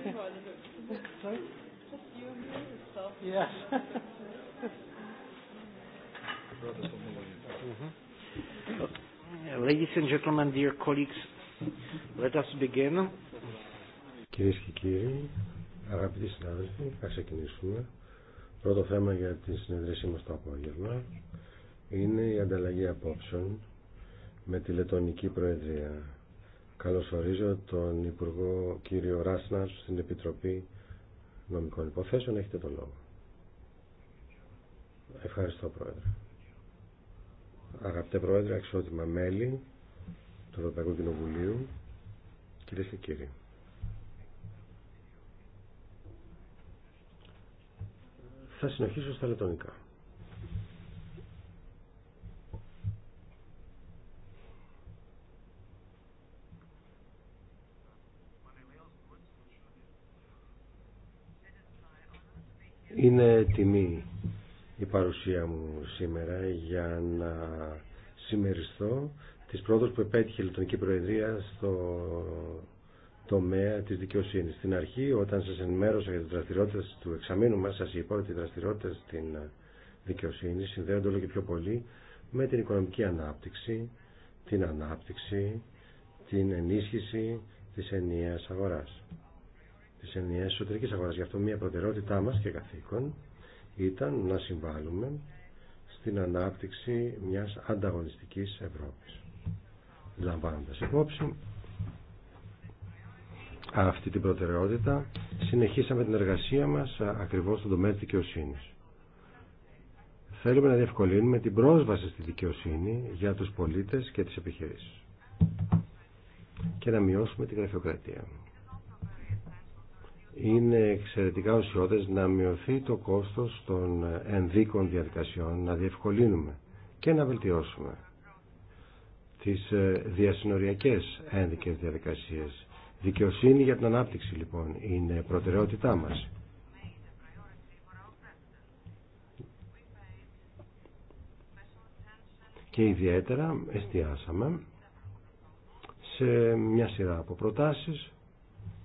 Ladies and gentlemen, dear colleagues, let us begin. Κυρίε και κύριοι, αγαπητοί συνάδελφοι, θα ξεκινήσουμε. Πρώτο θέμα για τη συνεδρίασή μα το απόγευμα είναι η ανταλλαγή απόψεων με τη Λετωνική Προεδρία Καλωσορίζω τον Υπουργό κύριο Ράσνα στην Επιτροπή Νομικών Υποθέσεων. Έχετε τον λόγο. Ευχαριστώ Πρόεδρε. Αγαπητέ Πρόεδρε, αξιότιμα μέλη του Ευρωπαϊκού Κοινοβουλίου, κυρίε και κύριοι. Θα συνεχίσω στα λετωνικά. Είναι τιμή η παρουσία μου σήμερα για να συμμεριστώ τις πρόοδες που επέτυχε η Λετωνική Προεδρία στο τομέα της δικαιοσύνης. Στην αρχή, όταν σας ενημέρωσα για τις δραστηριότητες του εξαμήνου μας, σας είπα ότι οι δραστηριότητες στην δικαιοσύνη συνδέονται όλο και πιο πολύ με την οικονομική ανάπτυξη, την ανάπτυξη, την ενίσχυση της ενιαίας αγοράς. Τη ενιαία εσωτερική αγορά. Γι' αυτό μια προτεραιότητά μας και καθήκον ήταν να συμβάλλουμε στην ανάπτυξη μιας ανταγωνιστικής Ευρώπης. λαμβάνοντα υπόψη αυτή την προτεραιότητα συνεχίσαμε την εργασία μας ακριβώς στον τομέα της δικαιοσύνης. Θέλουμε να διευκολύνουμε την πρόσβαση στη δικαιοσύνη για τους πολίτες και τις επιχειρήσεις και να μειώσουμε την γραφειοκρατία είναι εξαιρετικά ουσιώδες να μειωθεί το κόστος των ενδίκων διαδικασιών, να διευκολύνουμε και να βελτιώσουμε τις ε, διασυνοριακές ένδικες διαδικασίες. Δικαιοσύνη για την ανάπτυξη λοιπόν είναι προτεραιότητά μας. Και ιδιαίτερα εστιάσαμε σε μια σειρά από προτάσεις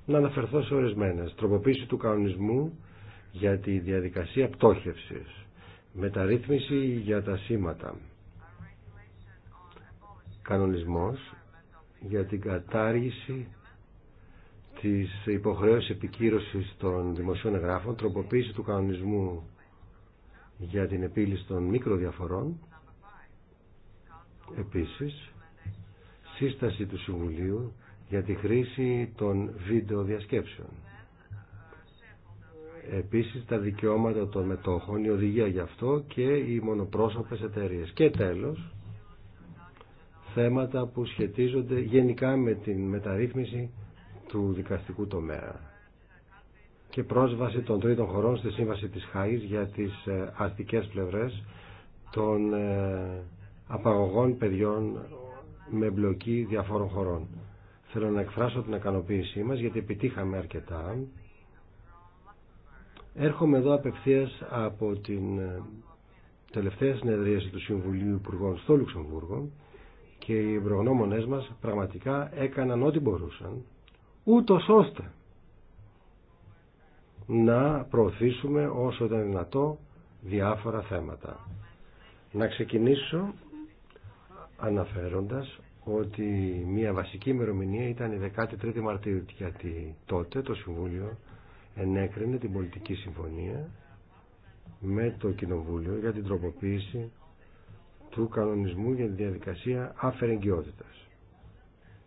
να αναφερθώ σε ορισμένες. Τροποποίηση του κανονισμού για τη διαδικασία πτώχευσης. Μεταρρύθμιση για τα σήματα. Κανονισμός για την κατάργηση της υποχρέωσης επικύρωσης των δημοσίων εγγράφων. Τροποποίηση του κανονισμού για την επίλυση των μικροδιαφορών. Επίσης, σύσταση του Συμβουλίου για τη χρήση των βίντεο διασκέψεων. Επίσης τα δικαιώματα των μετόχων, η οδηγία γι' αυτό και οι μονοπρόσωπες εταιρείες. Και τέλος, θέματα που σχετίζονται γενικά με την μεταρρύθμιση του δικαστικού τομέα και πρόσβαση των τρίτων χωρών στη Σύμβαση της Χαΐς για τις ε, αστικές πλευρές των ε, απαγωγών παιδιών με μπλοκή διαφόρων χωρών. Θέλω να εκφράσω την ικανοποίησή μας γιατί επιτύχαμε αρκετά. Έρχομαι εδώ απευθείας από την ε, τελευταία συνεδρίαση του Συμβουλίου Υπουργών στο Λουξεμβούργο και οι προγνώμονές μας πραγματικά έκαναν ό,τι μπορούσαν ούτω ώστε να προωθήσουμε όσο ήταν δυνατό διάφορα θέματα. Να ξεκινήσω αναφέροντας ότι μια βασική ημερομηνία ήταν η 13η Μαρτίου γιατί τότε το Συμβούλιο ενέκρινε την πολιτική συμφωνία με το Κοινοβούλιο για την τροποποίηση του κανονισμού για τη διαδικασία αφαιρεγγιότητας.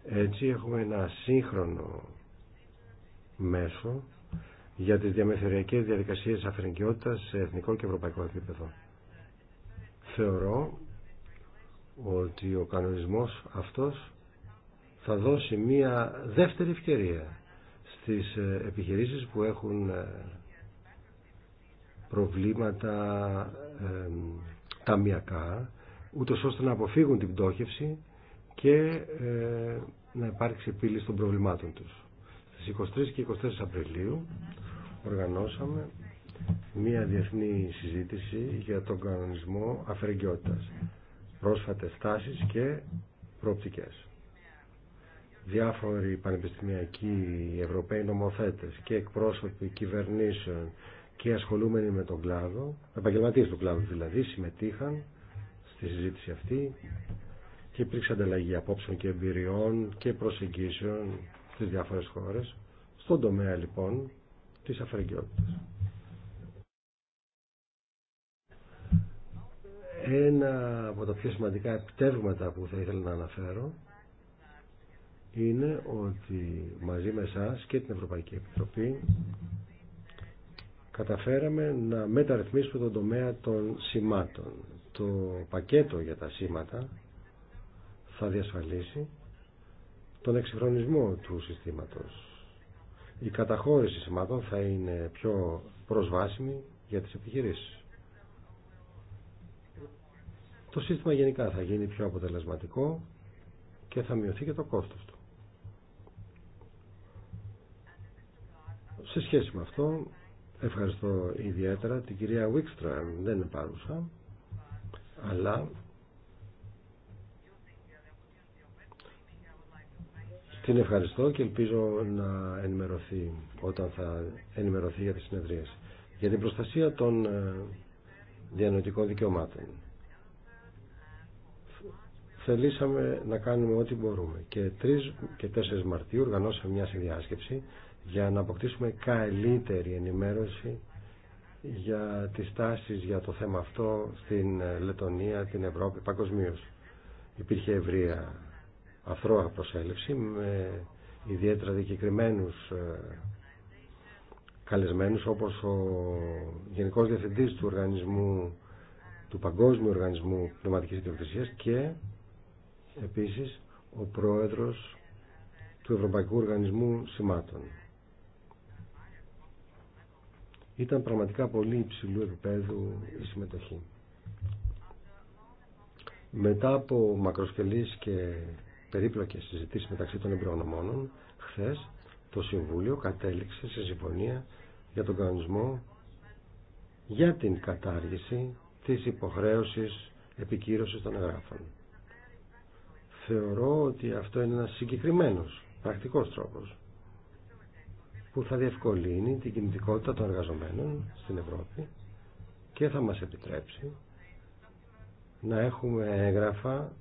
Έτσι έχουμε ένα σύγχρονο μέσο για τις διαμεθοριακές διαδικασίες αφαιρεγγιότητας σε εθνικό και ευρωπαϊκό επίπεδο. Θεωρώ ότι ο κανονισμός αυτός θα δώσει μία δεύτερη ευκαιρία στις ε, επιχειρήσεις που έχουν ε, προβλήματα ε, ταμιακά ούτως ώστε να αποφύγουν την πτώχευση και ε, να υπάρξει επίλυση των προβλημάτων τους. Στις 23 και 24 Απριλίου οργανώσαμε μία διεθνή συζήτηση για τον κανονισμό αφαιρεγγιότητας πρόσφατες τάσεις και προοπτικές. Διάφοροι πανεπιστημιακοί Ευρωπαίοι νομοθέτες και εκπρόσωποι κυβερνήσεων και ασχολούμενοι με τον κλάδο, επαγγελματίε του κλάδου δηλαδή, συμμετείχαν στη συζήτηση αυτή και υπήρξε ανταλλαγή απόψεων και εμπειριών και προσεγγίσεων στις διάφορες χώρες, στον τομέα λοιπόν της αφαιρεγγιότητας. Ένα από τα πιο σημαντικά επιτεύγματα που θα ήθελα να αναφέρω είναι ότι μαζί με εσά και την Ευρωπαϊκή Επιτροπή καταφέραμε να μεταρρυθμίσουμε τον τομέα των σημάτων. Το πακέτο για τα σήματα θα διασφαλίσει τον εξυγχρονισμό του συστήματος. Η καταχώρηση σημάτων θα είναι πιο προσβάσιμη για τις επιχειρήσεις το σύστημα γενικά θα γίνει πιο αποτελεσματικό και θα μειωθεί και το κόστος του. Σε σχέση με αυτό, ευχαριστώ ιδιαίτερα την κυρία Βίξτρα, δεν είναι παρούσα, αλλά την ευχαριστώ και ελπίζω να ενημερωθεί όταν θα ενημερωθεί για τις συνεδρίες. Για την προστασία των ε, διανοητικών δικαιωμάτων θελήσαμε να κάνουμε ό,τι μπορούμε. Και 3 και 4 Μαρτίου οργανώσαμε μια συνδιάσκεψη για να αποκτήσουμε καλύτερη ενημέρωση για τις τάσεις για το θέμα αυτό στην ε, Λετωνία, την Ευρώπη, παγκοσμίω. Υπήρχε ευρεία αθρώα προσέλευση με ιδιαίτερα δικαιωμένους ε, καλεσμένους όπως ο Γενικός Διευθυντής του Οργανισμού του Παγκόσμιου Οργανισμού Πνευματικής Ιδιοκτησίας και Επίσης, ο πρόεδρος του Ευρωπαϊκού Οργανισμού Σημάτων. Ήταν πραγματικά πολύ υψηλού επίπεδου η συμμετοχή. Μετά από μακροσκελής και περίπλοκες συζητήσεις μεταξύ των εμπειρογνωμόνων, χθες το Συμβούλιο κατέληξε σε συμφωνία για τον κανονισμό για την κατάργηση της υποχρέωσης επικύρωσης των εγγράφων. Θεωρώ ότι αυτό είναι ένας συγκεκριμένος, πρακτικός τρόπος που θα διευκολύνει την κινητικότητα των εργαζομένων στην Ευρώπη και θα μας επιτρέψει να έχουμε έγγραφα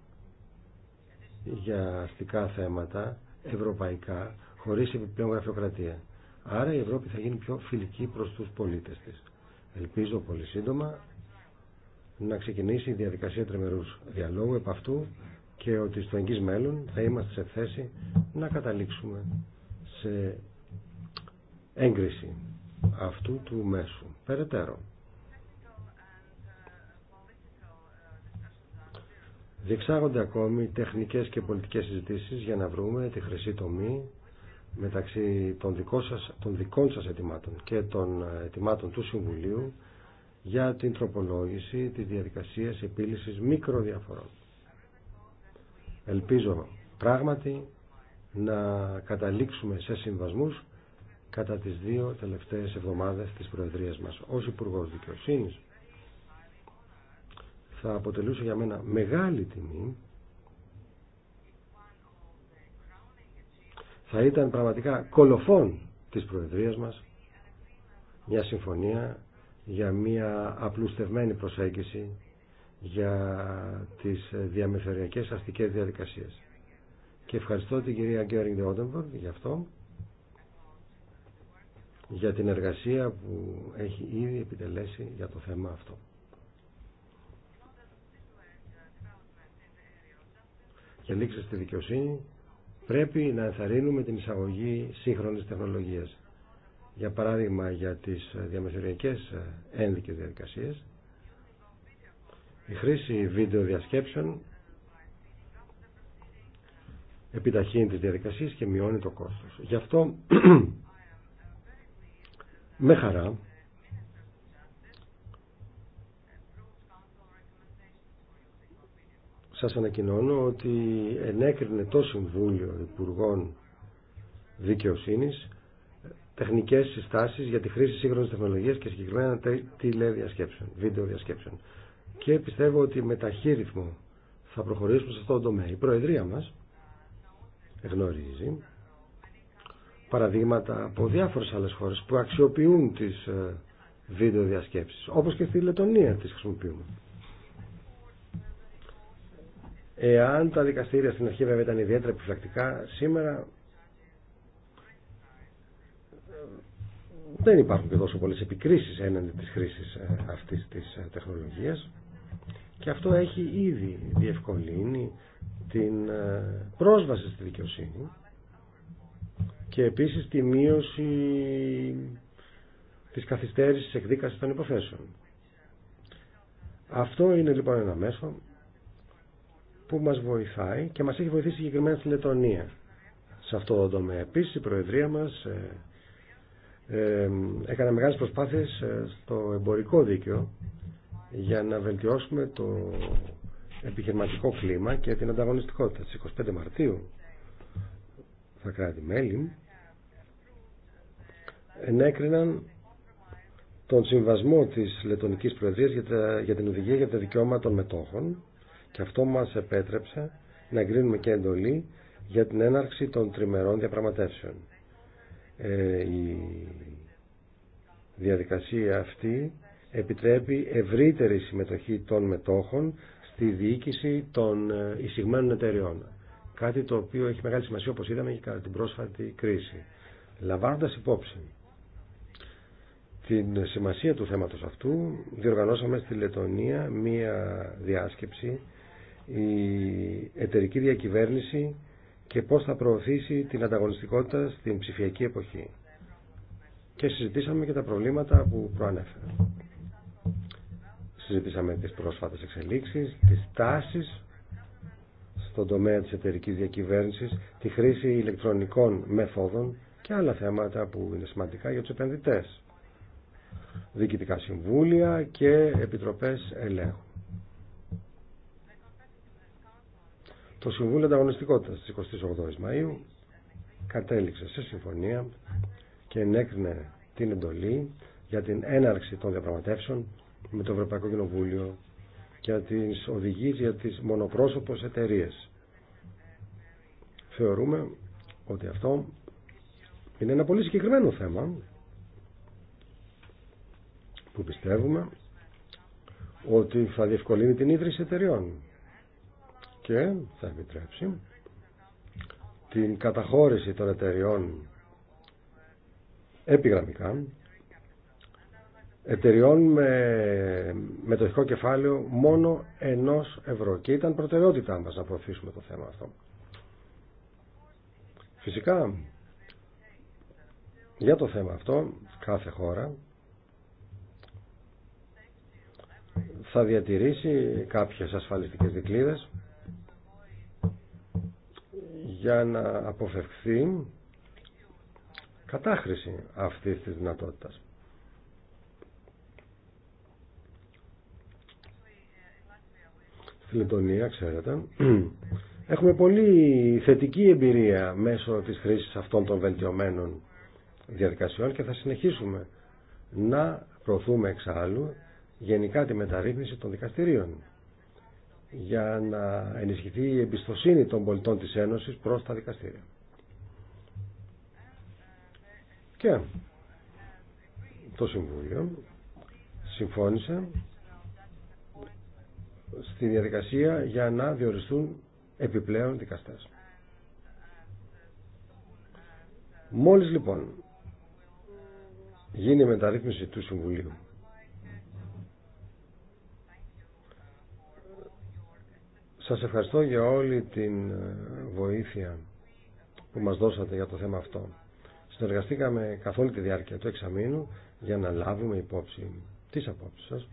για αστικά θέματα ευρωπαϊκά χωρίς επιπλέον γραφειοκρατία. Άρα η Ευρώπη θα γίνει πιο φιλική προς τους πολίτες της. Ελπίζω πολύ σύντομα να ξεκινήσει η διαδικασία τρεμερούς διαλόγου επ' αυτού και ότι στο εγγύς μέλλον θα είμαστε σε θέση να καταλήξουμε σε έγκριση αυτού του μέσου. Περαιτέρω. Διεξάγονται ακόμη τεχνικές και πολιτικές συζητήσεις για να βρούμε τη χρυσή τομή μεταξύ των, δικών σας, των σας ετοιμάτων και των ετοιμάτων του Συμβουλίου για την τροπολόγηση τη διαδικασίας επίλυσης μικροδιαφορών. Ελπίζω πράγματι να καταλήξουμε σε συμβασμούς κατά τις δύο τελευταίες εβδομάδες της Προεδρίας μας. Ως υπουργό Δικαιοσύνης θα αποτελούσε για μένα μεγάλη τιμή θα ήταν πραγματικά κολοφόν της Προεδρίας μας μια συμφωνία για μια απλουστευμένη προσέγγιση για τις διαμεθοριακές αστικές διαδικασίες. Και ευχαριστώ την κυρία Γκέρινγκ Όντεμπορντ για αυτό, για την εργασία που έχει ήδη επιτελέσει για το θέμα αυτό. Και λήξε στη δικαιοσύνη, πρέπει να ενθαρρύνουμε την εισαγωγή σύγχρονης τεχνολογίας. Για παράδειγμα, για τις διαμεθοριακές ένδικες διαδικασίες, η χρήση βίντεο διασκέψεων επιταχύνει τις διαδικασίες και μειώνει το κόστος. Γι' αυτό με χαρά σας ανακοινώνω ότι ενέκρινε το Συμβούλιο Υπουργών Δικαιοσύνης ε, τεχνικές συστάσεις για τη χρήση σύγχρονης τεχνολογίας και συγκεκριμένα τηλεδιασκέψεων, βίντεο διασκέψεων και πιστεύω ότι με ταχύρυθμο θα προχωρήσουμε σε αυτό το τομέα. Η Προεδρία μας γνωρίζει παραδείγματα από διάφορες άλλες χώρες που αξιοποιούν τις ε, βίντεο διασκέψεις, όπως και στη Λετωνία τις χρησιμοποιούμε. Εάν τα δικαστήρια στην αρχή βέβαια ήταν ιδιαίτερα επιφυλακτικά, σήμερα ε, δεν υπάρχουν και τόσο πολλές επικρίσεις έναντι της χρήσης ε, αυτής της τεχνολογίας. Και αυτό έχει ήδη διευκολύνει την ε, πρόσβαση στη δικαιοσύνη και επίσης τη μείωση της καθυστέρησης εκδίκασης των υποθέσεων. Αυτό είναι λοιπόν ένα μέσο που μας βοηθάει και μας έχει βοηθήσει συγκεκριμένα στη Λετωνία σε αυτό το τομέα. Επίσης η Προεδρία μας ε, ε, ε έκανε μεγάλες προσπάθειες στο εμπορικό δίκαιο για να βελτιώσουμε το επιχειρηματικό κλίμα και την ανταγωνιστικότητα. Στις 25 Μαρτίου θα κράτη-μέλη ενέκριναν τον συμβασμό της Λετωνικής Προεδρίας για, την οδηγία για τα δικαιώματα των μετόχων και αυτό μας επέτρεψε να εγκρίνουμε και εντολή για την έναρξη των τριμερών διαπραγματεύσεων. Ε, η διαδικασία αυτή επιτρέπει ευρύτερη συμμετοχή των μετόχων στη διοίκηση των ε, εισηγμένων εταιρεών. Κάτι το οποίο έχει μεγάλη σημασία όπως είδαμε και κατά την πρόσφατη κρίση. Λαμβάνοντας υπόψη την σημασία του θέματος αυτού διοργανώσαμε στη Λετωνία μία διάσκεψη η εταιρική διακυβέρνηση και πώς θα προωθήσει την ανταγωνιστικότητα στην ψηφιακή εποχή. Και συζητήσαμε και τα προβλήματα που προανέφερα. Συζητήσαμε τις πρόσφατες εξελίξεις, τις τάσεις στον τομέα της εταιρικής διακυβέρνησης, τη χρήση ηλεκτρονικών μεθόδων και άλλα θέματα που είναι σημαντικά για τους επενδυτές. Διοικητικά συμβούλια και επιτροπές ελέγχου. Το Συμβούλιο ανταγωνιστικότητα τη 28 Μαου, κατέληξε σε συμφωνία και ενέκρινε την εντολή για την έναρξη των διαπραγματεύσεων με το Ευρωπαϊκό Κοινοβούλιο για τις οδηγίες για τις μονοπρόσωπες εταιρείε. Θεωρούμε ότι αυτό είναι ένα πολύ συγκεκριμένο θέμα που πιστεύουμε ότι θα διευκολύνει την ίδρυση εταιρεών και θα επιτρέψει την καταχώρηση των εταιρεών επιγραμμικά εταιριών με μετοχικό κεφάλαιο μόνο ενός ευρώ και ήταν προτεραιότητά μας να προωθήσουμε το θέμα αυτό. Φυσικά, για το θέμα αυτό, κάθε χώρα θα διατηρήσει κάποιες ασφαλιστικές δικλίδες για να αποφευχθεί κατάχρηση αυτής της δυνατότητας. στη Λετωνία, ξέρετε. Έχουμε πολύ θετική εμπειρία μέσω της χρήσης αυτών των βελτιωμένων διαδικασιών και θα συνεχίσουμε να προωθούμε εξάλλου γενικά τη μεταρρύθμιση των δικαστηρίων για να ενισχυθεί η εμπιστοσύνη των πολιτών της Ένωσης προς τα δικαστήρια. Και το Συμβούλιο συμφώνησε στη διαδικασία για να διοριστούν επιπλέον δικαστές. Μόλις λοιπόν γίνει η μεταρρύθμιση του Συμβουλίου Σας ευχαριστώ για όλη την ε, βοήθεια που μας δώσατε για το θέμα αυτό. Συνεργαστήκαμε καθ' όλη τη διάρκεια του εξαμήνου για να λάβουμε υπόψη τις απόψεις σας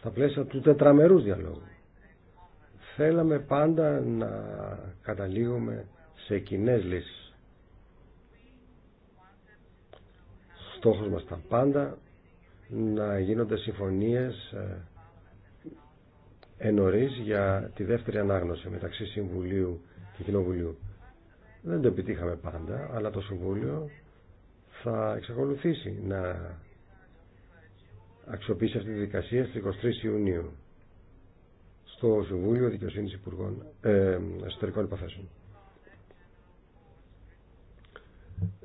στα πλαίσια του τετραμερούς διαλόγου. Θέλαμε πάντα να καταλήγουμε σε κοινέ λύσεις. Στόχος μας ήταν πάντα να γίνονται συμφωνίες ε, ενωρίς για τη δεύτερη ανάγνωση μεταξύ Συμβουλίου και Κοινοβουλίου. Δεν το επιτύχαμε πάντα, αλλά το Συμβούλιο θα εξακολουθήσει να αξιοποιήσει αυτή τη δικασία στις 23 Ιουνίου στο Συμβούλιο Δικαιοσύνης Υπουργών ε, Εσωτερικών Υποθέσεων.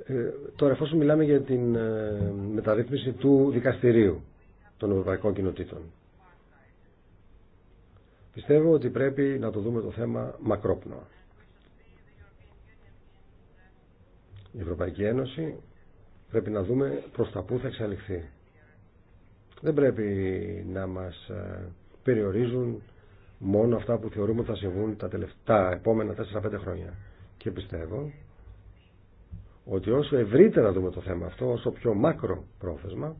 Ε, τώρα εφόσον μιλάμε για την ε, μεταρρύθμιση του δικαστηρίου των Ευρωπαϊκών Κοινοτήτων πιστεύω ότι πρέπει να το δούμε το θέμα μακρόπνοα. Η Ευρωπαϊκή Ένωση πρέπει να δούμε προς τα πού θα εξελιχθεί δεν πρέπει να μας ε, περιορίζουν μόνο αυτά που θεωρούμε ότι θα συμβούν τα, τελευταία, επόμενα 4-5 χρόνια. Και πιστεύω ότι όσο ευρύτερα δούμε το θέμα αυτό, όσο πιο μάκρο πρόθεσμα,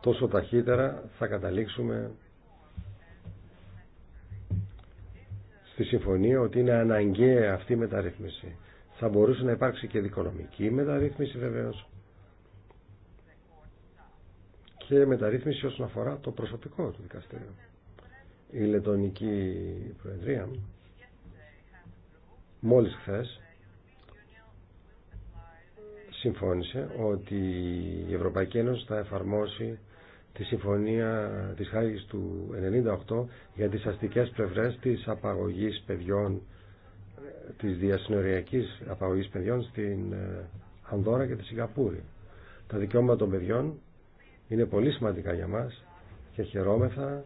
τόσο ταχύτερα θα καταλήξουμε στη συμφωνία ότι είναι αναγκαία αυτή η μεταρρύθμιση. Θα μπορούσε να υπάρξει και δικονομική μεταρρύθμιση βεβαίως, και μεταρρύθμιση όσον αφορά το προσωπικό του δικαστηρίου. Η Λετωνική Προεδρία μόλις χθε συμφώνησε ότι η Ευρωπαϊκή Ένωση θα εφαρμόσει τη συμφωνία της Χάγης του 1998 για τις αστικές πλευρές της απαγωγής παιδιών της διασυνοριακής απαγωγής παιδιών στην ε, Ανδόρα και τη Σιγκαπούρη. Τα δικαιώματα των παιδιών είναι πολύ σημαντικά για μας και χαιρόμεθα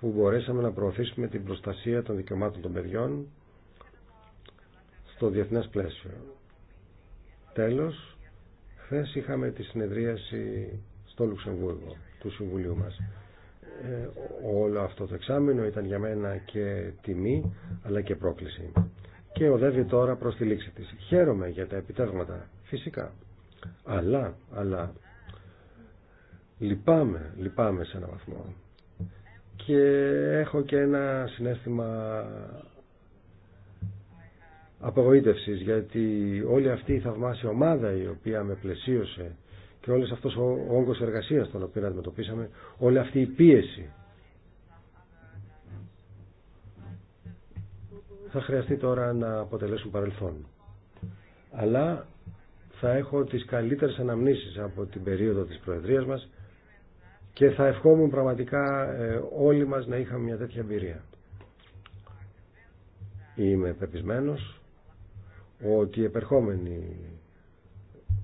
που μπορέσαμε να προωθήσουμε την προστασία των δικαιωμάτων των παιδιών στο διεθνές πλαίσιο. Τέλος, χθε είχαμε τη συνεδρίαση στο Λουξεμβούργο του Συμβουλίου μας. Ε, όλο αυτό το εξάμεινο ήταν για μένα και τιμή αλλά και πρόκληση. Και οδεύει τώρα προς τη λήξη της. Χαίρομαι για τα επιτεύγματα, φυσικά. Αλλά, αλλά, Λυπάμαι, λυπάμαι σε έναν βαθμό. Και έχω και ένα συνέστημα απογοήτευσης γιατί όλη αυτή η θαυμάσια ομάδα η οποία με πλαισίωσε και όλος αυτός ο όγκος εργασίας τον οποίο αντιμετωπίσαμε, όλη αυτή η πίεση θα χρειαστεί τώρα να αποτελέσουν παρελθόν. Αλλά θα έχω τις καλύτερες αναμνήσεις από την περίοδο της Προεδρίας μας και θα ευχόμουν πραγματικά ε, όλοι μας να είχαμε μια τέτοια εμπειρία. Είμαι πεπισμένος ότι η επερχόμενη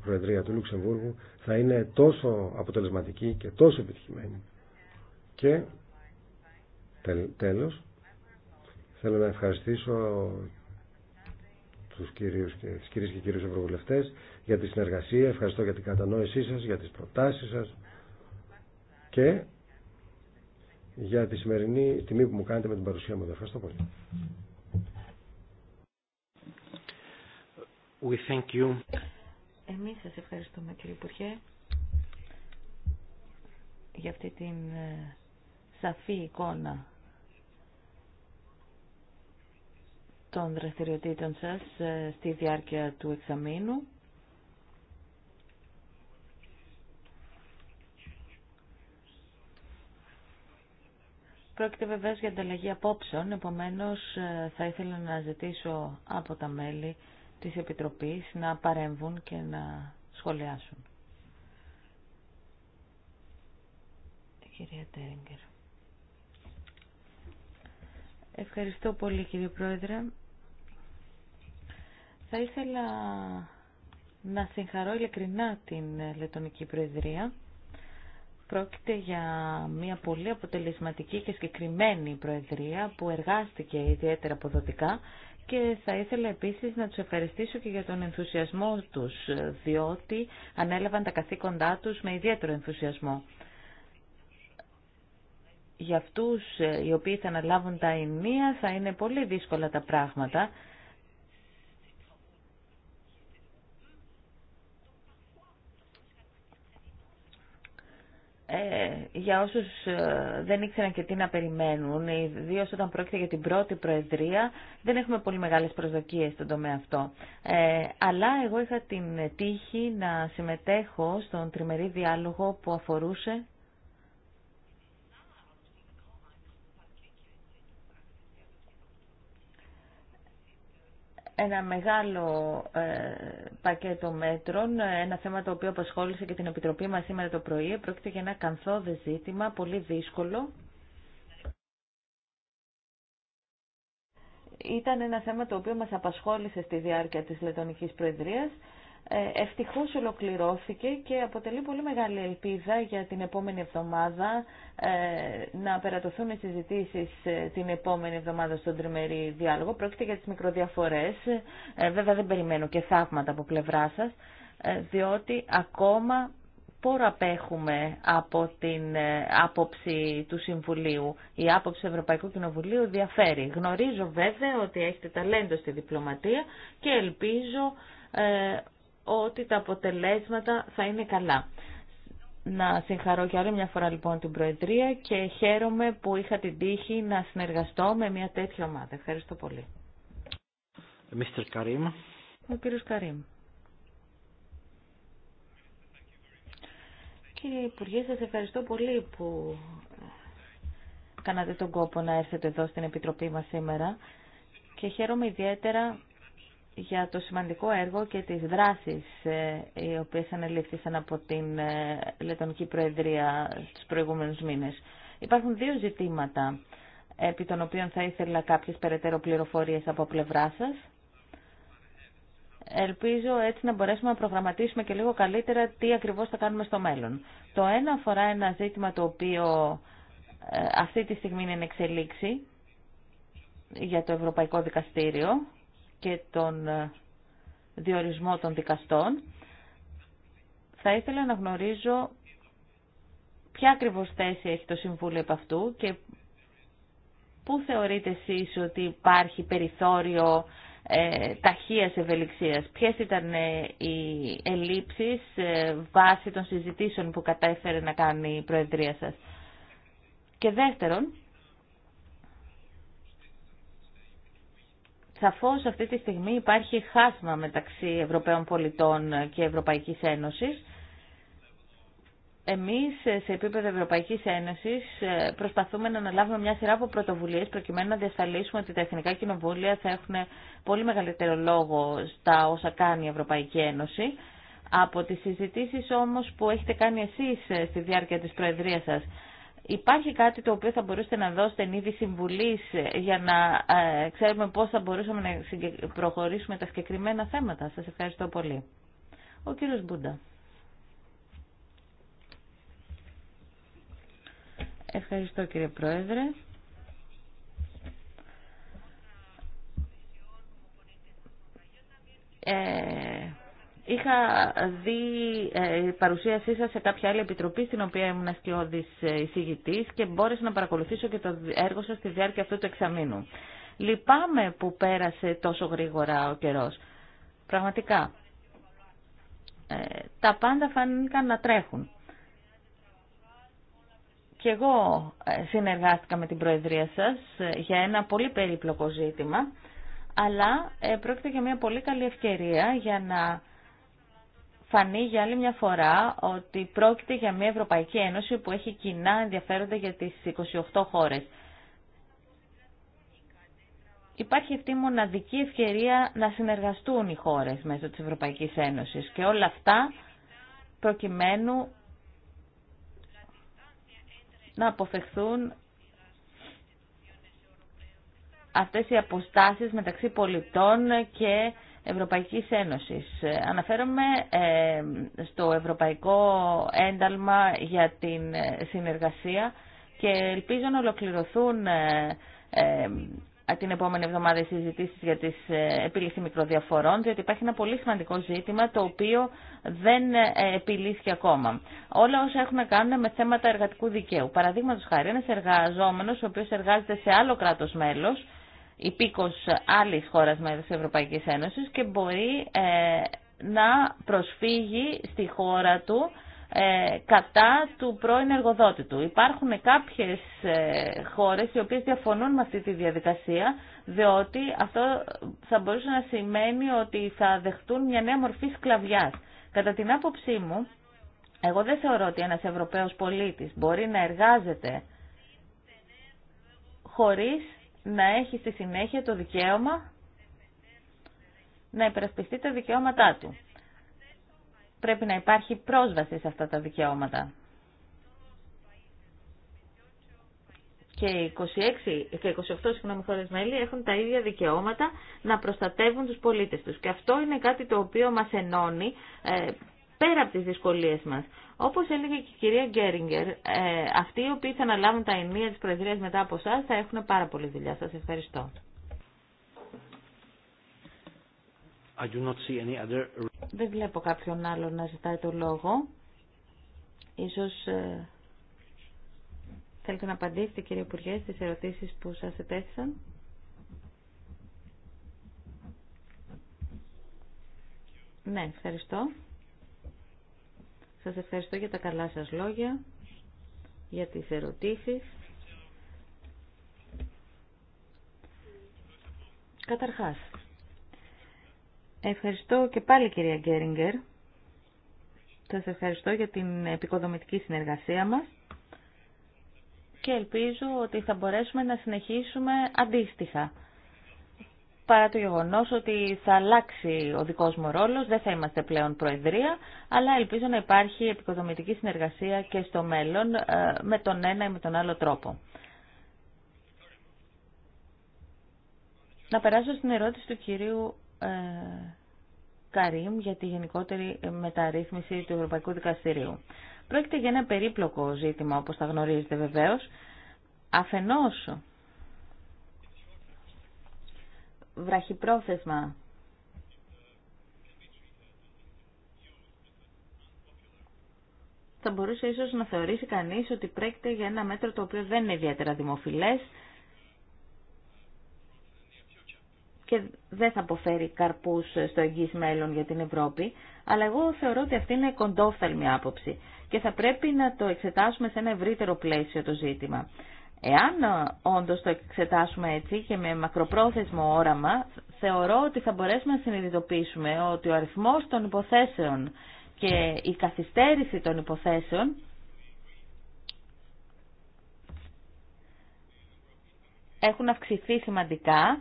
Προεδρία του Λουξεμβούργου θα είναι τόσο αποτελεσματική και τόσο επιτυχημένη. Και τέλος θέλω να ευχαριστήσω τους κυρίους και, τις κυρίες και κύριους ευρωβουλευτές για τη συνεργασία, ευχαριστώ για την κατανόησή σας, για τις προτάσεις σας και για τη σημερινή τιμή που μου κάνετε με την παρουσία μου Ευχαριστώ πολύ. We thank Εμείς σας ευχαριστούμε κύριε Υπουργέ για αυτή την ε, σαφή εικόνα των δραστηριοτήτων σας ε, στη διάρκεια του εξαμήνου. Πρόκειται βεβαίω για ανταλλαγή απόψεων, επομένως ε, θα ήθελα να ζητήσω από τα μέλη της Επιτροπής να παρέμβουν και να σχολιάσουν. Κυρία Ευχαριστώ πολύ κύριε Πρόεδρε. Θα ήθελα να συγχαρώ ειλικρινά την Λετωνική Προεδρία Πρόκειται για μια πολύ αποτελεσματική και συγκεκριμένη προεδρία που εργάστηκε ιδιαίτερα αποδοτικά και θα ήθελα επίσης να τους ευχαριστήσω και για τον ενθουσιασμό τους, διότι ανέλαβαν τα καθήκοντά τους με ιδιαίτερο ενθουσιασμό. Για αυτούς ε, οι οποίοι θα αναλάβουν τα ενία θα είναι πολύ δύσκολα τα πράγματα Ε, για όσους ε, δεν ήξεραν και τι να περιμένουν, ιδίω όταν πρόκειται για την πρώτη προεδρία, δεν έχουμε πολύ μεγάλες προσδοκίες στον τομέα αυτό. Ε, αλλά εγώ είχα την τύχη να συμμετέχω στον τριμερή διάλογο που αφορούσε ένα μεγάλο ε, πακέτο μέτρων, ένα θέμα το οποίο απασχόλησε και την Επιτροπή μας σήμερα το πρωί. Πρόκειται για ένα κανθόδε ζήτημα, πολύ δύσκολο. Ήταν ένα θέμα το οποίο μας απασχόλησε στη διάρκεια της Λετωνικής Προεδρίας. Ε, ευτυχώς ολοκληρώθηκε και αποτελεί πολύ μεγάλη ελπίδα για την επόμενη εβδομάδα ε, να περατωθούν οι συζητήσεις ε, την επόμενη εβδομάδα στον τριμερή διάλογο. Πρόκειται για τις μικροδιαφορές. Βέβαια δεν περιμένω και θαύματα από πλευρά σας, διότι ακόμα πόρα απέχουμε από την άποψη του Συμβουλίου. Η άποψη του Ευρωπαϊκού Κοινοβουλίου διαφέρει. Γνωρίζω βέβαια ότι έχετε ταλέντο στη διπλωματία και ελπίζω ότι τα αποτελέσματα θα είναι καλά. Να συγχαρώ και άλλη μια φορά λοιπόν την Προεδρία και χαίρομαι που είχα την τύχη να συνεργαστώ με μια τέτοια ομάδα. Ευχαριστώ πολύ. Mr. Karim. Ο κύριος Καρίμ. Κύριε Υπουργέ, σας ευχαριστώ πολύ που κάνατε τον κόπο να έρθετε εδώ στην Επιτροπή μας σήμερα και χαίρομαι ιδιαίτερα για το σημαντικό έργο και τις δράσεις ε, οι οποίες ανελήφθησαν από την ε, Λετωνική Προεδρία τους προηγούμενους μήνες. Υπάρχουν δύο ζητήματα επί των οποίων θα ήθελα κάποιες περαιτέρω πληροφορίες από πλευρά σας. Ελπίζω έτσι να μπορέσουμε να προγραμματίσουμε και λίγο καλύτερα τι ακριβώς θα κάνουμε στο μέλλον. Το ένα αφορά ένα ζήτημα το οποίο ε, αυτή τη στιγμή είναι εξελίξη για το Ευρωπαϊκό Δικαστήριο και τον ε, διορισμό των δικαστών. Θα ήθελα να γνωρίζω ποια ακριβώς θέση έχει το Συμβούλιο από αυτού και πού θεωρείτε εσείς ότι υπάρχει περιθώριο ε, ταχείας ευελιξίας. Ποιες ήταν ε, οι ελλείψεις ε, βάσει των συζητήσεων που θεωρειτε εσεις οτι υπαρχει περιθωριο ε ταχειας ευελιξιας ποιες ηταν οι ελλειψεις βασει των συζητησεων που καταφερε να κάνει η Προεδρία σας. Και δεύτερον, Σαφώς αυτή τη στιγμή υπάρχει χάσμα μεταξύ Ευρωπαίων πολιτών και Ευρωπαϊκής Ένωσης. Εμείς σε επίπεδο Ευρωπαϊκής Ένωσης προσπαθούμε να αναλάβουμε μια σειρά από πρωτοβουλίες προκειμένου να διασφαλίσουμε ότι τα εθνικά κοινοβούλια θα έχουν πολύ μεγαλύτερο λόγο στα όσα κάνει η Ευρωπαϊκή Ένωση. Από τις συζητήσεις όμως που έχετε κάνει εσείς στη διάρκεια της Προεδρίας σας Υπάρχει κάτι το οποίο θα μπορούσατε να δώσετε εν είδη συμβουλής ε, για να ε, ξέρουμε πώς θα μπορούσαμε να προχωρήσουμε τα συγκεκριμένα θέματα. Σας ευχαριστώ πολύ. Ο κύριος Μπούντα. Ευχαριστώ κύριε Πρόεδρε. Ε, Είχα δει ε, παρουσίασή σας σε κάποια άλλη επιτροπή στην οποία ήμουν σκιώδης ε, εισηγητής και μπόρεσα να παρακολουθήσω και το έργο σας στη διάρκεια αυτού του εξαμήνου. Λυπάμαι που πέρασε τόσο γρήγορα ο καιρός. Πραγματικά. Ε, τα πάντα φάνηκαν να τρέχουν. Και εγώ συνεργάστηκα με την Προεδρία σας για ένα πολύ περίπλοκο ζήτημα, αλλά πρόκειται για μια πολύ καλή ευκαιρία για να φανεί για άλλη μια φορά ότι πρόκειται για μια Ευρωπαϊκή Ένωση που έχει κοινά ενδιαφέροντα για τις 28 χώρες. Υπάρχει αυτή η μοναδική ευκαιρία να συνεργαστούν οι χώρες μέσω της Ευρωπαϊκής Ένωσης και όλα αυτά προκειμένου να αποφευθούν αυτές οι αποστάσεις μεταξύ πολιτών και Ευρωπαϊκής Ένωσης. Ε, αναφέρομαι ε, στο Ευρωπαϊκό Ένταλμα για την ε, Συνεργασία και ελπίζω να ολοκληρωθούν την επόμενη εβδομάδα οι συζητήσει για τις επίλυση μικροδιαφορών, διότι υπάρχει ένα πολύ σημαντικό ζήτημα το οποίο δεν επιλύθηκε ακόμα. Όλα όσα έχουν να κάνουν με θέματα εργατικού δικαίου. Παραδείγματο χάρη, ένας εργαζόμενος ο οποίος εργάζεται σε άλλο κράτος μέλος υπήκος άλλης χώρας μέρους της Ευρωπαϊκής Ένωσης και μπορεί ε, να προσφύγει στη χώρα του ε, κατά του πρώην εργοδότη του. Υπάρχουν κάποιες ε, χώρες οι οποίες διαφωνούν με αυτή τη διαδικασία διότι αυτό θα μπορούσε να σημαίνει ότι θα δεχτούν μια νέα μορφή σκλαβιάς. Κατά την άποψή μου, εγώ δεν θεωρώ ότι ένας Ευρωπαίος πολίτης μπορεί να εργάζεται χωρίς να έχει στη συνέχεια το δικαίωμα να υπερασπιστεί τα δικαιώματά του. Πρέπει να υπάρχει πρόσβαση σε αυτά τα δικαιώματα. και 26 και 28 συγγνώμη χώρε μέλη έχουν τα ίδια δικαιώματα να προστατεύουν τους πολίτες τους. Και αυτό είναι κάτι το οποίο μας ενώνει ε, πέρα από τις δυσκολίες μας. Όπως έλεγε και η κυρία Γκέριγκερ, ε, αυτοί οι οποίοι θα αναλάβουν τα ενία της Προεδρίας μετά από εσά θα έχουν πάρα πολλή δουλειά. Σας ευχαριστώ. other... Δεν βλέπω κάποιον άλλο να ζητάει το λόγο. Ίσως ε, θέλετε να απαντήσετε κύριε Υπουργέ στις ερωτήσεις που σας ετέθησαν. Ναι, ευχαριστώ. Σας ευχαριστώ για τα καλά σας λόγια, για τις ερωτήσεις. Καταρχάς, ευχαριστώ και πάλι κυρία Γκέριγκερ. Σας ευχαριστώ για την επικοδομητική συνεργασία μας και ελπίζω ότι θα μπορέσουμε να συνεχίσουμε αντίστοιχα παρά το γεγονός ότι θα αλλάξει ο δικός μου ρόλος, δεν θα είμαστε πλέον Προεδρία, αλλά ελπίζω να υπάρχει επικοδομητική συνεργασία και στο μέλλον ε, με τον ένα ή με τον άλλο τρόπο. Να περάσω στην ερώτηση του κυρίου ε, Καρίμ για τη γενικότερη μεταρρύθμιση του Ευρωπαϊκού Δικαστηρίου. Πρόκειται για ένα περίπλοκο ζήτημα, όπως θα γνωρίζετε βεβαίως. Αφενός, βραχυπρόθεσμα θα μπορούσε ίσως να θεωρήσει κανείς ότι πρέπει για ένα μέτρο το οποίο δεν είναι ιδιαίτερα δημοφιλές και δεν θα αποφέρει καρπούς στο εγγύς μέλλον για την Ευρώπη, αλλά εγώ θεωρώ ότι αυτή είναι κοντόφθαλμη άποψη και θα πρέπει να το εξετάσουμε σε ένα ευρύτερο πλαίσιο το ζήτημα. Εάν ε, όντως το εξετάσουμε έτσι και με μακροπρόθεσμο όραμα, θεωρώ ότι θα μπορέσουμε να συνειδητοποιήσουμε ότι ο αριθμός των υποθέσεων και η καθυστέρηση των υποθέσεων έχουν αυξηθεί σημαντικά.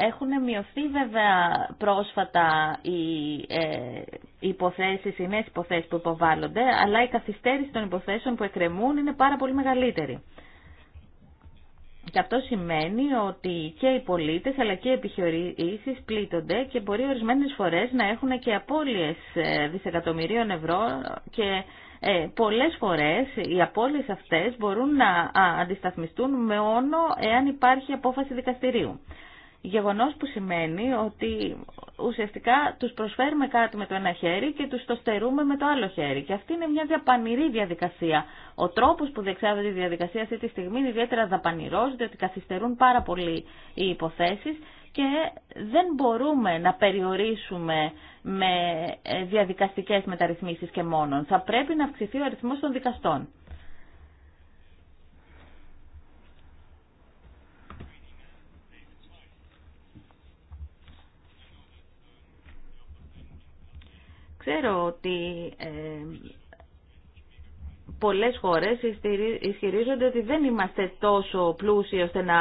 Έχουν μειωθεί βέβαια πρόσφατα οι, ε, οι υποθέσεις, οι νέες υποθέσεις που υποβάλλονται, αλλά η καθυστέρηση των υποθέσεων που εκκρεμούν είναι πάρα πολύ μεγαλύτερη. Και αυτό σημαίνει ότι και οι πολίτες αλλά και οι επιχειρήσεις πλήττονται και μπορεί ορισμένες φορές να έχουν και απώλειες ε, δισεκατομμυρίων ευρώ και ε, πολλές φορές οι απώλειες αυτές μπορούν να αντισταθμιστούν με όνο εάν υπάρχει απόφαση δικαστηρίου. Γεγονός που σημαίνει ότι ουσιαστικά τους προσφέρουμε κάτι με το ένα χέρι και τους το στερούμε με το άλλο χέρι. Και αυτή είναι μια διαπανηρή διαδικασία. Ο τρόπος που διεξάγεται η διαδικασία αυτή τη στιγμή είναι ιδιαίτερα δαπανηρός, διότι καθυστερούν πάρα πολύ οι υποθέσεις και δεν μπορούμε να περιορίσουμε με ε, διαδικαστικές μεταρρυθμίσεις και μόνον. Θα πρέπει να αυξηθεί ο αριθμός των δικαστών. Ξέρω ότι ε, πολλές χώρες ισχυρίζονται ότι δεν είμαστε τόσο πλούσιοι ώστε να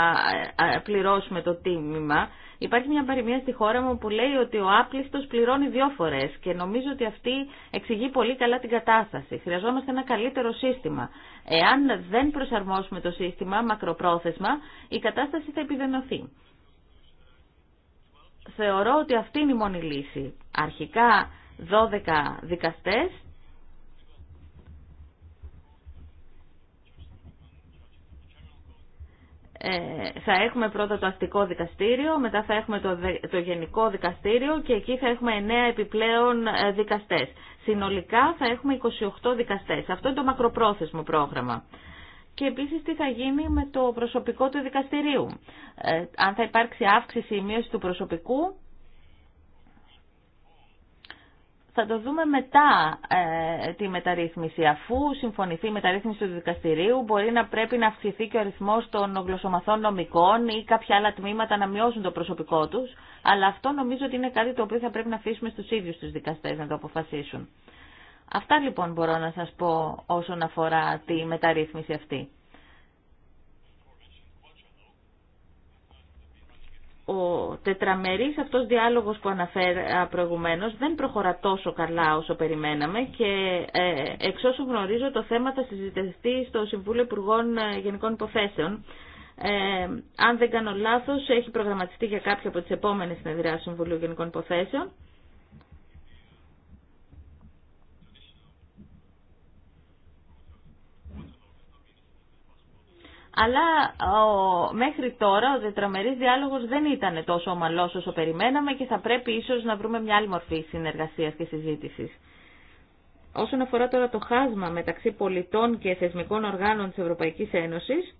ε, ε, πληρώσουμε το τίμημα. Υπάρχει μια παροιμία στη χώρα μου που λέει ότι ο άπλιστος πληρώνει δύο φορές και νομίζω ότι αυτή εξηγεί πολύ καλά την κατάσταση. Χρειαζόμαστε ένα καλύτερο σύστημα. Εάν δεν προσαρμόσουμε το σύστημα μακροπρόθεσμα, η κατάσταση θα επιδενωθεί. Θεωρώ ότι αυτή είναι η μόνη λύση. Αρχικά 12 δικαστές ε, θα έχουμε πρώτα το αστικό δικαστήριο, μετά θα έχουμε το, το γενικό δικαστήριο και εκεί θα έχουμε 9 επιπλέον ε, δικαστές. Συνολικά θα έχουμε 28 δικαστές. Αυτό είναι το μακροπρόθεσμο πρόγραμμα. Και επίσης τι θα γίνει με το προσωπικό του δικαστηρίου. Ε, αν θα υπάρξει αύξηση ή μείωση του προσωπικού, θα το δούμε μετά ε, τη μεταρρύθμιση. Αφού συμφωνηθεί η μεταρρύθμιση του δικαστηρίου, μπορεί να πρέπει να αυξηθεί και ο αριθμό των γλωσσομαθών νομικών ή κάποια άλλα τμήματα να μειώσουν το προσωπικό του. Αλλά αυτό νομίζω ότι είναι κάτι το οποίο θα πρέπει να αφήσουμε στου ίδιου του δικαστέ να το αποφασίσουν. Αυτά λοιπόν μπορώ να σα πω όσον αφορά τη μεταρρύθμιση αυτή. ο τετραμερής αυτός διάλογος που αναφέρα προηγουμένως δεν προχωρά τόσο καλά όσο περιμέναμε και ε, εξ όσου γνωρίζω το θέμα θα συζητηθεί στο Συμβούλιο Υπουργών ε, Γενικών Υποθέσεων. Ε, αν δεν κάνω λάθος έχει προγραμματιστεί για κάποια από τις επόμενες συνεδριάσεις Συμβουλίου Γενικών Υποθέσεων αλλά ο, μέχρι τώρα ο τετραμερής διάλογος δεν ήταν τόσο ομαλός όσο περιμέναμε και θα πρέπει ίσως να βρούμε μια άλλη μορφή συνεργασίας και συζήτησης. Όσον αφορά τώρα το χάσμα μεταξύ πολιτών και θεσμικών οργάνων της Ευρωπαϊκής Ένωσης,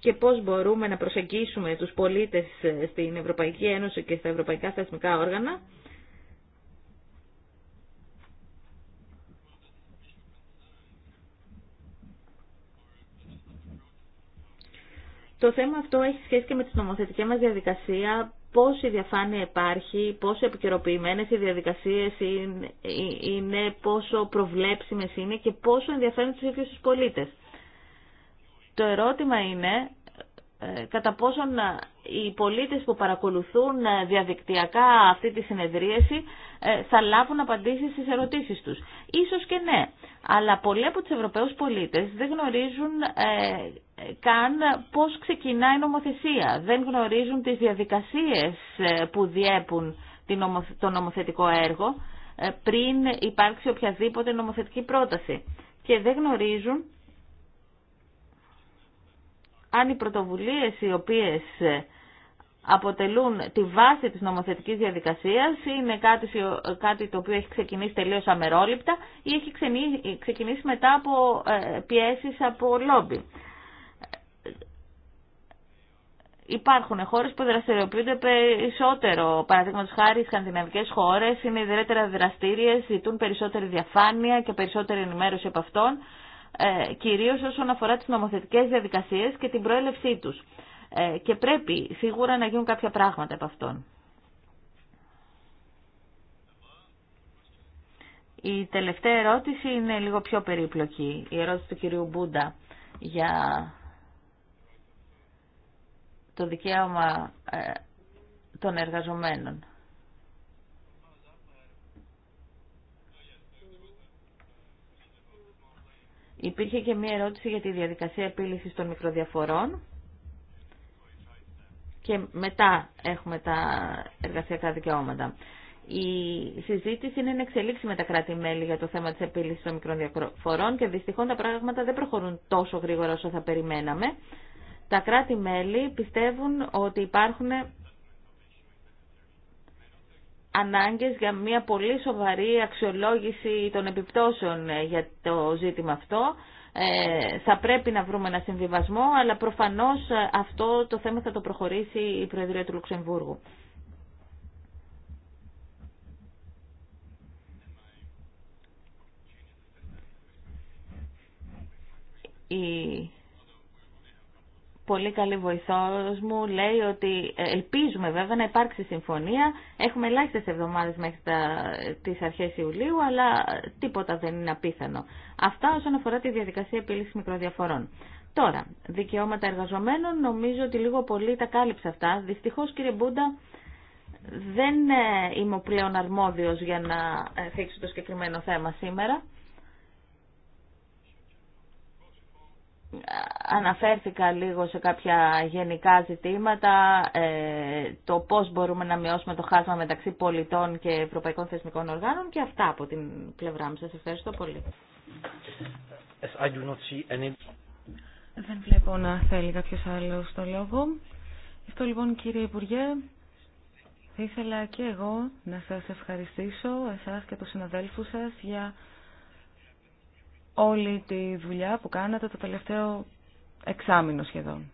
και πώς μπορούμε να προσεγγίσουμε τους πολίτες στην Ευρωπαϊκή Ένωση και στα ευρωπαϊκά θεσμικά όργανα, Το θέμα αυτό έχει σχέση και με τη νομοθετική μας διαδικασία, πόση διαφάνεια υπάρχει, πόσο επικαιροποιημένε οι διαδικασίες είναι, πόσο προβλέψιμε είναι και πόσο ενδιαφέρουν του ίδιου του πολίτε. Το ερώτημα είναι ε, κατά πόσον ε, οι πολίτες που παρακολουθούν ε, διαδικτυακά αυτή τη συνεδρίαση θα λάβουν απαντήσεις στις ερωτήσεις τους. Ίσως και ναι, αλλά πολλοί από τους Ευρωπαίους πολίτες δεν γνωρίζουν καν πώς ξεκινά η νομοθεσία, δεν γνωρίζουν τις διαδικασίες που διέπουν το νομοθετικό έργο πριν υπάρξει οποιαδήποτε νομοθετική πρόταση και δεν γνωρίζουν αν οι πρωτοβουλίες οι οποίες ε, αποτελούν τη βάση της νομοθετικής διαδικασίας, είναι κάτι, το οποίο έχει ξεκινήσει τελείως αμερόληπτα ή έχει ξεκινήσει μετά από ε, πιέσεις από λόμπι. Υπάρχουν χώρες που δραστηριοποιούνται περισσότερο, παραδείγματος χάρη οι σκανδιναβικές χώρες είναι ιδιαίτερα δραστήριες, ζητούν περισσότερη διαφάνεια και περισσότερη ενημέρωση από αυτών. Ε, κυρίως όσον αφορά τις νομοθετικές διαδικασίες και την προέλευσή τους. Ε, και πρέπει σίγουρα να γίνουν κάποια πράγματα από αυτόν. Η τελευταία ερώτηση είναι λίγο πιο περίπλοκη. Η ερώτηση του κυρίου Μπούντα για το δικαίωμα ε, των εργαζομένων. Υπήρχε και μία ερώτηση για τη διαδικασία επίλυσης των μικροδιαφορών και μετά έχουμε τα εργασιακά δικαιώματα. Η συζήτηση είναι εξελίξη με τα κράτη-μέλη για το θέμα της επίλυσης των μικροδιαφορών και δυστυχώς τα πράγματα δεν προχωρούν τόσο γρήγορα όσο θα περιμέναμε. Τα κράτη-μέλη πιστεύουν ότι υπάρχουν ανάγκες για μια πολύ σοβαρή αξιολόγηση των επιπτώσεων ε, για το ζήτημα αυτό. Ε, θα πρέπει να βρούμε ένα συμβιβασμό, αλλά προφανώς ε, αυτό το θέμα θα το προχωρήσει η Προεδρία του Λουξεμβούργου. Η πολύ καλή βοηθός μου λέει ότι ε, ελπίζουμε βέβαια να υπάρξει συμφωνία. Έχουμε ελάχιστε εβδομάδε μέχρι τι αρχέ Ιουλίου, αλλά ε, τίποτα δεν είναι απίθανο. Αυτά όσον αφορά τη διαδικασία επίλυση μικροδιαφορών. Τώρα, δικαιώματα εργαζομένων, νομίζω ότι λίγο πολύ τα κάλυψα αυτά. Δυστυχώ, κύριε Μπούντα, δεν ε, είμαι πλέον αρμόδιο για να θίξω το συγκεκριμένο θέμα σήμερα. αναφέρθηκα λίγο σε κάποια γενικά ζητήματα, ε, το πώς μπορούμε να μειώσουμε το χάσμα μεταξύ πολιτών και ευρωπαϊκών θεσμικών οργάνων και αυτά από την πλευρά μου. Σας ευχαριστώ πολύ. Δεν βλέπω να θέλει κάποιος άλλος το λόγο. Αυτό λοιπόν κύριε Υπουργέ, θα ήθελα και εγώ να σας ευχαριστήσω εσάς και τους συναδέλφους σας για όλη τη δουλειά που κάνατε το τελευταίο εξάμεινο σχεδόν.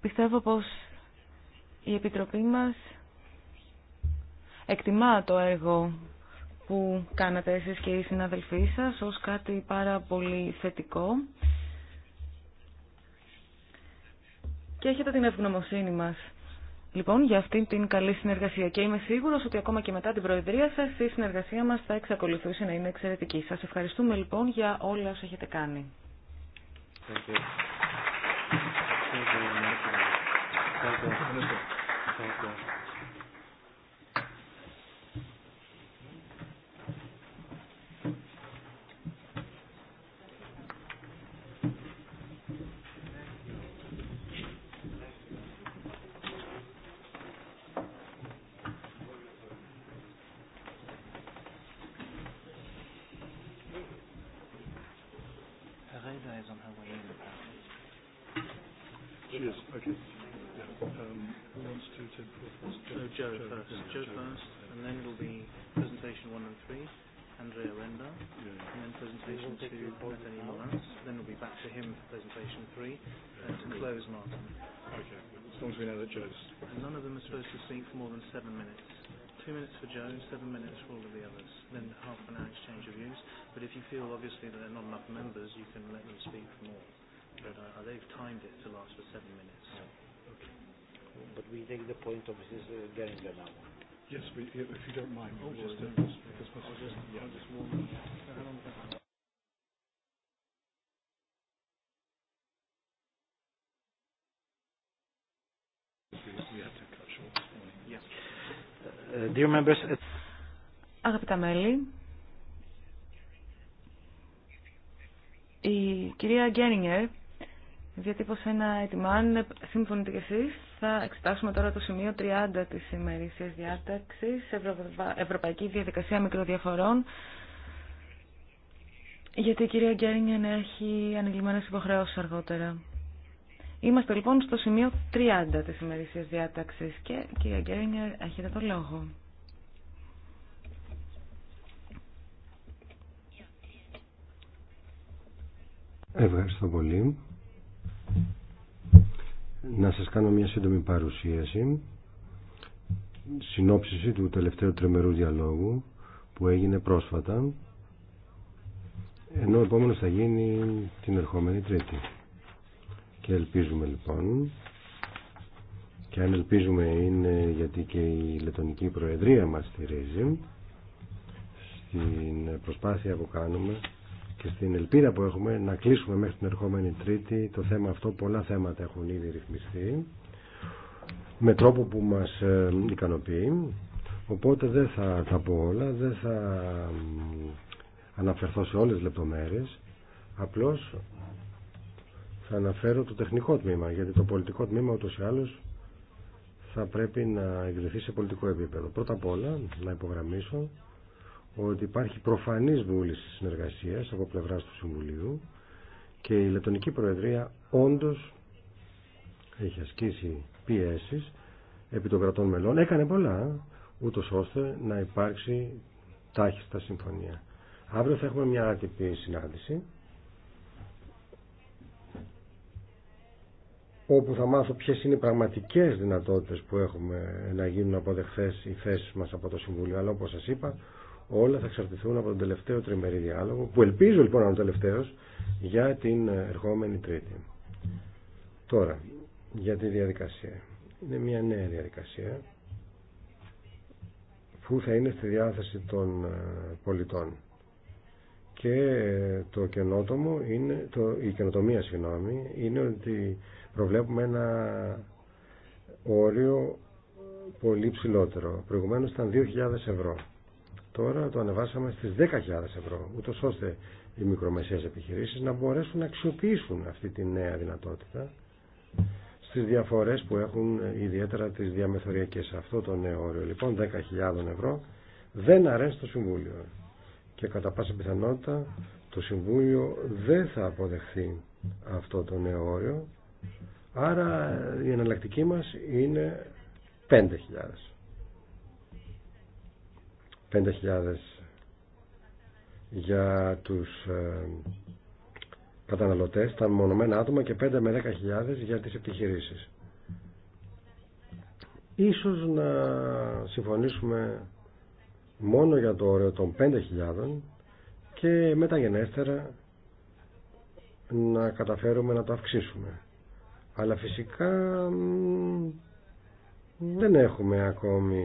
Πιστεύω πως η Επιτροπή μας εκτιμά το έργο που κάνατε εσείς και οι συναδελφοί σας ως κάτι πάρα πολύ θετικό και έχετε την ευγνωμοσύνη μας λοιπόν για αυτήν την καλή συνεργασία και είμαι σίγουρος ότι ακόμα και μετά την Προεδρία σας η συνεργασία μας θα εξακολουθούσε να είναι εξαιρετική. Σας ευχαριστούμε λοιπόν για όλα όσα έχετε κάνει. for Joe, seven minutes for all of the others, then half an hour exchange of views. But if you feel obviously that there are not enough members, you can let them speak for more. But uh, they've timed it to last for seven minutes. Okay. But we take the point of getting there now. Yes, if you don't mind, we'll just, just, just, just, Uh, Αγαπητά μέλη, η κυρία Γκένιγκερ διατύπωσε ένα αίτημα. Αν συμφωνείτε κι εσείς, θα εξετάσουμε τώρα το σημείο 30 της ημερήσιας διάταξης, Ευρωπαϊκή Διαδικασία Μικροδιαφορών, γιατί η κυρία Γκέρινγκεν έχει ανεγκλημένε υποχρεώσεις αργότερα. Είμαστε λοιπόν στο σημείο 30 της ημερήσιας διάταξης και κυρία Γκέρνια έχετε το λόγο. Ευχαριστώ πολύ. Να σας κάνω μια σύντομη παρουσίαση, συνόψιση του τελευταίου τρεμερού διαλόγου που έγινε πρόσφατα, ενώ ο επόμενος θα γίνει την ερχόμενη Τρίτη. Και ελπίζουμε λοιπόν και αν ελπίζουμε είναι γιατί και η Λετωνική Προεδρία μας στηρίζει στην προσπάθεια που κάνουμε και στην ελπίδα που έχουμε να κλείσουμε μέχρι την ερχόμενη Τρίτη το θέμα αυτό. Πολλά θέματα έχουν ήδη ρυθμιστεί με τρόπο που μας ε, ικανοποιεί. Οπότε δεν θα τα πω όλα, δεν θα αναφερθώ σε όλες τις λεπτομέρειες. Απλώς θα αναφέρω το τεχνικό τμήμα, γιατί το πολιτικό τμήμα ούτως ή άλλως θα πρέπει να εκδεθεί σε πολιτικό επίπεδο. Πρώτα απ' όλα να υπογραμμίσω ότι υπάρχει προφανής βούληση συνεργασίας από πλευράς του Συμβουλίου και η Λετωνική Προεδρία όντως έχει ασκήσει πιέσεις επί των κρατών μελών. Έκανε πολλά, ούτω ώστε να υπάρξει τάχιστα συμφωνία. Αύριο θα έχουμε μια άτυπη συνάντηση όπου θα μάθω ποιε είναι οι πραγματικές δυνατότητες που έχουμε να γίνουν αποδεχθέ οι θέσει μας από το Συμβούλιο. Αλλά όπω σα είπα, όλα θα εξαρτηθούν από τον τελευταίο τριμερή διάλογο, που ελπίζω λοιπόν να είναι ο τελευταίος, για την ερχόμενη Τρίτη. Τώρα, για τη διαδικασία. Είναι μια νέα διαδικασία που θα είναι στη διάθεση των ε, πολιτών. Και το καινότομο είναι, το, η καινοτομία συγγνώμη, είναι ότι προβλέπουμε ένα όριο πολύ ψηλότερο. Προηγουμένως ήταν 2.000 ευρώ. Τώρα το ανεβάσαμε στις 10.000 ευρώ, ούτω ώστε οι μικρομεσαίες επιχειρήσεις να μπορέσουν να αξιοποιήσουν αυτή τη νέα δυνατότητα στις διαφορές που έχουν ιδιαίτερα τις διαμεθοριακές. Αυτό το νέο όριο λοιπόν 10.000 ευρώ δεν αρέσει το Συμβούλιο και κατά πάσα πιθανότητα το Συμβούλιο δεν θα αποδεχθεί αυτό το νέο όριο άρα η εναλλακτική μας είναι 5.000 5.000 για τους ε, καταναλωτές, τα μονομένα άτομα και 5 με 10.000 για τις επιχειρήσεις. Ίσως να συμφωνήσουμε μόνο για το όριο των 5.000 και μεταγενέστερα να καταφέρουμε να το αυξήσουμε. Αλλά φυσικά δεν έχουμε ακόμη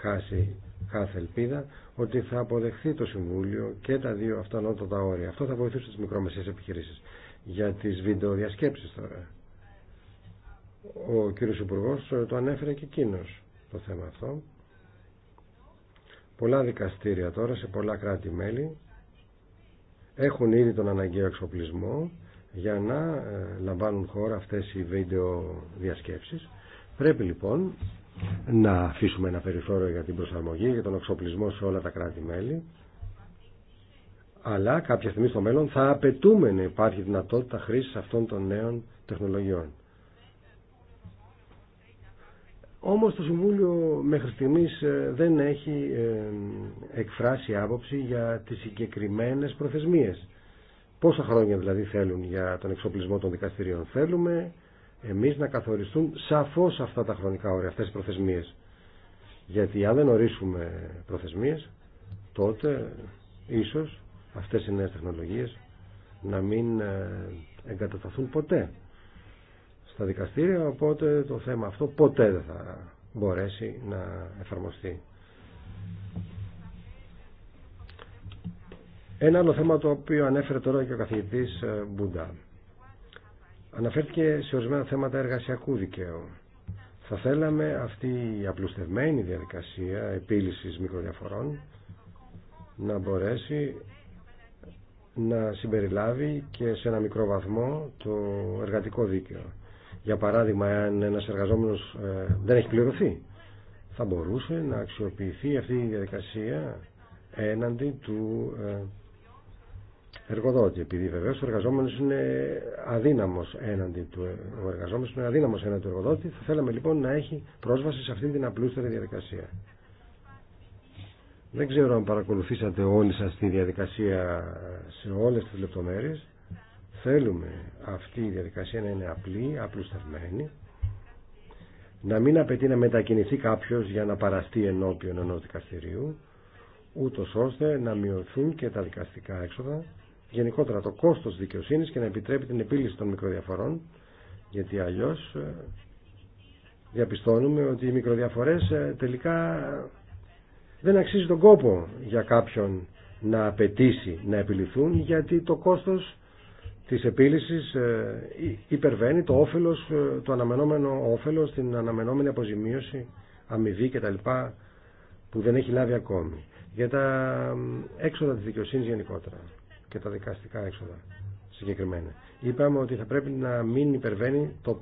χάσει κάθε ελπίδα ότι θα αποδεχθεί το Συμβούλιο και τα δύο αυτά νότατα όρια. Αυτό θα βοηθήσει τις μικρομεσαίες επιχειρήσεις. Για τις βιντεοδιασκέψεις τώρα. Ο κύριος Υπουργός το ανέφερε και εκείνος το θέμα αυτό. Πολλά δικαστήρια τώρα σε πολλά κράτη-μέλη έχουν ήδη τον αναγκαίο εξοπλισμό για να ε, λαμβάνουν χώρα αυτές οι βίντεο διασκέψεις. Πρέπει λοιπόν να αφήσουμε ένα περιθώριο για την προσαρμογή, για τον εξοπλισμό σε όλα τα κράτη-μέλη. Αλλά κάποια στιγμή στο μέλλον θα απαιτούμε να υπάρχει δυνατότητα χρήσης αυτών των νέων τεχνολογιών. Όμως το Συμβούλιο μέχρι στιγμής ε, δεν έχει ε, εκφράσει άποψη για τις συγκεκριμένες προθεσμίες. Πόσα χρόνια δηλαδή θέλουν για τον εξοπλισμό των δικαστηρίων. Θέλουμε εμείς να καθοριστούν σαφώς αυτά τα χρονικά όρια, αυτές οι προθεσμίες. Γιατί αν δεν ορίσουμε προθεσμίες, τότε ίσως αυτές οι νέες τεχνολογίες να μην ε, εγκατασταθούν ποτέ στα δικαστήρια, οπότε το θέμα αυτό ποτέ δεν θα μπορέσει να εφαρμοστεί. Ένα άλλο θέμα το οποίο ανέφερε τώρα και ο καθηγητής ε, Μπούντα. Αναφέρθηκε σε ορισμένα θέματα εργασιακού δικαίου. Θα θέλαμε αυτή η απλουστευμένη διαδικασία επίλυσης μικροδιαφορών να μπορέσει να συμπεριλάβει και σε ένα μικρό βαθμό το εργατικό δίκαιο. Για παράδειγμα, αν ένας εργαζόμενος ε, δεν έχει πληρωθεί, θα μπορούσε να αξιοποιηθεί αυτή η διαδικασία έναντι του ε, εργοδότη. Επειδή βεβαίω ο εργαζόμενο είναι αδύναμος έναντι του, ε, ο εργαζόμενος είναι αδύναμος έναντι του εργοδότη, θα θέλαμε λοιπόν να έχει πρόσβαση σε αυτή την απλούστερη διαδικασία. Δεν ξέρω αν παρακολουθήσατε όλοι σας τη διαδικασία σε όλες τις λεπτομέρειες. Θέλουμε αυτή η διαδικασία να είναι απλή, απλουστευμένη, να μην απαιτεί να μετακινηθεί κάποιος για να παραστεί ενώπιον ενός δικαστηρίου, ούτω ώστε να μειωθούν και τα δικαστικά έξοδα, γενικότερα το κόστος δικαιοσύνης και να επιτρέπει την επίλυση των μικροδιαφορών, γιατί αλλιώς ε, διαπιστώνουμε ότι οι μικροδιαφορές ε, τελικά ε, δεν αξίζει τον κόπο για κάποιον να απαιτήσει να επιληθούν γιατί το κόστος της επίλυσης ε, υπερβαίνει το όφελος, ε, το αναμενόμενο όφελος, την αναμενόμενη αποζημίωση, αμοιβή κτλ. που δεν έχει λάβει ακόμη. Για τα έξοδα της δικαιοσύνης γενικότερα και τα δικαστικά έξοδα συγκεκριμένα. Είπαμε ότι θα πρέπει να μην υπερβαίνει το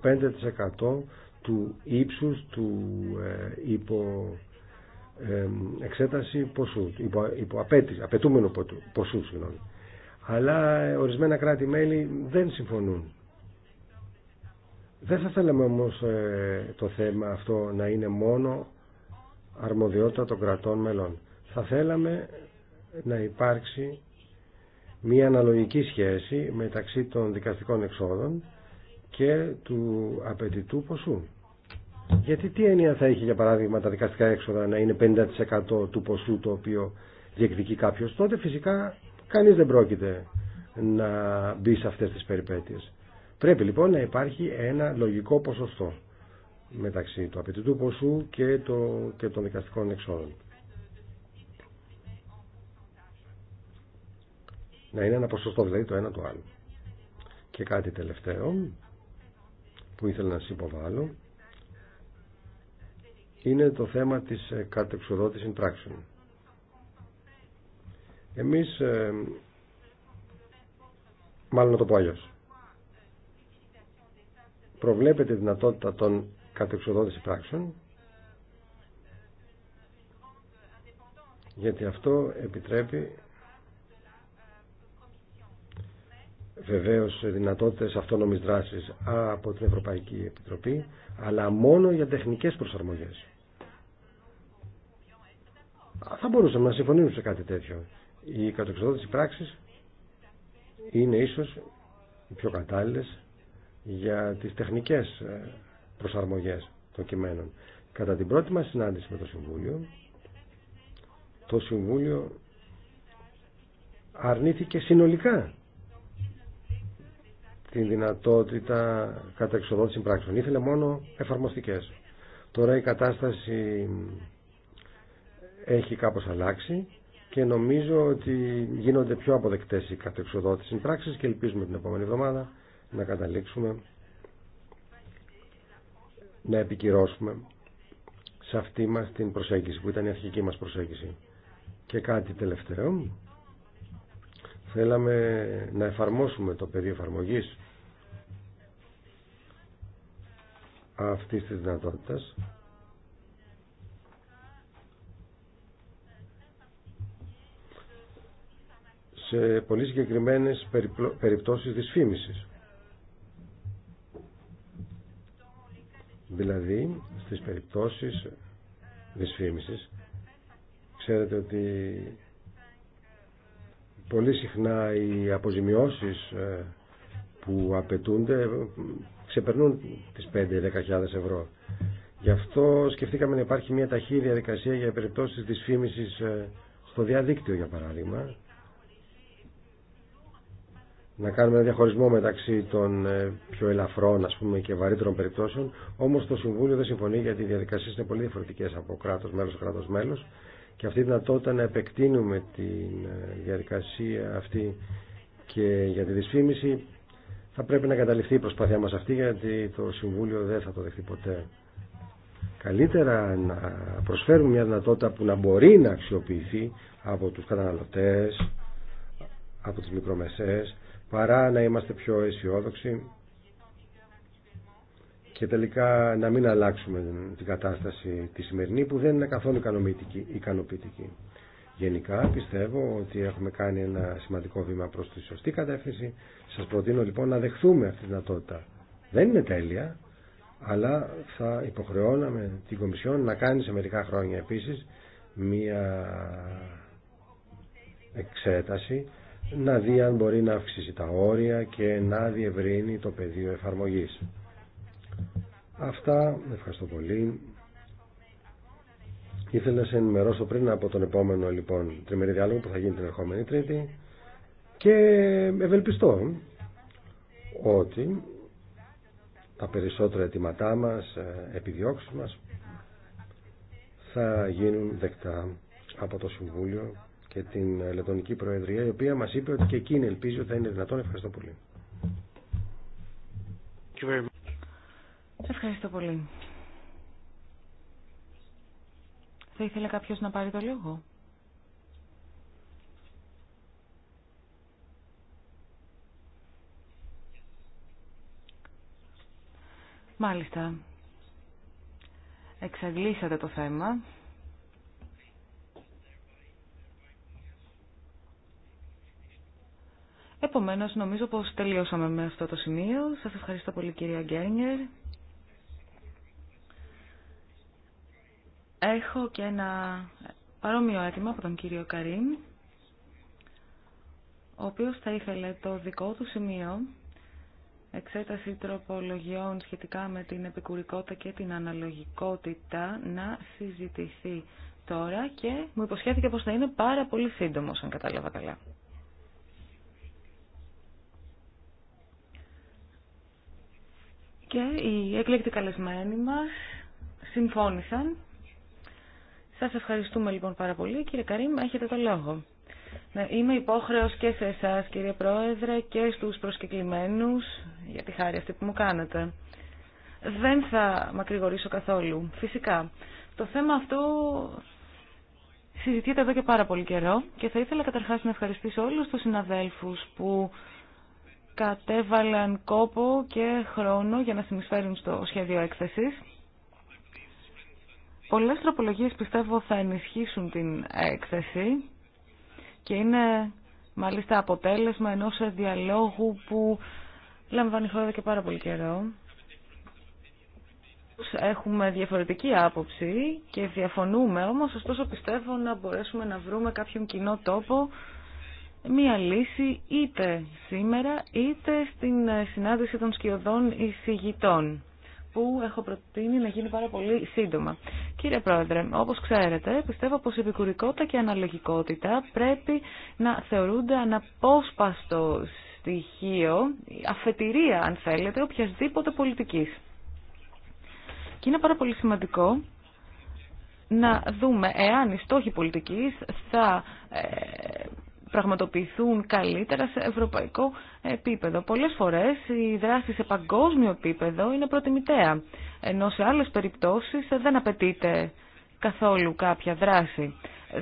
5% του ύψους του ε, υπο ε, εξέταση ποσού, υπο, υπο απαιτούμενου ποσού, συγγνώμη αλλά ε, ορισμένα κράτη-μέλη δεν συμφωνούν. Δεν θα θέλαμε όμως ε, το θέμα αυτό να είναι μόνο αρμοδιότητα των κρατών μελών. Θα θέλαμε να υπάρξει μια αναλογική σχέση μεταξύ των δικαστικών εξόδων και του απαιτητού ποσού. Γιατί τι έννοια θα έχει για παράδειγμα τα δικαστικά έξοδα να είναι 50% του ποσού το οποίο διεκδικεί κάποιος. Τότε φυσικά κανείς δεν πρόκειται να μπει σε αυτές τις περιπέτειες. Πρέπει λοιπόν να υπάρχει ένα λογικό ποσοστό μεταξύ του απαιτητού ποσού και, το, και των δικαστικών εξόδων. Να είναι ένα ποσοστό δηλαδή το ένα το άλλο. Και κάτι τελευταίο που ήθελα να υποβάλω είναι το θέμα της κατεξοδότησης πράξεων. Εμείς, ε, μάλλον να το πω αλλιώς, προβλέπεται η δυνατότητα των κατεξοδών της πράξεων γιατί αυτό επιτρέπει βεβαίως δυνατότητες αυτόνομης δράσης από την Ευρωπαϊκή Επιτροπή αλλά μόνο για τεχνικές προσαρμογές. Θα μπορούσαμε να συμφωνήσουμε σε κάτι τέτοιο. Οι κατοξιδότητες πράξης είναι ίσως οι πιο κατάλληλες για τις τεχνικές ε, προσαρμογές των κειμένων. Κατά την πρώτη μας συνάντηση με το Συμβούλιο, το Συμβούλιο αρνήθηκε συνολικά την δυνατότητα κατά εξοδότηση πράξεων. Ήθελε μόνο εφαρμοστικές. Τώρα η κατάσταση έχει κάπως αλλάξει και νομίζω ότι γίνονται πιο αποδεκτές οι κατεξοδότες συμπράξεις και ελπίζουμε την επόμενη εβδομάδα να καταλήξουμε να επικυρώσουμε σε αυτή μας την προσέγγιση που ήταν η αρχική μας προσέγγιση. Και κάτι τελευταίο, θέλαμε να εφαρμόσουμε το πεδίο εφαρμογή αυτής της δυνατότητας σε πολύ συγκεκριμένες περιπτώσεις δυσφήμισης. Δηλαδή, στις περιπτώσεις δυσφήμισης, ξέρετε ότι πολύ συχνά οι αποζημιώσεις ε, που απαιτούνται ε, ξεπερνούν τις 5-10.000 ευρώ. Γι' αυτό σκεφτήκαμε να υπάρχει μια ταχύη διαδικασία για περιπτώσεις δυσφήμισης ε, στο διαδίκτυο, για παράδειγμα, να κάνουμε ένα διαχωρισμό μεταξύ των ε, πιο ελαφρών ας πούμε, και βαρύτερων περιπτώσεων. Όμω το Συμβούλιο δεν συμφωνεί γιατί οι διαδικασίε είναι πολύ διαφορετικέ από κράτο μέλο κράτο μέλο και αυτή η δυνατότητα να επεκτείνουμε τη ε, διαδικασία αυτή και για τη δυσφήμιση θα πρέπει να καταληφθεί η προσπάθειά μα αυτή γιατί το Συμβούλιο δεν θα το δεχτεί ποτέ. Καλύτερα να προσφέρουμε μια δυνατότητα που να μπορεί να αξιοποιηθεί από τους καταναλωτές, από τις μικρομεσαίες, παρά να είμαστε πιο αισιόδοξοι και τελικά να μην αλλάξουμε την κατάσταση τη σημερινή που δεν είναι καθόλου ικανοποιητική. Γενικά πιστεύω ότι έχουμε κάνει ένα σημαντικό βήμα προς τη σωστή κατεύθυνση. Σας προτείνω λοιπόν να δεχθούμε αυτή τη δυνατότητα. Δεν είναι τέλεια, αλλά θα υποχρεώναμε την Κομισιόν να κάνει σε μερικά χρόνια επίσης μία εξέταση να δει αν μπορεί να αυξήσει τα όρια και να διευρύνει το πεδίο εφαρμογής. Αυτά, ευχαριστώ πολύ. Ήθελα να σε ενημερώσω πριν από τον επόμενο λοιπόν τριμερή διάλογο που θα γίνει την ερχόμενη Τρίτη και ευελπιστώ ότι τα περισσότερα αιτήματά μας, ε, επιδιώξεις μας θα γίνουν δεκτά από το Συμβούλιο και την Λετωνική Προεδρία, η οποία μας είπε ότι και εκείνη ελπίζει ότι θα είναι δυνατόν. Ευχαριστώ πολύ. ευχαριστώ πολύ. Θα ήθελε κάποιος να πάρει το λόγο. Μάλιστα. Εξαγγλίσατε το θέμα. Επομένως, νομίζω πως τελειώσαμε με αυτό το σημείο. Σας ευχαριστώ πολύ κυρία Γκέρνιερ. Έχω και ένα παρόμοιο αίτημα από τον κύριο Καρίν, ο οποίος θα ήθελε το δικό του σημείο εξέταση τροπολογιών σχετικά με την επικουρικότητα και την αναλογικότητα να συζητηθεί τώρα και μου υποσχέθηκε πως θα είναι πάρα πολύ σύντομος, αν κατάλαβα καλά. και οι εκλέκτοι καλεσμένοι μας συμφώνησαν. Σας ευχαριστούμε λοιπόν πάρα πολύ. Κύριε Καρύμ, έχετε το λόγο. Να είμαι υπόχρεος και σε εσάς, κύριε Πρόεδρε και στους προσκεκλημένους για τη χάρη αυτή που μου κάνετε. Δεν θα μακρηγορήσω καθόλου, φυσικά. Το θέμα αυτό συζητείται εδώ και πάρα πολύ καιρό και θα ήθελα καταρχάς να ευχαριστήσω όλους τους συναδέλφους που κατέβαλαν κόπο και χρόνο για να συνεισφέρουν στο σχέδιο έκθεσης. Πολλές τροπολογίες πιστεύω θα ενισχύσουν την έκθεση και είναι μάλιστα αποτέλεσμα ενός διαλόγου που λαμβάνει χώρα και πάρα πολύ καιρό. Έχουμε διαφορετική άποψη και διαφωνούμε, όμως ωστόσο πιστεύω να μπορέσουμε να βρούμε κάποιον κοινό τόπο μία λύση είτε σήμερα είτε στην ε, συνάντηση των σκιωδών εισηγητών που έχω προτείνει να γίνει πάρα πολύ σύντομα. Κύριε Πρόεδρε, όπως ξέρετε, πιστεύω πως η επικουρικότητα και η αναλογικότητα πρέπει να θεωρούνται αναπόσπαστο στοιχείο, αφετηρία αν θέλετε, οποιασδήποτε πολιτικής. Και είναι πάρα πολύ σημαντικό να δούμε εάν οι στόχοι πολιτικής θα ε, πραγματοποιηθούν καλύτερα σε ευρωπαϊκό επίπεδο. Πολλές φορές η δράση σε παγκόσμιο επίπεδο είναι προτιμητέα, ενώ σε άλλες περιπτώσεις δεν απαιτείται καθόλου κάποια δράση.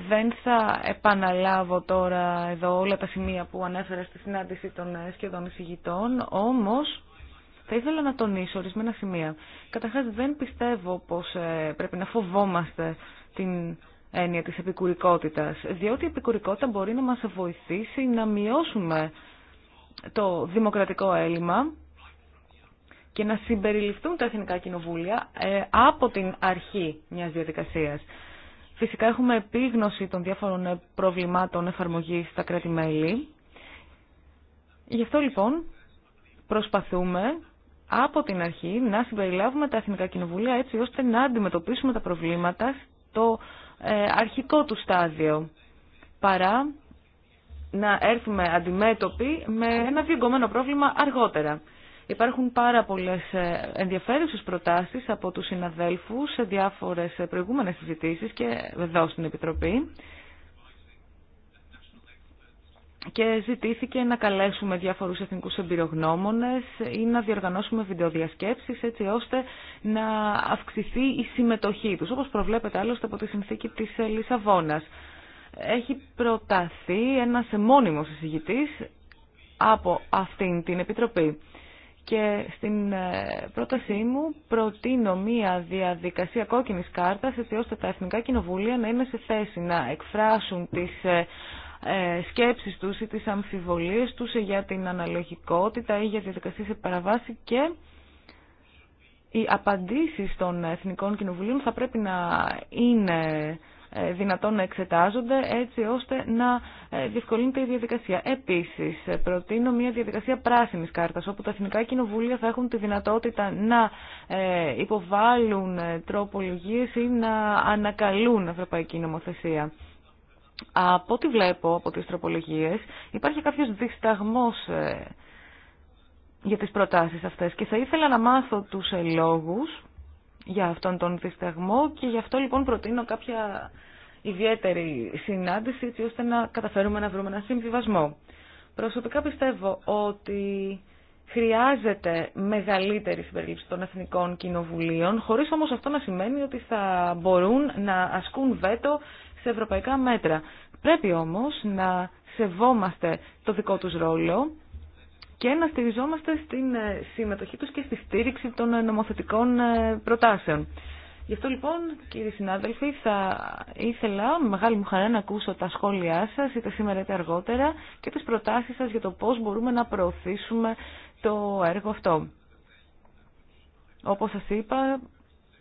Δεν θα επαναλάβω τώρα εδώ όλα τα σημεία που ανέφερα στη συνάντηση των σχεδόν εισηγητών, όμως θα ήθελα να τονίσω ορισμένα σημεία. Καταρχάς δεν πιστεύω πως ε, πρέπει να φοβόμαστε την έννοια της επικουρικότητας, διότι η επικουρικότητα μπορεί να μας βοηθήσει να μειώσουμε το δημοκρατικό έλλειμμα και να συμπεριληφθούν τα εθνικά κοινοβούλια ε, από την αρχή μιας διαδικασίας. Φυσικά έχουμε επίγνωση των διάφορων προβλημάτων εφαρμογής στα κράτη-μέλη. Γι' αυτό λοιπόν προσπαθούμε από την αρχή να συμπεριλάβουμε τα εθνικά κοινοβούλια έτσι ώστε να αντιμετωπίσουμε τα προβλήματα στο ε, αρχικό του στάδιο, παρά να έρθουμε αντιμέτωποι με ένα διεγκωμένο πρόβλημα αργότερα. Υπάρχουν πάρα πολλές ε, ενδιαφέρουσες προτάσεις από τους συναδέλφους σε διάφορες ε, προηγούμενες συζητήσεις και εδώ στην Επιτροπή και ζητήθηκε να καλέσουμε διάφορους εθνικούς εμπειρογνώμονες ή να διοργανώσουμε βιντεοδιασκέψεις έτσι ώστε να αυξηθεί η συμμετοχή τους, όπως προβλέπεται άλλωστε από τη συνθήκη της Λισαβόνας. Έχει προταθεί ένας μόνιμος εισηγητής από αυτήν την Επιτροπή. Και στην ε, πρότασή μου προτείνω μία διαδικασία κόκκινης κάρτας έτσι ώστε τα Εθνικά Κοινοβούλια να είναι σε θέση να εκφράσουν τις ε, ε, σκέψεις τους ή τις αμφιβολίες τους ε, για την αναλογικότητα ή για διαδικασία σε και οι απαντήσεις των Εθνικών Κοινοβουλίων θα πρέπει να είναι ε, δυνατόν να εξετάζονται έτσι ώστε να διευκολύνεται η διαδικασία. Επίσης, προτείνω μια διαδικασία πράσινης κάρτας όπου τα Εθνικά Κοινοβούλια θα έχουν τη δυνατότητα να υποβάλουν τροπολογίες ή να ανακαλούν ευρωπαϊκή νομοθεσία. Από ό,τι βλέπω από τις τροπολογίες υπάρχει κάποιος δισταγμός ε, για τις προτάσεις αυτές και θα ήθελα να μάθω τους λόγους για αυτόν τον δισταγμό και γι' αυτό λοιπόν προτείνω κάποια ιδιαίτερη συνάντηση έτσι ώστε να καταφέρουμε να βρούμε ένα συμβιβασμό. Προσωπικά πιστεύω ότι χρειάζεται μεγαλύτερη συμπερίληψη των εθνικών κοινοβουλίων, χωρίς όμως αυτό να σημαίνει ότι θα μπορούν να ασκούν βέτο σε ευρωπαϊκά μέτρα. Πρέπει όμως να σεβόμαστε το δικό τους ρόλο και να στηριζόμαστε στην ε, συμμετοχή τους και στη στήριξη των ε, νομοθετικών ε, προτάσεων. Γι' αυτό λοιπόν, κύριοι συνάδελφοι, θα ήθελα με μεγάλη μου χαρά να ακούσω τα σχόλιά σας, είτε σήμερα είτε αργότερα, και τις προτάσεις σας για το πώς μπορούμε να προωθήσουμε το έργο αυτό. Όπως σας είπα,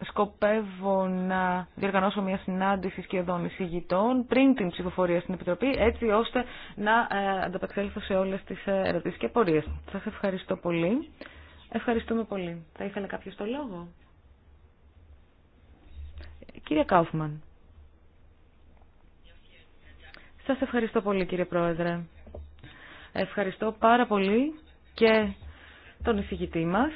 σκοπεύω να διοργανώσω μια συνάντηση σχεδόν εισηγητών πριν την ψηφοφορία στην Επιτροπή, έτσι ώστε να ε, ανταπεξέλθω σε όλες τις ε, ερωτήσεις και απορίες. Σας ευχαριστώ πολύ. Ευχαριστούμε πολύ. Θα ήθελε κάποιος το λόγο. Κύριε Κάουφμαν. Σας ευχαριστώ πολύ κύριε Πρόεδρε. Ευχαριστώ πάρα πολύ και τον εισηγητή μας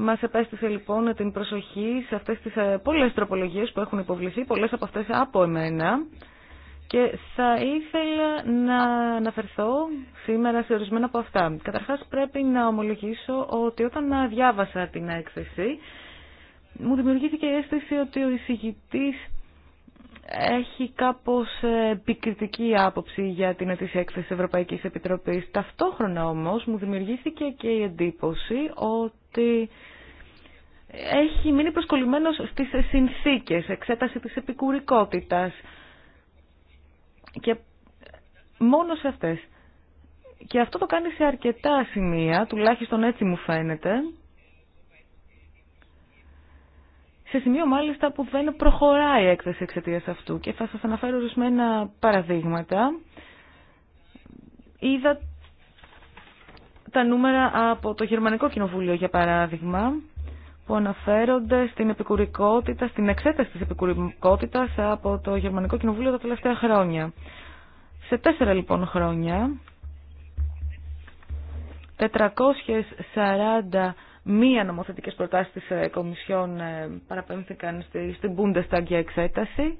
Μα επέστησε λοιπόν την προσοχή σε αυτές τις ε, πολλές τροπολογίε που έχουν υποβληθεί, πολλές από αυτές από εμένα. Και θα ήθελα να αναφερθώ σήμερα σε ορισμένα από αυτά. Καταρχάς πρέπει να ομολογήσω ότι όταν διάβασα την έκθεση μου δημιουργήθηκε η αίσθηση ότι ο εισηγητή έχει κάπως ε, επικριτική άποψη για την ετήσια έκθεση της Ευρωπαϊκής Επιτροπής. Ταυτόχρονα όμως μου δημιουργήθηκε και η εντύπωση ότι έχει μείνει προσκολλημένος στις συνθήκες, εξέταση της επικουρικότητας και μόνο σε αυτές. Και αυτό το κάνει σε αρκετά σημεία, τουλάχιστον έτσι μου φαίνεται, σε σημείο μάλιστα που δεν προχωράει η έκθεση εξαιτία αυτού. Και θα σα αναφέρω ορισμένα παραδείγματα. Είδα τα νούμερα από το Γερμανικό Κοινοβούλιο, για παράδειγμα, που αναφέρονται στην επικουρικότητα, στην εξέταση της επικουρικότητας από το Γερμανικό Κοινοβούλιο τα τελευταία χρόνια. Σε τέσσερα λοιπόν χρόνια, 440 μία νομοθετικές προτάσεις της ε, Κομισιόν ε, παραπέμφθηκαν στην Bundestag για εξέταση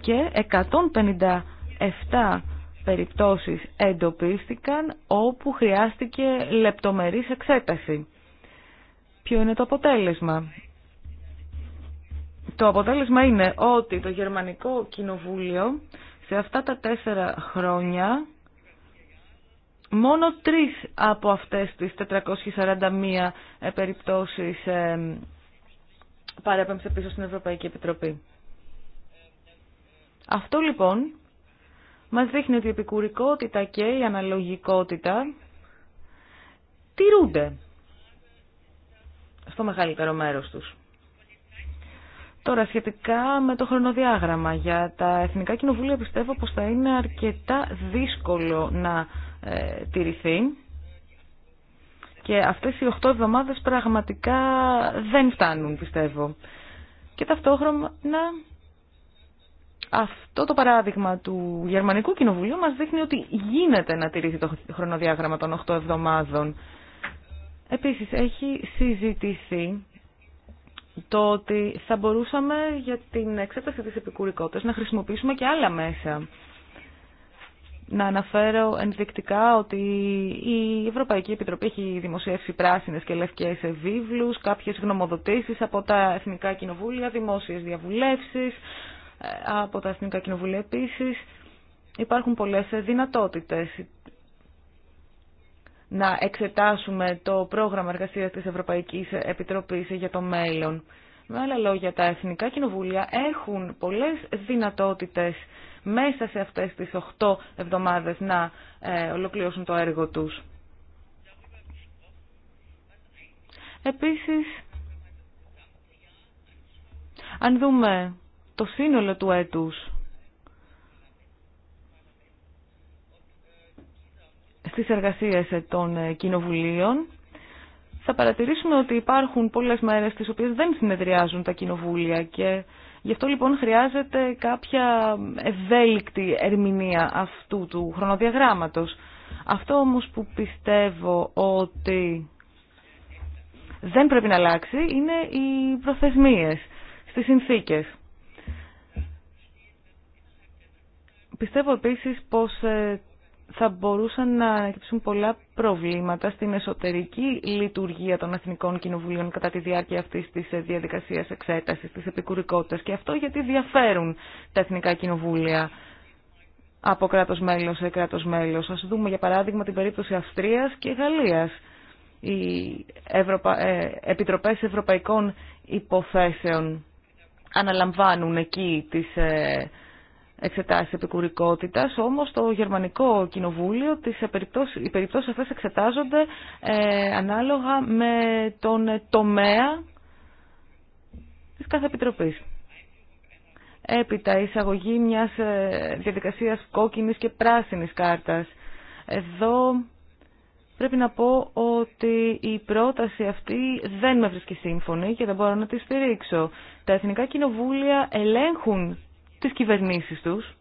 και 157 περιπτώσεις εντοπίστηκαν όπου χρειάστηκε λεπτομερής εξέταση. Ποιο είναι το αποτέλεσμα. Το αποτέλεσμα είναι ότι το Γερμανικό Κοινοβούλιο σε αυτά τα τέσσερα χρόνια Μόνο τρεις από αυτές τις 441 ε, περιπτώσεις ε, παρέπεμψε πίσω στην Ευρωπαϊκή Επιτροπή. Αυτό λοιπόν μας δείχνει ότι η επικουρικότητα και η αναλογικότητα τηρούνται στο μεγαλύτερο μέρος τους. Τώρα, σχετικά με το χρονοδιάγραμμα για τα Εθνικά Κοινοβούλια πιστεύω πως θα είναι αρκετά δύσκολο να ε, Και αυτές οι 8 εβδομάδες πραγματικά δεν φτάνουν, πιστεύω. Και ταυτόχρονα αυτό το παράδειγμα του Γερμανικού Κοινοβουλίου μας δείχνει ότι γίνεται να τηρήσει το χρονοδιάγραμμα των 8 εβδομάδων. Επίσης, έχει συζητηθεί το ότι θα μπορούσαμε για την εξέταση της επικουρικότητας να χρησιμοποιήσουμε και άλλα μέσα να αναφέρω ενδεικτικά ότι η Ευρωπαϊκή Επιτροπή έχει δημοσιεύσει πράσινες και λευκές βίβλους, κάποιες γνωμοδοτήσεις από τα Εθνικά Κοινοβούλια, δημόσιες διαβουλεύσεις, ε, από τα Εθνικά Κοινοβούλια επίσης. Υπάρχουν πολλές δυνατότητες να εξετάσουμε το πρόγραμμα εργασίας της Ευρωπαϊκής Επιτροπής για το μέλλον. Με άλλα λόγια, τα Εθνικά Κοινοβούλια έχουν πολλές δυνατότητες μέσα σε αυτές τις 8 εβδομάδες να ε, ολοκληρώσουν το έργο τους. Επίσης, αν δούμε το σύνολο του έτους, στις εργασίες των ε, κοινοβουλίων, θα παρατηρήσουμε ότι υπάρχουν πολλές μέρες τις οποίες δεν συνεδριάζουν τα κοινοβούλια και Γι' αυτό λοιπόν χρειάζεται κάποια ευέλικτη ερμηνεία αυτού του χρονοδιαγράμματος. Αυτό όμως που πιστεύω ότι δεν πρέπει να αλλάξει είναι οι προθεσμίες στις συνθήκες. Πιστεύω επίσης πως ε, θα μπορούσαν να ανακυψούν πολλά προβλήματα στην εσωτερική λειτουργία των Εθνικών Κοινοβουλίων κατά τη διάρκεια αυτή τη διαδικασία εξέταση, τη επικουρικότητα. Και αυτό γιατί διαφέρουν τα Εθνικά Κοινοβούλια από κράτο μέλο σε κράτο μέλο. Α δούμε για παράδειγμα την περίπτωση Αυστρία και Γαλλία. Οι Ευρωπα... Ε, Επιτροπές Ευρωπαϊκών Υποθέσεων αναλαμβάνουν εκεί τις ε, εξετάσει επικουρικότητα. όμως το γερμανικό κοινοβούλιο, τις οι περιπτώσει αυτές εξετάζονται ε, ανάλογα με τον τομέα της κάθε επιτροπής. Έπειτα, η εισαγωγή μιας ε, διαδικασίας κόκκινης και πράσινη κάρτας. Εδώ πρέπει να πω ότι η πρόταση αυτή δεν με βρίσκει σύμφωνη και δεν μπορώ να τη στηρίξω. Τα εθνικά κοινοβούλια ελέγχουν τις κυβερνήσεις τους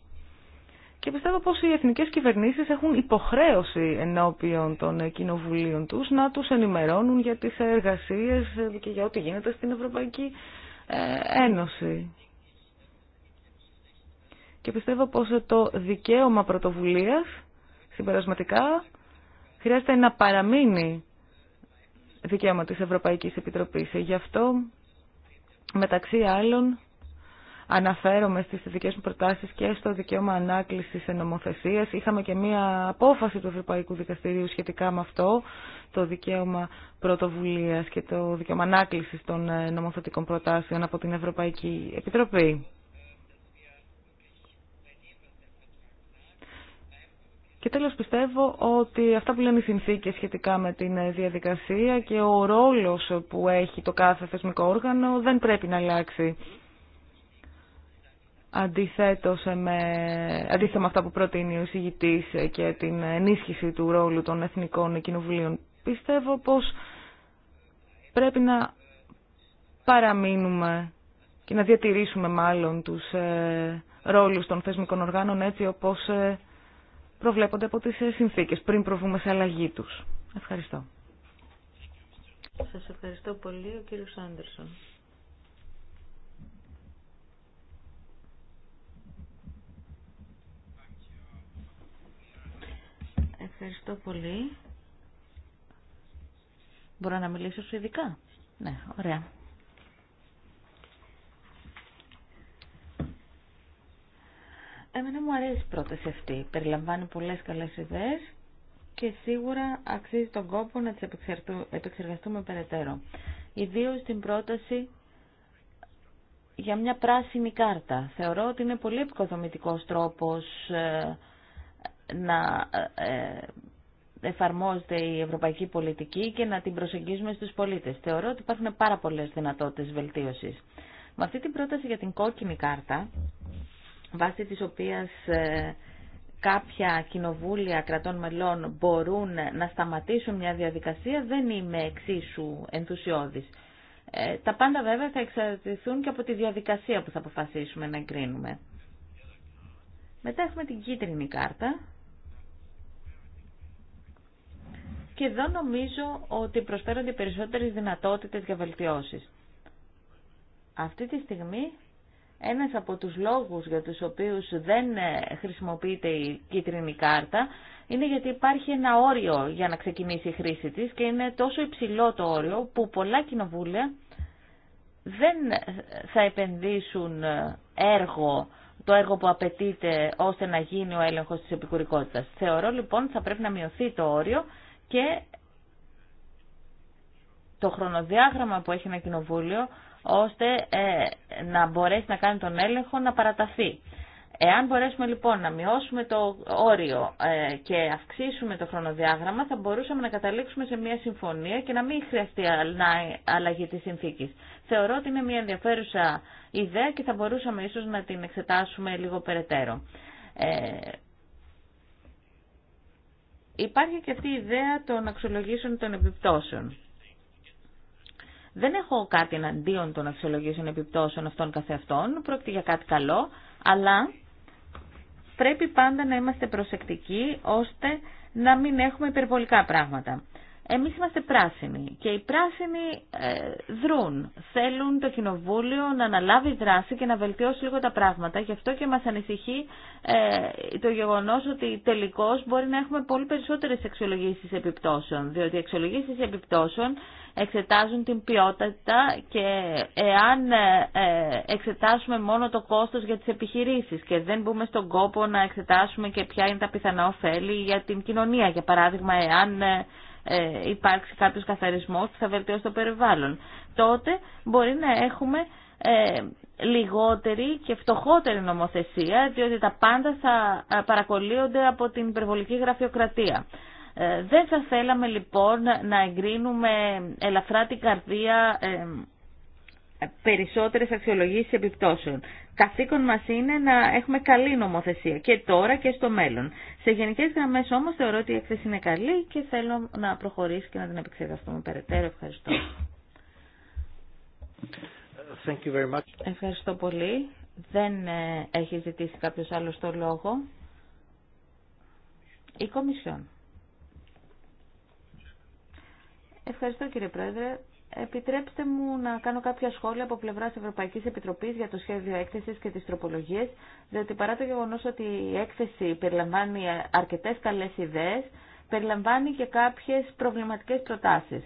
και πιστεύω πως οι εθνικές κυβερνήσεις έχουν υποχρέωση ενώπιον των κοινοβουλίων τους να τους ενημερώνουν για τις εργασίες και για ό,τι γίνεται στην Ευρωπαϊκή ε, Ένωση. Και πιστεύω πως το δικαίωμα πρωτοβουλίας συμπερασματικά χρειάζεται να παραμείνει δικαίωμα της Ευρωπαϊκής Επιτροπής. Γι' αυτό μεταξύ άλλων αναφέρομαι στις δικές μου προτάσεις και στο δικαίωμα ανάκλησης σε Είχαμε και μία απόφαση του Ευρωπαϊκού Δικαστηρίου σχετικά με αυτό, το δικαίωμα πρωτοβουλίας και το δικαίωμα ανάκλησης των ε, νομοθετικών προτάσεων από την Ευρωπαϊκή Επιτροπή. Και τέλος πιστεύω ότι αυτά που λένε οι συνθήκες σχετικά με την ε, διαδικασία και ο ρόλος που έχει το κάθε θεσμικό όργανο δεν πρέπει να αλλάξει αντιθέτως με, αντίθετα με αυτά που προτείνει ο εισηγητής και την ενίσχυση του ρόλου των εθνικών κοινοβουλίων. Πιστεύω πως πρέπει να παραμείνουμε και να διατηρήσουμε μάλλον τους ε, ρόλους των θεσμικών οργάνων έτσι όπως ε, προβλέπονται από τις ε, συνθήκες πριν προβούμε σε αλλαγή τους. Ευχαριστώ. Σας ευχαριστώ πολύ ο κύριος Άντερσον. Ευχαριστώ πολύ. Μπορώ να μιλήσω σου ειδικά. Ναι, ωραία. Εμένα μου αρέσει η πρόταση αυτή. Περιλαμβάνει πολλές καλές ιδέες και σίγουρα αξίζει τον κόπο να τις επεξεργαστούμε περαιτέρω. Ιδίω την πρόταση για μια πράσινη κάρτα. Θεωρώ ότι είναι πολύ επικοδομητικός τρόπος ε, να ε, ε, εφαρμόζεται η ευρωπαϊκή πολιτική και να την προσεγγίζουμε στους πολίτες. Θεωρώ ότι υπάρχουν πάρα πολλές δυνατότητες βελτίωσης. Με αυτή την πρόταση για την κόκκινη κάρτα, βάσει της οποίας ε, κάποια κοινοβούλια κρατών μελών μπορούν να σταματήσουν μια διαδικασία, δεν είμαι εξίσου ενθουσιώδης. τα πάντα βέβαια θα εξαρτηθούν και από τη διαδικασία που θα αποφασίσουμε να εγκρίνουμε. Μετά έχουμε την κίτρινη κάρτα, και εδώ νομίζω ότι προσφέρονται περισσότερες δυνατότητες για βελτιώσεις. Αυτή τη στιγμή ένας από τους λόγους για τους οποίους δεν ε, χρησιμοποιείται η κίτρινη κάρτα είναι γιατί υπάρχει ένα όριο για να ξεκινήσει η χρήση της και είναι τόσο υψηλό το όριο που πολλά κοινοβούλια δεν ε, θα επενδύσουν ε, έργο, το έργο που απαιτείται ώστε να γίνει ο έλεγχος της επικουρικότητας. Θεωρώ λοιπόν ότι θα πρέπει να μειωθεί το όριο και το χρονοδιάγραμμα που έχει ένα κοινοβούλιο ώστε ε, να μπορέσει να κάνει τον έλεγχο να παραταθεί. Εάν μπορέσουμε λοιπόν να μειώσουμε το όριο ε, και αυξήσουμε το χρονοδιάγραμμα θα μπορούσαμε να καταλήξουμε σε μια συμφωνία και να μην χρειαστεί αλλαγή της συνθήκης. Θεωρώ ότι είναι μια ενδιαφέρουσα ιδέα και θα μπορούσαμε ίσως να την εξετάσουμε λίγο περαιτέρω. Ε, υπάρχει και αυτή η ιδέα των αξιολογήσεων των επιπτώσεων. Δεν έχω κάτι εναντίον των αξιολογήσεων επιπτώσεων αυτών καθεαυτών, πρόκειται για κάτι καλό, αλλά πρέπει πάντα να είμαστε προσεκτικοί ώστε να μην έχουμε υπερβολικά πράγματα. Εμεί είμαστε πράσινοι και οι πράσινοι ε, δρούν. Θέλουν το Κοινοβούλιο να αναλάβει δράση και να βελτιώσει λίγο τα πράγματα. Γι' αυτό και μα ανησυχεί ε, το γεγονό ότι τελικώ μπορεί να έχουμε πολύ περισσότερε αξιολογήσει επιπτώσεων. Διότι οι αξιολογήσει επιπτώσεων εξετάζουν την ποιότητα και εάν ε, εξετάσουμε μόνο το κόστο για τι επιχειρήσει και δεν μπούμε στον κόπο να εξετάσουμε και ποια είναι τα πιθανά ωφέλη για την κοινωνία. Για παράδειγμα, εάν ε, υπάρξει κάποιος καθαρισμός που θα βελτιώσει το περιβάλλον. Τότε μπορεί να έχουμε ε, λιγότερη και φτωχότερη νομοθεσία, διότι τα πάντα θα ε, παρακολύονται από την υπερβολική γραφειοκρατία. Ε, δεν θα θέλαμε λοιπόν να εγκρίνουμε ελαφρά την καρδία ε, περισσότερες αξιολογήσεις επιπτώσεων καθήκον μα είναι να έχουμε καλή νομοθεσία και τώρα και στο μέλλον. Σε γενικές γραμμές όμως θεωρώ ότι η έκθεση είναι καλή και θέλω να προχωρήσει και να την επεξεργαστούμε περαιτέρω. Ευχαριστώ. Thank you very much. Ευχαριστώ πολύ. Δεν ε, έχει ζητήσει κάποιος άλλος το λόγο. Η Κομισιόν. Ευχαριστώ κύριε Πρόεδρε. Επιτρέψτε μου να κάνω κάποια σχόλια από πλευρά Ευρωπαϊκή Επιτροπή για το σχέδιο έκθεση και τι τροπολογίε, διότι παρά το γεγονό ότι η έκθεση περιλαμβάνει αρκετέ καλέ ιδέε, περιλαμβάνει και κάποιε προβληματικέ προτάσει.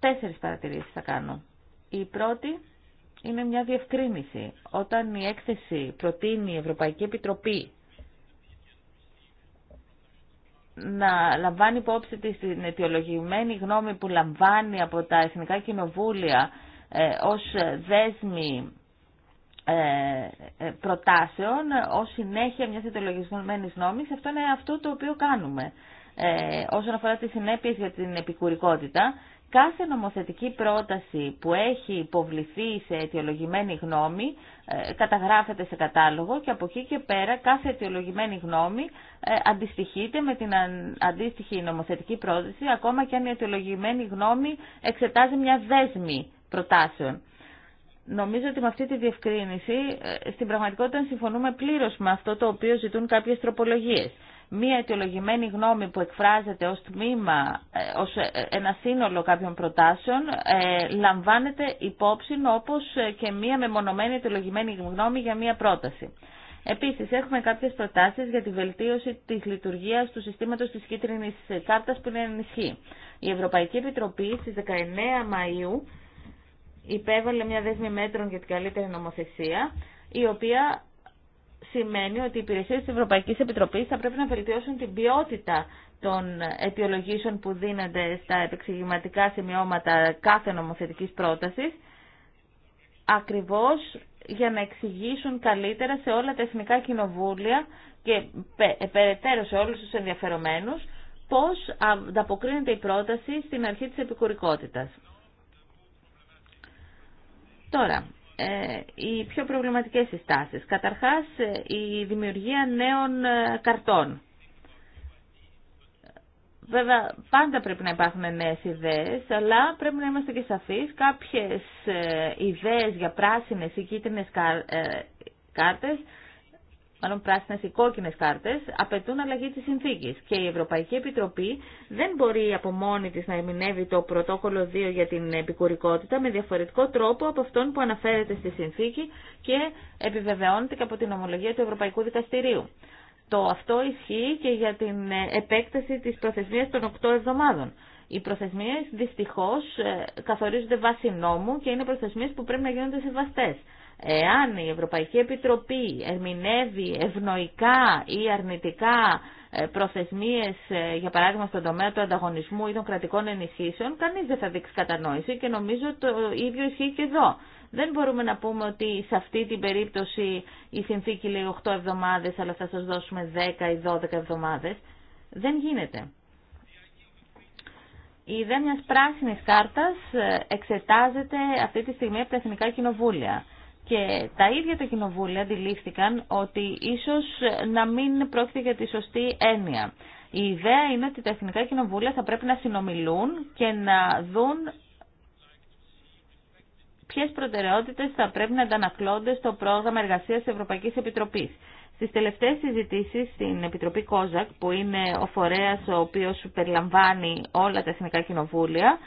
Τέσσερι παρατηρήσει θα κάνω. Η πρώτη είναι μια διευκρίνηση. Όταν η έκθεση προτείνει η Ευρωπαϊκή Επιτροπή να λαμβάνει υπόψη τη την αιτιολογημένη γνώμη που λαμβάνει από τα Εθνικά Κοινοβούλια ε, ως δέσμη ε, ε, προτάσεων ως συνέχεια μιας αιτιολογημένης νόμης. Αυτό είναι αυτό το οποίο κάνουμε. Ε, όσον αφορά τις συνέπειες για την επικουρικότητα, κάθε νομοθετική πρόταση που έχει υποβληθεί σε αιτιολογημένη γνώμη ε, καταγράφεται σε κατάλογο και από εκεί και πέρα κάθε αιτιολογημένη γνώμη ε, αντιστοιχείται με την αντίστοιχη νομοθετική πρόταση ακόμα και αν η αιτιολογημένη γνώμη εξετάζει μια δέσμη προτάσεων. Νομίζω ότι με αυτή τη διευκρίνηση ε, στην πραγματικότητα συμφωνούμε πλήρως με αυτό το οποίο ζητούν κάποιες τροπολογίες μία αιτιολογημένη γνώμη που εκφράζεται ως τμήμα, ε, ως ε, ένα σύνολο κάποιων προτάσεων, ε, λαμβάνεται υπόψη όπως και μία μεμονωμένη αιτιολογημένη γνώμη για μία πρόταση. Επίσης, έχουμε κάποιες προτάσεις για τη βελτίωση της λειτουργίας του συστήματος της κίτρινης κάρτας που είναι ενισχύ. Η Ευρωπαϊκή Επιτροπή στις 19 Μαΐου υπέβαλε μια δέσμη μέτρων για την καλύτερη νομοθεσία, η οποία σημαίνει ότι οι υπηρεσίε τη Ευρωπαϊκή Επιτροπή θα πρέπει να βελτιώσουν την ποιότητα των αιτιολογήσεων που δίνονται στα επεξηγηματικά σημειώματα κάθε νομοθετικής πρότασης, ακριβώς για να εξηγήσουν καλύτερα σε όλα τα εθνικά κοινοβούλια και ε, περαιτέρω σε όλους τους ενδιαφερομένους πώς ανταποκρίνεται η πρόταση στην αρχή τη επικουρικότητα. Τώρα, ε, οι πιο προβληματικές συστάσεις. Καταρχάς, ε, η δημιουργία νέων ε, καρτών. Βέβαια, πάντα πρέπει να υπάρχουν νέε ιδέες, αλλά πρέπει να είμαστε και σαφεί. Κάποιε ιδέες για πράσινες ή κίτρινε κάρτε μάλλον πράσινε ή κόκκινε κάρτε, απαιτούν αλλαγή τη συνθήκη. Και η Ευρωπαϊκή Επιτροπή δεν μπορεί από μόνη τη να ερμηνεύει το πρωτόκολλο 2 για την επικουρικότητα με διαφορετικό τρόπο από αυτόν που αναφέρεται στη συνθήκη και επιβεβαιώνεται και από την ομολογία του Ευρωπαϊκού Δικαστηρίου. Το αυτό ισχύει και για την επέκταση της προθεσμίας των 8 εβδομάδων. Οι προθεσμίες δυστυχώς ε, καθορίζονται βάσει νόμου και είναι προθεσμίες που πρέπει να γίνονται σεβαστές. Εάν η Ευρωπαϊκή Επιτροπή ερμηνεύει ευνοϊκά ή αρνητικά ε, προθεσμίες, ε, για παράδειγμα στον τομέα του ανταγωνισμού ή των κρατικών ενισχύσεων, κανείς δεν θα δείξει κατανόηση και νομίζω το ίδιο ισχύει και εδώ. Δεν μπορούμε να πούμε ότι σε αυτή την περίπτωση η συνθήκη λέει 8 εβδομάδες, αλλά θα σας δώσουμε 10 ή 12 εβδομάδες. Δεν γίνεται. Η ιδέα μιας πράσινης κάρτας ε, εξετάζεται αυτή τη στιγμή από τα Εθνικά Κοινοβούλια και τα ίδια τα κοινοβούλια αντιλήφθηκαν ότι ίσως να μην πρόκειται για τη σωστή έννοια. Η ιδέα είναι ότι τα εθνικά κοινοβούλια θα πρέπει να συνομιλούν και να δουν ποιες προτεραιότητες θα πρέπει να αντανακλώνται στο πρόγραμμα εργασίας της Ευρωπαϊκής Επιτροπής. Στις τελευταίες συζητήσεις στην Επιτροπή Κόζακ, που είναι ο φορέας ο οποίος περιλαμβάνει όλα τα εθνικά κοινοβούλια,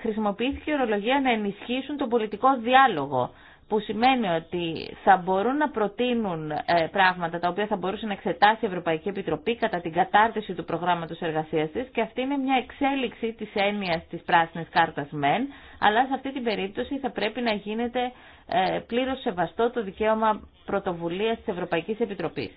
χρησιμοποιήθηκε η ορολογία να ενισχύσουν τον πολιτικό διάλογο που σημαίνει ότι θα μπορούν να προτείνουν ε, πράγματα τα οποία θα μπορούσε να εξετάσει η Ευρωπαϊκή Επιτροπή κατά την κατάρτιση του προγράμματος εργασίας της και αυτή είναι μια εξέλιξη της έννοιας της πράσινης κάρτας μεν, αλλά σε αυτή την περίπτωση θα πρέπει να γίνεται ε, πλήρως σεβαστό το δικαίωμα πρωτοβουλίας της Ευρωπαϊκής Επιτροπής.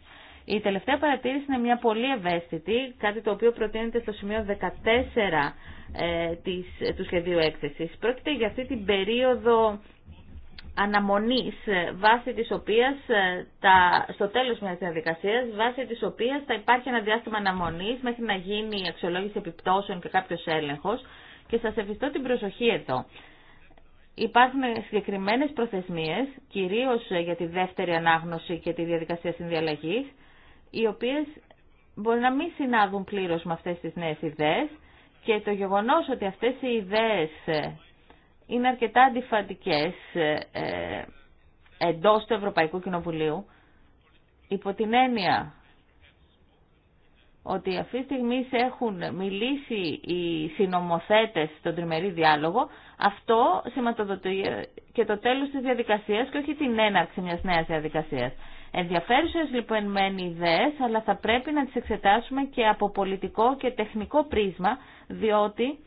Η τελευταία παρατήρηση είναι μια πολύ ευαίσθητη, κάτι το οποίο προτείνεται στο σημείο 14 ε, της, ε, του σχεδίου έκθεσης. Πρόκειται για αυτή την περίοδο αναμονής ε, βάσει της οποίας ε, τα, στο τέλος μιας διαδικασίας βάσει της οποίας θα υπάρχει ένα διάστημα αναμονής μέχρι να γίνει η αξιολόγηση επιπτώσεων και κάποιος έλεγχος και σας ευχηθώ την προσοχή εδώ. Υπάρχουν συγκεκριμένες προθεσμίες, κυρίως ε, για τη δεύτερη ανάγνωση και τη διαδικασία συνδιαλλαγής, οι οποίες μπορεί να μην συνάδουν πλήρως με αυτές τις νέες ιδέες και το γεγονός ότι αυτές οι ιδέες είναι αρκετά αντιφατικές ε, ε, εντός του Ευρωπαϊκού Κοινοβουλίου υπό την έννοια ότι αυτή τη στιγμή έχουν μιλήσει οι συνομοθέτες στον τριμερή διάλογο, αυτό σηματοδοτεί και το τέλος της διαδικασίας και όχι την έναρξη μιας νέας διαδικασίας. Ενδιαφέρουσες λοιπόν οι ιδέες, αλλά θα πρέπει να τις εξετάσουμε και από πολιτικό και τεχνικό πρίσμα, διότι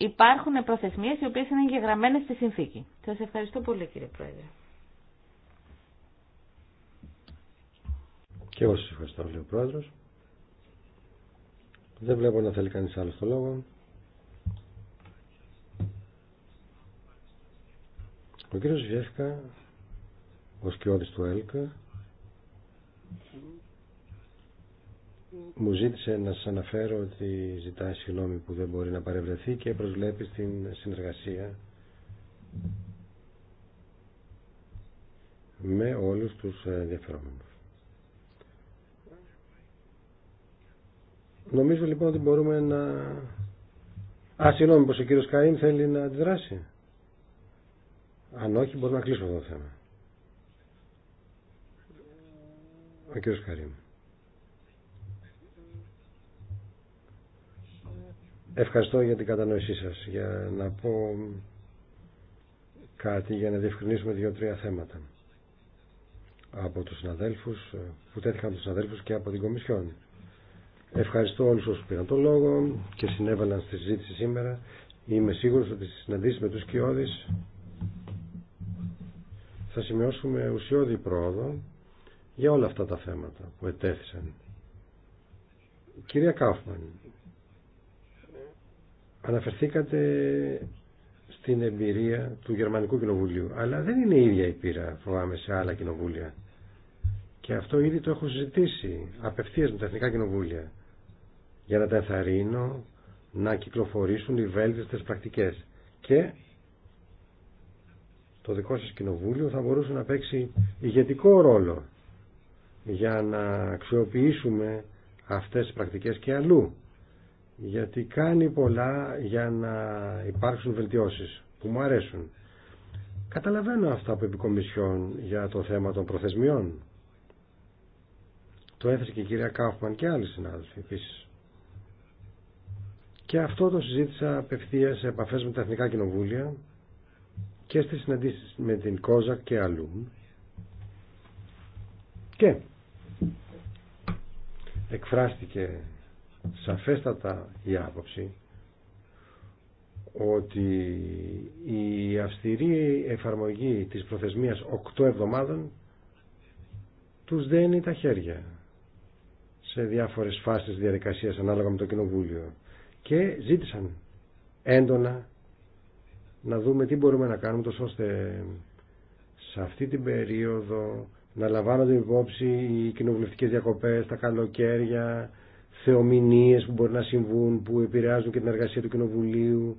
υπάρχουν προθεσμίες οι οποίες είναι εγγεγραμμένε στη συνθήκη. Σας ευχαριστώ πολύ κύριε Πρόεδρε. Και εγώ σα ευχαριστώ, κύριε Δεν βλέπω να θέλει κανεί άλλο το λόγο. Ο κύριος Βιέσκα, ο σκιώδης του ΕΛΚΑ, μου ζήτησε να σας αναφέρω ότι ζητάει συγγνώμη που δεν μπορεί να παρευρεθεί και προσβλέπει στην συνεργασία με όλους τους ε, ενδιαφερόμενους. Νομίζω λοιπόν ότι μπορούμε να... Α, συγγνώμη πως ο κύριος Καΐν θέλει να αντιδράσει. Αν όχι, μπορούμε να κλείσουμε αυτό το θέμα. Ο κύριος Καρίν. Ευχαριστώ για την κατανόησή σας. Για να πω κάτι για να διευκρινίσουμε δύο-τρία θέματα από τους συναδέλφους ε, που τέθηκαν τους συναδέλφους και από την Κομισιόν. Ευχαριστώ όλους όσους πήραν τον λόγο και συνέβαλαν στη συζήτηση σήμερα. Είμαι σίγουρος ότι στις συναντήσεις με τους Κιώδης θα σημειώσουμε ουσιώδη πρόοδο για όλα αυτά τα θέματα που ετέθησαν. Κυρία Κάφμαν, Αναφερθήκατε στην εμπειρία του Γερμανικού Κοινοβουλίου, αλλά δεν είναι η ίδια η πείρα, φοβάμαι, σε άλλα κοινοβούλια. Και αυτό ήδη το έχω συζητήσει απευθείας με τα Εθνικά Κοινοβούλια, για να τα ενθαρρύνω να κυκλοφορήσουν οι βέλτιστες πρακτικές. Και το δικό σας κοινοβούλιο θα μπορούσε να παίξει ηγετικό ρόλο για να αξιοποιήσουμε αυτές τις πρακτικές και αλλού γιατί κάνει πολλά για να υπάρξουν βελτιώσεις που μου αρέσουν. Καταλαβαίνω αυτά που Κομισιόν για το θέμα των προθεσμιών. Το έθεσε και η κυρία Κάφμαν και άλλοι συνάδελφοι επίση. Και αυτό το συζήτησα απευθεία σε επαφέ με τα Εθνικά Κοινοβούλια και στις συναντήσεις με την κόζα και αλλού. Και εκφράστηκε σαφέστατα η άποψη ότι η αυστηρή εφαρμογή της προθεσμίας 8 εβδομάδων τους δένει τα χέρια σε διάφορες φάσεις διαδικασίας ανάλογα με το Κοινοβούλιο και ζήτησαν έντονα να δούμε τι μπορούμε να κάνουμε τόσο ώστε σε αυτή την περίοδο να λαμβάνονται υπόψη οι κοινοβουλευτικές διακοπές, τα καλοκαίρια, θεομηνίες που μπορεί να συμβούν, που επηρεάζουν και την εργασία του Κοινοβουλίου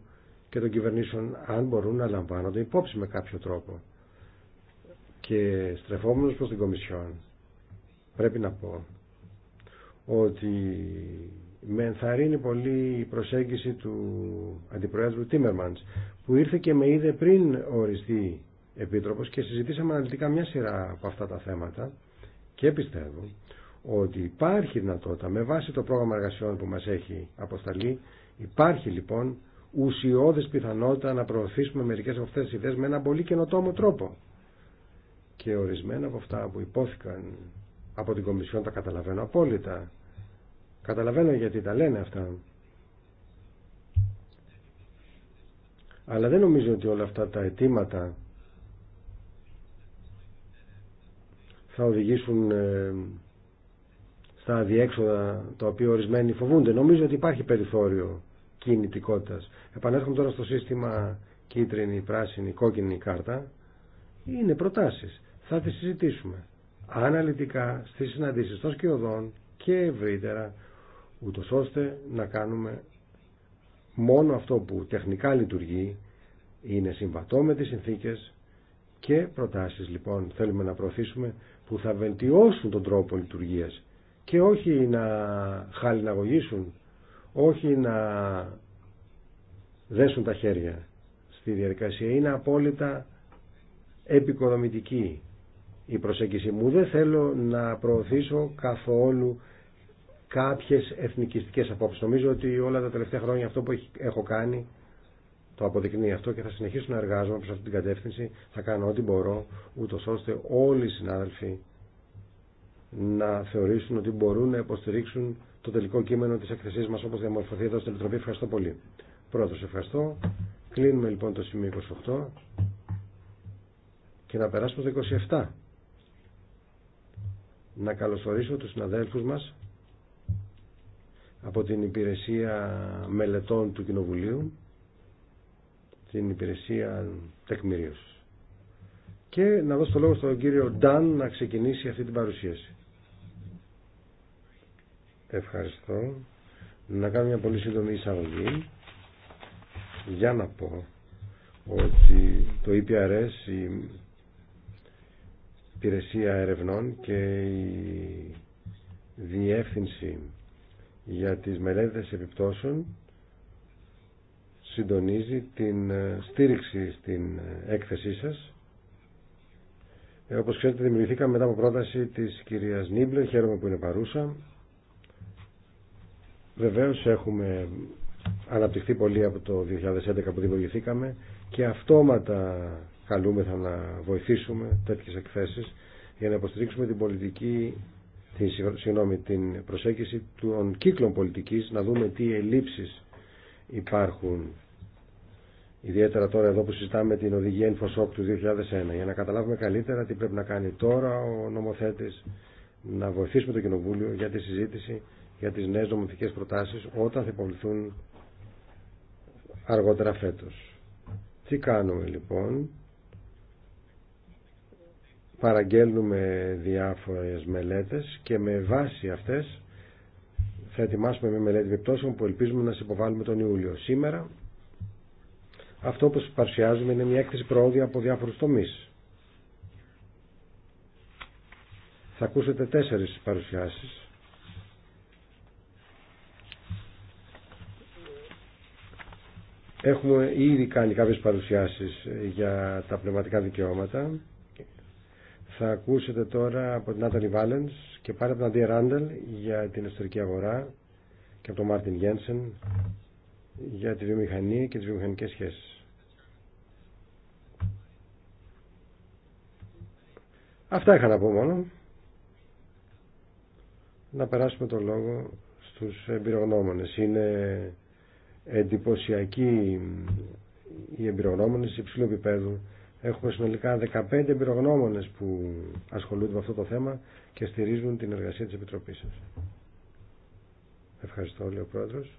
και των κυβερνήσεων, αν μπορούν να λαμβάνονται υπόψη με κάποιο τρόπο. Και στρεφόμενος προς την Κομισιόν, πρέπει να πω ότι με ενθαρρύνει πολύ η προσέγγιση του Αντιπροέδρου Τίμερμαντς, που ήρθε και με είδε πριν οριστεί Επίτροπος και συζητήσαμε αναλυτικά μια σειρά από αυτά τα θέματα και πιστεύω ότι υπάρχει δυνατότητα με βάση το πρόγραμμα εργασιών που μας έχει αποσταλεί υπάρχει λοιπόν ουσιώδες πιθανότητα να προωθήσουμε μερικές από αυτές τις ιδέες με έναν πολύ καινοτόμο τρόπο και ορισμένα από αυτά που υπόθηκαν από την Κομισιόν τα καταλαβαίνω απόλυτα καταλαβαίνω γιατί τα λένε αυτά αλλά δεν νομίζω ότι όλα αυτά τα αιτήματα θα οδηγήσουν ε, τα διέξοδα τα οποία ορισμένοι φοβούνται. Νομίζω ότι υπάρχει περιθώριο κινητικότητα, Επανέρχομαι τώρα στο σύστημα κίτρινη, πράσινη, κόκκινη κάρτα. Είναι προτάσει. Θα τι συζητήσουμε αναλυτικά στι συναντήσει των σκιωδών και ευρύτερα ούτω ώστε να κάνουμε μόνο αυτό που τεχνικά λειτουργεί είναι συμβατό με τις συνθήκες και προτάσεις λοιπόν θέλουμε να προωθήσουμε που θα βελτιώσουν τον τρόπο λειτουργίας και όχι να χαλιναγωγήσουν, όχι να δέσουν τα χέρια στη διαδικασία. Είναι απόλυτα επικοδομητική η προσέγγιση μου. Δεν θέλω να προωθήσω καθόλου κάποιες εθνικιστικές απόψεις. Νομίζω ότι όλα τα τελευταία χρόνια αυτό που έχω κάνει το αποδεικνύει αυτό και θα συνεχίσω να εργάζομαι προς αυτή την κατεύθυνση. Θα κάνω ό,τι μπορώ, ούτω ώστε όλοι οι συνάδελφοι να θεωρήσουν ότι μπορούν να υποστηρίξουν το τελικό κείμενο της εκθεσής μας όπως διαμορφωθεί εδώ στην Επιτροπή. Ευχαριστώ πολύ. Πρώτος, ευχαριστώ. Κλείνουμε λοιπόν το σημείο 28 και να περάσουμε στο 27. Να καλωσορίσω τους συναδέλφους μας από την Υπηρεσία Μελετών του Κοινοβουλίου, την Υπηρεσία Τεκμηρίωσης. Και να δώσω το λόγο στον κύριο Νταν να ξεκινήσει αυτή την παρουσίαση. Ευχαριστώ. Να κάνω μια πολύ σύντομη εισαγωγή για να πω ότι το EPRS, η Υπηρεσία Ερευνών και η Διεύθυνση για τις μελέτες επιπτώσεων συντονίζει την στήριξη στην έκθεσή σας. Ε, όπως ξέρετε δημιουργηθήκαμε μετά από πρόταση της κυρίας Νίμπλε, χαίρομαι που είναι παρούσα. Βεβαίως έχουμε αναπτυχθεί πολύ από το 2011 που δημιουργηθήκαμε και αυτόματα καλούμεθα να βοηθήσουμε τέτοιες εκθέσεις για να υποστηρίξουμε την πολιτική, την, συγγνώμη, την προσέγγιση των κύκλων πολιτικής, να δούμε τι ελλείψεις υπάρχουν. Ιδιαίτερα τώρα εδώ που συζητάμε την οδηγία InfoSoc του 2001, για να καταλάβουμε καλύτερα τι πρέπει να κάνει τώρα ο νομοθέτης, να βοηθήσουμε το Κοινοβούλιο για τη συζήτηση για τις νέες νομοθετικές προτάσεις όταν θα υποβληθούν αργότερα φέτος. Τι κάνουμε λοιπόν. Παραγγέλνουμε διάφορες μελέτες και με βάση αυτές θα ετοιμάσουμε μια μελέτη επιπτώσεων που ελπίζουμε να συμποβάλουμε τον Ιούλιο. Σήμερα αυτό που σας παρουσιάζουμε είναι μια έκθεση προόδια από διάφορους τομείς. Θα ακούσετε τέσσερις παρουσιάσεις Έχουμε ήδη κάνει κάποιες παρουσιάσεις ε, για τα πνευματικά δικαιώματα. Θα ακούσετε τώρα από την Άταλη Βάλενς και πάρα από την Αντία Ράντελ για την εσωτερική αγορά και από τον Μάρτιν Γένσεν για τη βιομηχανία και τις βιομηχανικές σχέσεις. Αυτά είχα να πω μόνο. Να περάσουμε το λόγο στους εμπειρογνώμονες. Είναι εντυπωσιακοί οι εμπειρογνώμονες υψηλού επίπεδου. Έχουμε συνολικά 15 εμπειρογνώμονες που ασχολούνται με αυτό το θέμα και στηρίζουν την εργασία της Επιτροπής σας. Ευχαριστώ, λέει ο Πρόεδρος.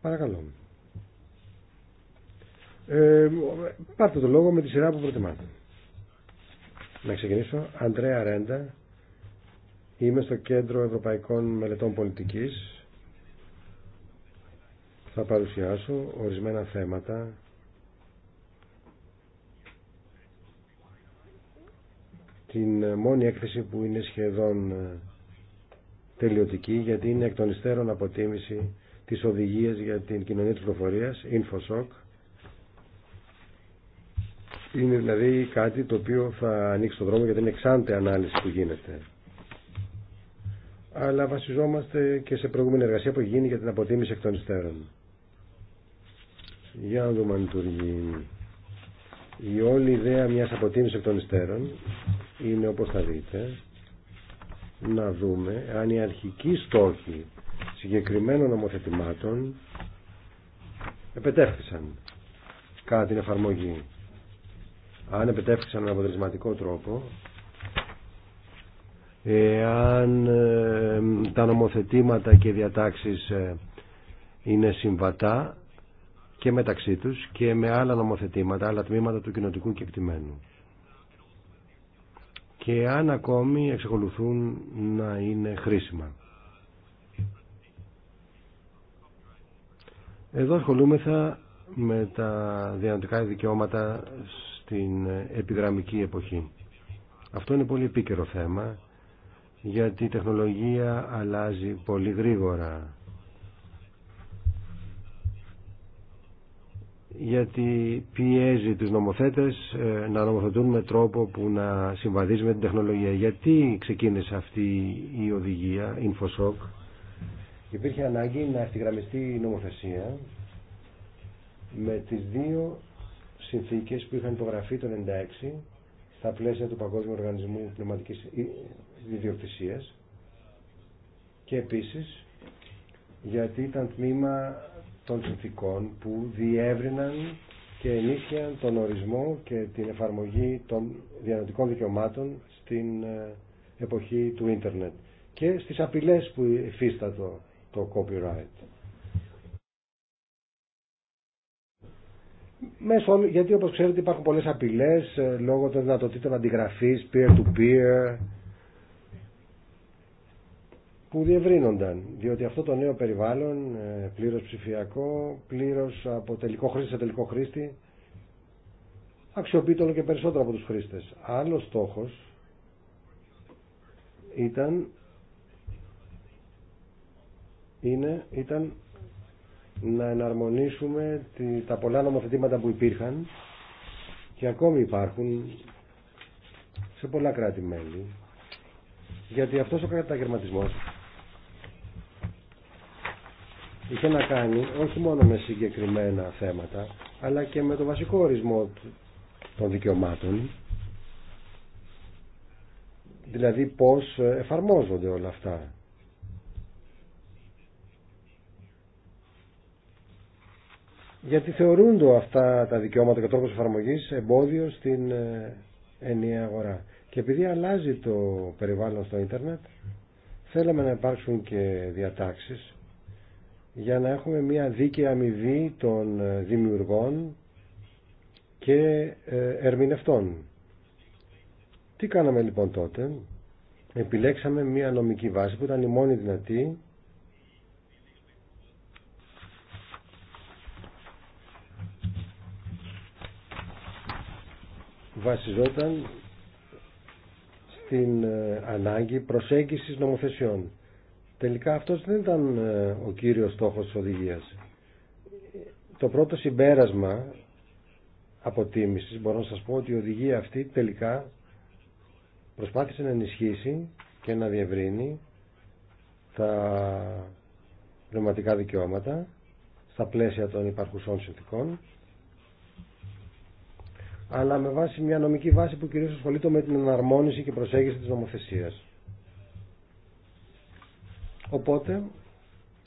Παρακαλώ. Ε, πάρτε το λόγο με τη σειρά που προτιμάτε. Να ξεκινήσω. Αντρέα Ρέντα. Είμαι στο Κέντρο Ευρωπαϊκών Μελετών Πολιτικής θα παρουσιάσω ορισμένα θέματα την μόνη έκθεση που είναι σχεδόν ε, τελειωτική γιατί είναι εκ των υστέρων αποτίμηση της οδηγίας για την κοινωνία της πληροφορίας, InfoSoc. Είναι δηλαδή κάτι το οποίο θα ανοίξει το δρόμο για την εξάντε ανάλυση που γίνεται. Αλλά βασιζόμαστε και σε προηγούμενη εργασία που γίνει για την αποτίμηση εκ των υστέρων. Για να δούμε αν λειτουργεί. Η όλη ιδέα μιας αποτίμησης εκ των υστέρων είναι όπως θα δείτε να δούμε αν οι αρχικοί στόχοι συγκεκριμένων νομοθετημάτων επετέφθησαν κατά την εφαρμογή. Αν επετέφθησαν με αποτελεσματικό τρόπο, αν ε, τα νομοθετήματα και διατάξεις ε, είναι συμβατά και μεταξύ τους και με άλλα νομοθετήματα, άλλα τμήματα του κοινοτικού κεκτημένου. Και αν ακόμη εξακολουθούν να είναι χρήσιμα. Εδώ ασχολούμεθα με τα διανοτικά δικαιώματα στην επιγραμμική εποχή. Αυτό είναι πολύ επίκαιρο θέμα γιατί η τεχνολογία αλλάζει πολύ γρήγορα γιατί πιέζει τους νομοθέτες ε, να νομοθετούν με τρόπο που να συμβαδίζει με την τεχνολογία. Γιατί ξεκίνησε αυτή η οδηγία InfoShock. Υπήρχε ανάγκη να ευθυγραμμιστεί η νομοθεσία με τις δύο συνθήκες που είχαν υπογραφεί το 1996 στα πλαίσια του Παγκόσμιου Οργανισμού Πνευματικής Ιδιοκτησίας και επίσης γιατί ήταν τμήμα των συνθήκων που διεύρυναν και ενίσχυαν τον ορισμό και την εφαρμογή των διανοητικών δικαιωμάτων στην ε, εποχή του ίντερνετ και στις απειλές που υφίστατο το copyright. γιατί όπως ξέρετε υπάρχουν πολλές απειλές ε, λόγω των δυνατοτήτων αντιγραφής, peer-to-peer, peer to peer που διευρύνονταν, διότι αυτό το νέο περιβάλλον, ε, πλήρως ψηφιακό, πλήρως από τελικό χρήστη σε τελικό χρήστη, αξιοποιείται όλο και περισσότερο από τους χρήστες. Άλλος στόχος ήταν, είναι, ήταν να εναρμονίσουμε τα πολλά νομοθετήματα που υπήρχαν και ακόμη υπάρχουν σε πολλά κράτη-μέλη. Γιατί αυτός ο καταγερματισμός είχε να κάνει όχι μόνο με συγκεκριμένα θέματα, αλλά και με το βασικό ορισμό των δικαιωμάτων, δηλαδή πώς ε, εφαρμόζονται όλα αυτά. Γιατί θεωρούνται αυτά τα δικαιώματα και ο τρόπος εφαρμογής εμπόδιο στην ε, ενιαία αγορά. Και επειδή αλλάζει το περιβάλλον στο ίντερνετ, θέλαμε να υπάρξουν και διατάξεις για να έχουμε μια δίκαιη αμοιβή των ε, δημιουργών και ε, ερμηνευτών. Τι κάναμε λοιπόν τότε. Επιλέξαμε μια νομική βάση που ήταν η μόνη δυνατή βασιζόταν στην ε, ανάγκη προσέγγισης νομοθεσιών. Τελικά αυτός δεν ήταν ε, ο κύριος στόχος της οδηγίας. Το πρώτο συμπέρασμα αποτίμησης μπορώ να σας πω ότι η οδηγία αυτή τελικά προσπάθησε να ενισχύσει και να διευρύνει τα πνευματικά δικαιώματα στα πλαίσια των υπαρχουσών συνθήκων αλλά με βάση μια νομική βάση που κυρίως ασχολείται με την εναρμόνιση και προσέγγιση της νομοθεσίας. Οπότε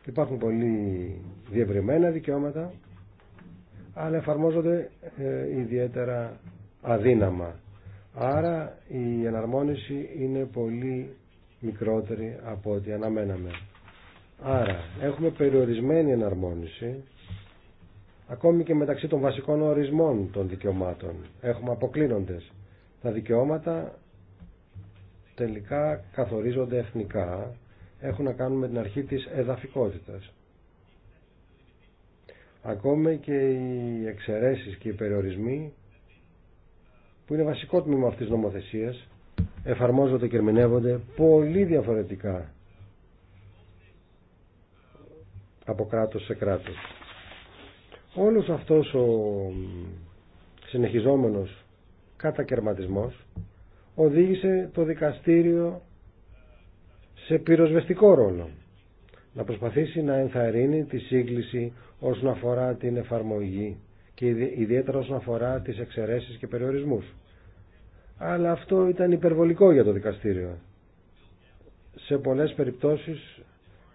υπάρχουν πολύ διευρυμένα δικαιώματα, αλλά εφαρμόζονται ε, ιδιαίτερα αδύναμα. Άρα η εναρμόνιση είναι πολύ μικρότερη από ό,τι αναμέναμε. Άρα έχουμε περιορισμένη εναρμόνιση ακόμη και μεταξύ των βασικών ορισμών των δικαιωμάτων. Έχουμε αποκλίνοντες. Τα δικαιώματα τελικά καθορίζονται εθνικά έχουν να κάνουν με την αρχή της εδαφικότητας. Ακόμα και οι εξαιρέσεις και οι περιορισμοί που είναι βασικό τμήμα αυτής της νομοθεσίας εφαρμόζονται και ερμηνεύονται πολύ διαφορετικά από κράτος σε κράτος. Όλος αυτός ο συνεχιζόμενος κατακαιρματισμός οδήγησε το δικαστήριο σε πυροσβεστικό ρόλο να προσπαθήσει να ενθαρρύνει τη σύγκληση όσον αφορά την εφαρμογή και ιδιαίτερα όσον αφορά τις εξαιρέσεις και περιορισμούς. Αλλά αυτό ήταν υπερβολικό για το δικαστήριο. Σε πολλές περιπτώσεις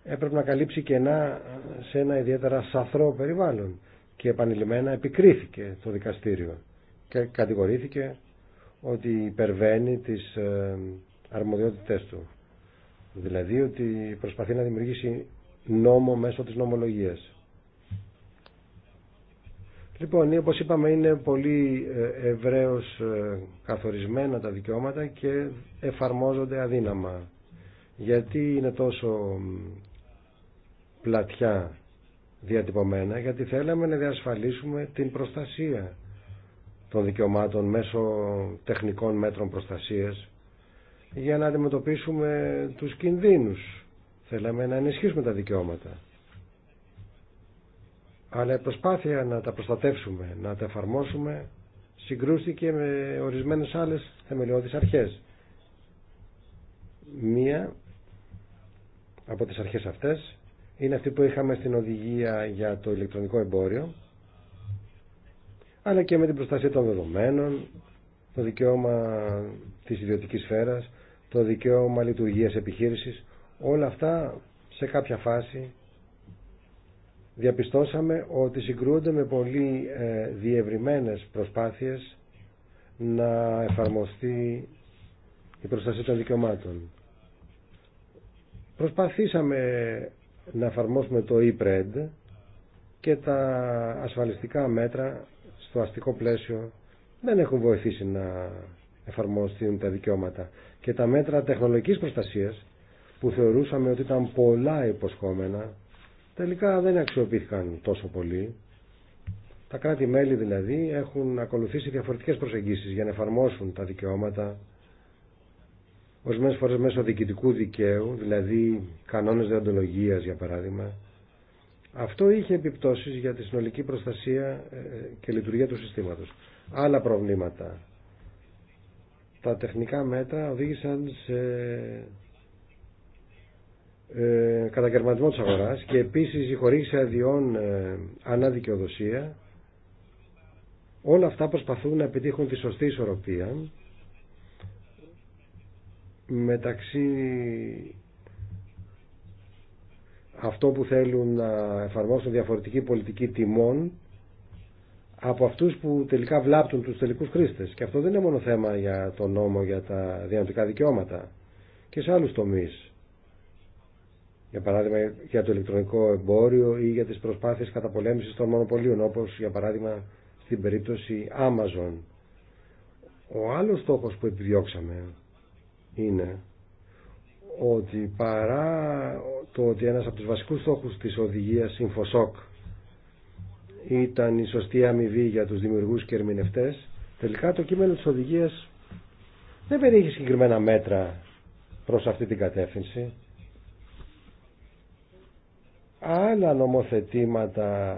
έπρεπε να καλύψει κενά σε ένα ιδιαίτερα σαθρό περιβάλλον και επανειλημμένα επικρίθηκε το δικαστήριο και κατηγορήθηκε ότι υπερβαίνει τις ε, αρμοδιότητές του. Δηλαδή ότι προσπαθεί να δημιουργήσει νόμο μέσω της νομολογίας. Λοιπόν, όπως είπαμε είναι πολύ ε, ευρέως ε, καθορισμένα τα δικαιώματα και εφαρμόζονται αδύναμα. Γιατί είναι τόσο πλατιά διατυπωμένα, γιατί θέλαμε να διασφαλίσουμε την προστασία των δικαιωμάτων μέσω τεχνικών μέτρων προστασίας για να αντιμετωπίσουμε τους κινδύνους. Θέλαμε να ενισχύσουμε τα δικαιώματα. Αλλά η προσπάθεια να τα προστατεύσουμε, να τα εφαρμόσουμε, συγκρούστηκε με ορισμένες άλλες θεμελιώδεις αρχές. Μία από τις αρχές αυτές είναι αυτή που είχαμε στην οδηγία για το ηλεκτρονικό εμπόριο, αλλά και με την προστασία των δεδομένων, το δικαίωμα της ιδιωτικής σφαίρας, το δικαίωμα λειτουργίας επιχείρησης. Όλα αυτά σε κάποια φάση διαπιστώσαμε ότι συγκρούονται με πολύ ε, διευρυμένες προσπάθειες να εφαρμοστεί η προστασία των δικαιωμάτων. Προσπαθήσαμε να εφαρμόσουμε το e-pred και τα ασφαλιστικά μέτρα στο αστικό πλαίσιο δεν έχουν βοηθήσει να εφαρμοστούν τα δικαιώματα. Και τα μέτρα τεχνολογικής προστασίας που θεωρούσαμε ότι ήταν πολλά υποσχόμενα τελικά δεν αξιοποιήθηκαν τόσο πολύ. Τα κράτη-μέλη δηλαδή έχουν ακολουθήσει διαφορετικές προσεγγίσεις για να εφαρμόσουν τα δικαιώματα ορισμένε φορέ μέσω διοικητικού δικαίου, δηλαδή κανόνε διοντολογία για παράδειγμα. Αυτό είχε επιπτώσεις για τη συνολική προστασία ε, ε, και λειτουργία του συστήματο. Άλλα προβλήματα τα τεχνικά μέτρα οδήγησαν σε ε, κατακαιρματισμό της αγοράς και επίσης η χορήγηση αδειών ε, ανάδικαιοδοσία όλα αυτά προσπαθούν να επιτύχουν τη σωστή ισορροπία μεταξύ αυτό που θέλουν να εφαρμόσουν διαφορετική πολιτική τιμών από αυτούς που τελικά βλάπτουν τους τελικούς χρήστες. Και αυτό δεν είναι μόνο θέμα για τον νόμο για τα διανοτικά δικαιώματα και σε άλλους τομείς. Για παράδειγμα για το ηλεκτρονικό εμπόριο ή για τις προσπάθειες καταπολέμησης των μονοπωλίων όπως για παράδειγμα στην περίπτωση Amazon. Ο άλλος στόχος που επιδιώξαμε είναι ότι παρά το ότι ένας από τους βασικούς στόχους της οδηγίας Infosoc ήταν η σωστή αμοιβή για τους δημιουργούς και ερμηνευτές. Τελικά το κείμενο της οδηγίας δεν περιέχει συγκεκριμένα μέτρα προς αυτή την κατεύθυνση. Άλλα νομοθετήματα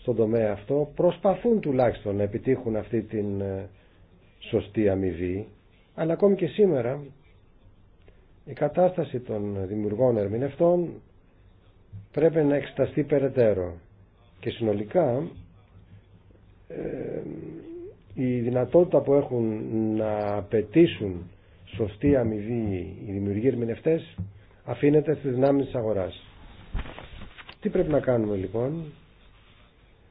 στον τομέα αυτό προσπαθούν τουλάχιστον να επιτύχουν αυτή την ε, σωστή αμοιβή αλλά ακόμη και σήμερα η κατάσταση των δημιουργών ερμηνευτών πρέπει να εξεταστεί περαιτέρω. Και συνολικά η δυνατότητα που έχουν να απαιτήσουν σωστή αμοιβή οι δημιουργοί ερμηνευτές αφήνεται στις δυνάμεις της αγοράς. Τι πρέπει να κάνουμε λοιπόν.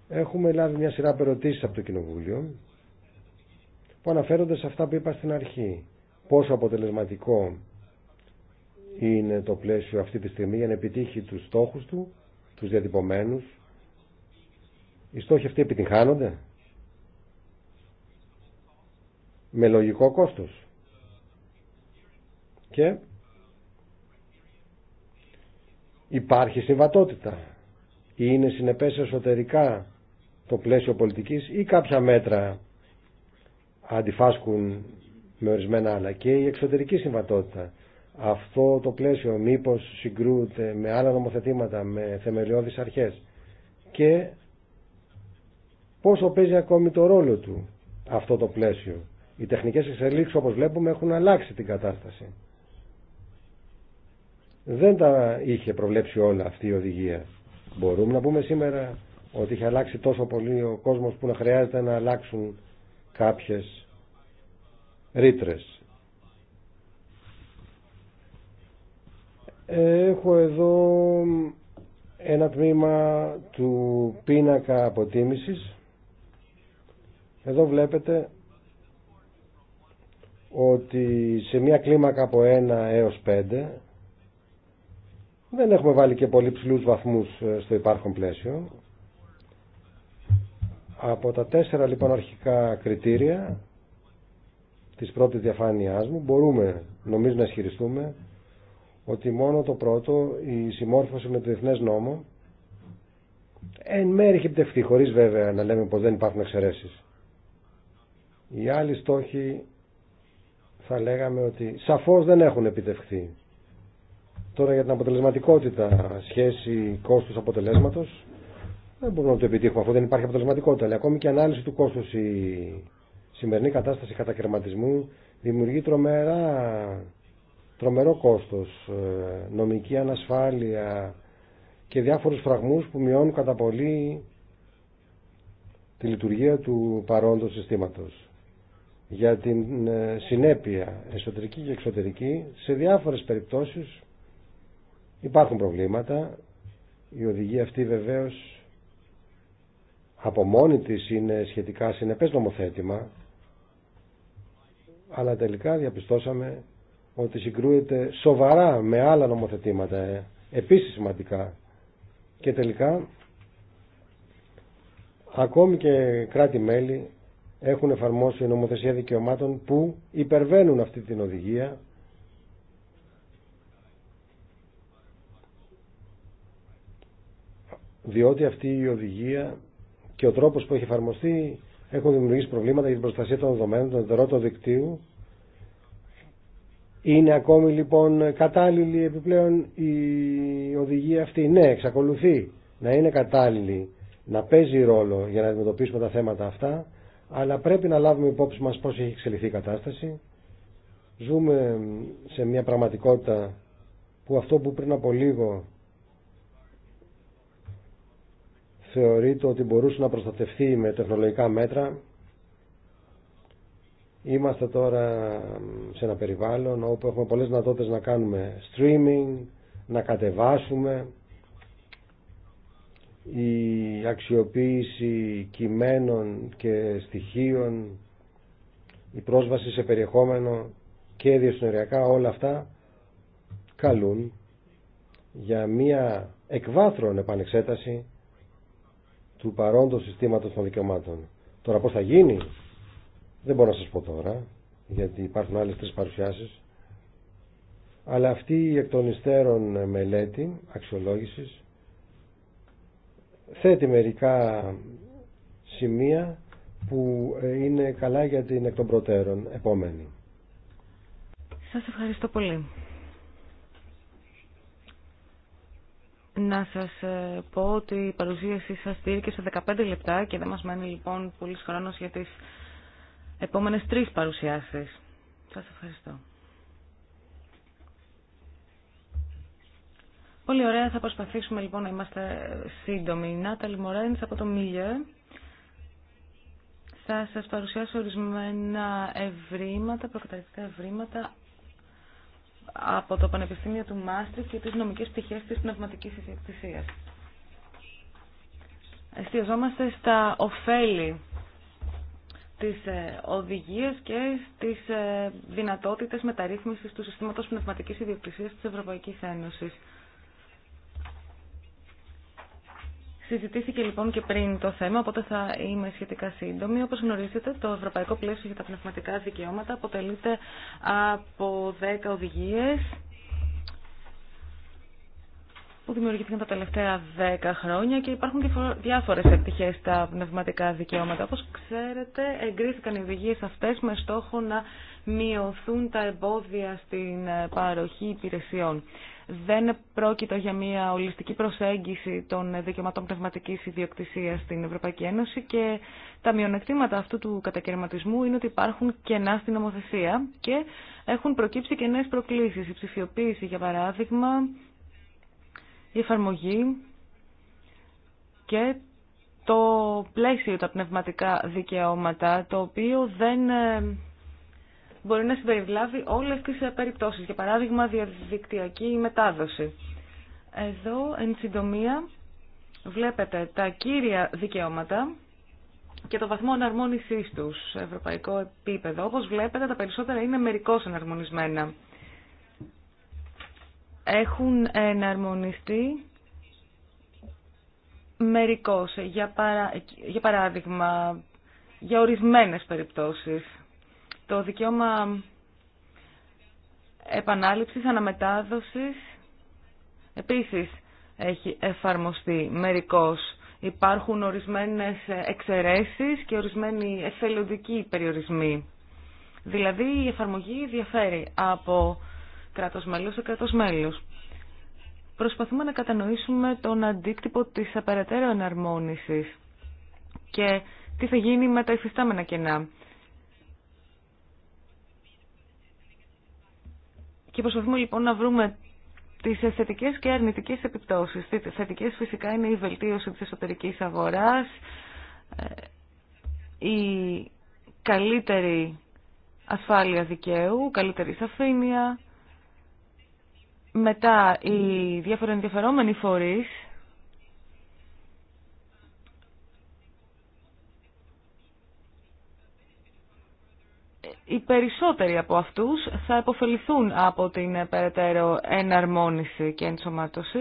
Έχουμε λάβει μια σειρά ερωτήσεις από το Κοινοβούλιο που αναφέρονται σε αυτά που είπα στην αρχή. Πόσο αποτελεσματικό είναι το πλαίσιο αυτή τη στιγμή για να επιτύχει τους στόχους του, τους διατυπωμένους οι στόχοι αυτοί επιτυγχάνονται με λογικό κόστος. Και υπάρχει συμβατότητα ή είναι συνεπές εσωτερικά το πλαίσιο πολιτικής ή κάποια μέτρα αντιφάσκουν με ορισμένα άλλα και η εξωτερική συμβατότητα. Αυτό το πλαίσιο μήπως συγκρούεται με άλλα νομοθετήματα, με θεμελιώδεις αρχές και πόσο παίζει ακόμη το ρόλο του αυτό το πλαίσιο. Οι τεχνικές εξελίξεις όπως βλέπουμε έχουν αλλάξει την κατάσταση. Δεν τα είχε προβλέψει όλα αυτή η οδηγία. Μπορούμε να πούμε σήμερα ότι είχε αλλάξει τόσο πολύ ο κόσμος που να χρειάζεται να αλλάξουν κάποιες ρήτρε. Έχω εδώ ένα τμήμα του πίνακα αποτίμησης εδώ βλέπετε ότι σε μια κλίμακα από 1 έως 5 δεν έχουμε βάλει και πολύ ψηλούς βαθμούς ε, στο υπάρχον πλαίσιο. Από τα τέσσερα λοιπόν αρχικά κριτήρια της πρώτης διαφάνειάς μου μπορούμε νομίζω να ισχυριστούμε ότι μόνο το πρώτο η συμμόρφωση με το διεθνές νόμο εν μέρη έχει χωρίς βέβαια να λέμε πως δεν υπάρχουν εξαιρέσεις. Οι άλλοι στόχοι θα λέγαμε ότι σαφώς δεν έχουν επιτευχθεί. Τώρα για την αποτελεσματικότητα, σχέση κόστους αποτελέσματος, δεν μπορούμε να το επιτύχουμε αφού δεν υπάρχει αποτελεσματικότητα. Αλλά ακόμη και η ανάλυση του κόστους η σημερινή κατάσταση κατακαιρματισμού δημιουργεί τρομερά, τρομερό κόστος, ε, νομική ανασφάλεια και διάφορους φραγμούς που μειώνουν κατά πολύ τη λειτουργία του παρόντος συστήματος για την ε, συνέπεια εσωτερική και εξωτερική σε διάφορες περιπτώσεις υπάρχουν προβλήματα η οδηγία αυτή βεβαίως από μόνη της είναι σχετικά συνεπές νομοθέτημα αλλά τελικά διαπιστώσαμε ότι συγκρούεται σοβαρά με άλλα νομοθετήματα ε, επίσης σημαντικά και τελικά ακόμη και κράτη-μέλη έχουν εφαρμόσει νομοθεσία δικαιωμάτων που υπερβαίνουν αυτή την οδηγία διότι αυτή η οδηγία και ο τρόπος που έχει εφαρμοστεί έχουν δημιουργήσει προβλήματα για την προστασία των δεδομένων, των εταιρών δικτύου. Είναι ακόμη λοιπόν κατάλληλη επιπλέον η οδηγία αυτή. Ναι, εξακολουθεί να είναι κατάλληλη να παίζει ρόλο για να αντιμετωπίσουμε τα θέματα αυτά αλλά πρέπει να λάβουμε υπόψη μας πώς έχει εξελιχθεί η κατάσταση. Ζούμε σε μια πραγματικότητα που αυτό που πριν από λίγο θεωρείται ότι μπορούσε να προστατευτεί με τεχνολογικά μέτρα. Είμαστε τώρα σε ένα περιβάλλον όπου έχουμε πολλές δυνατότητες να κάνουμε streaming, να κατεβάσουμε η αξιοποίηση κειμένων και στοιχείων, η πρόσβαση σε περιεχόμενο και διασυνοριακά όλα αυτά καλούν για μία εκβάθρον επανεξέταση του παρόντος συστήματος των δικαιωμάτων. Τώρα πώς θα γίνει δεν μπορώ να σας πω τώρα γιατί υπάρχουν άλλες τρεις παρουσιάσεις αλλά αυτή η εκ των υστέρων μελέτη αξιολόγησης θέτει μερικά σημεία που ε, είναι καλά για την εκ των προτέρων επόμενη. Σας ευχαριστώ πολύ. Να σας ε, πω ότι η παρουσίαση σας στήρικε σε 15 λεπτά και δεν μας μένει λοιπόν πολύ χρόνος για τις επόμενες τρεις παρουσιάσεις. Σας ευχαριστώ. Πολύ ωραία, θα προσπαθήσουμε λοιπόν να είμαστε σύντομοι. Νάταλη Μωρένης από το Μιλίο. Θα σας παρουσιάσω ορισμένα ευρήματα, προκαταρκτικά ευρήματα από το Πανεπιστήμιο του Μάστρικ και τις νομικές πτυχές της πνευματικής ιδιοκτησίας. Εστιαζόμαστε στα ωφέλη τη ε, οδηγίας και στι ε, δυνατότητες μεταρρύθμισης του συστήματος πνευματικής ιδιοκτησίας της Ευρωπαϊκής Ένωσης. Συζητήθηκε λοιπόν και πριν το θέμα, οπότε θα είμαι σχετικά σύντομη. Όπως γνωρίζετε, το Ευρωπαϊκό Πλαίσιο για τα Πνευματικά Δικαιώματα αποτελείται από 10 οδηγίες που δημιουργήθηκαν τα τελευταία 10 χρόνια και υπάρχουν και διάφορες επιτυχίες στα πνευματικά δικαιώματα. Όπως ξέρετε, εγκρίθηκαν οι οδηγίες αυτές με στόχο να μειωθούν τα εμπόδια στην παροχή υπηρεσιών δεν πρόκειται για μια ολιστική προσέγγιση των δικαιωμάτων πνευματική ιδιοκτησία στην Ευρωπαϊκή Ένωση και τα μειονεκτήματα αυτού του κατακαιρματισμού είναι ότι υπάρχουν κενά στην νομοθεσία και έχουν προκύψει και νέε προκλήσεις. Η ψηφιοποίηση, για παράδειγμα, η εφαρμογή και το πλαίσιο τα πνευματικά δικαιώματα, το οποίο δεν ε, μπορεί να συμπεριλάβει όλες τις ε, περιπτώσεις, για παράδειγμα διαδικτυακή μετάδοση. Εδώ, εν συντομία, βλέπετε τα κύρια δικαιώματα και το βαθμό αναρμόνησής τους σε ευρωπαϊκό επίπεδο. Όπως βλέπετε, τα περισσότερα είναι μερικώς αναρμονισμένα. Έχουν εναρμονιστεί μερικώς, για, για παράδειγμα, για ορισμένες περιπτώσεις το δικαίωμα επανάληψης, αναμετάδοσης, επίσης έχει εφαρμοστεί μερικώς. Υπάρχουν ορισμένες εξαιρέσεις και ορισμένοι εθελοντικοί περιορισμοί. Δηλαδή η εφαρμογή διαφέρει από κράτος μέλος σε κράτος Προσπαθούμε να κατανοήσουμε τον αντίκτυπο της απεραιτέρω εναρμόνισης και τι θα γίνει με τα υφιστάμενα κενά. Και προσπαθούμε λοιπόν να βρούμε τις θετικέ και αρνητικές επιπτώσεις. Τις θετικές φυσικά είναι η βελτίωση της εσωτερικής αγορά, ε, η καλύτερη ασφάλεια δικαίου, καλύτερη σαφήνεια, μετά οι διάφοροι ενδιαφερόμενοι φορείς οι περισσότεροι από αυτούς θα επωφεληθούν από την ε, περαιτέρω εναρμόνιση και ενσωμάτωση.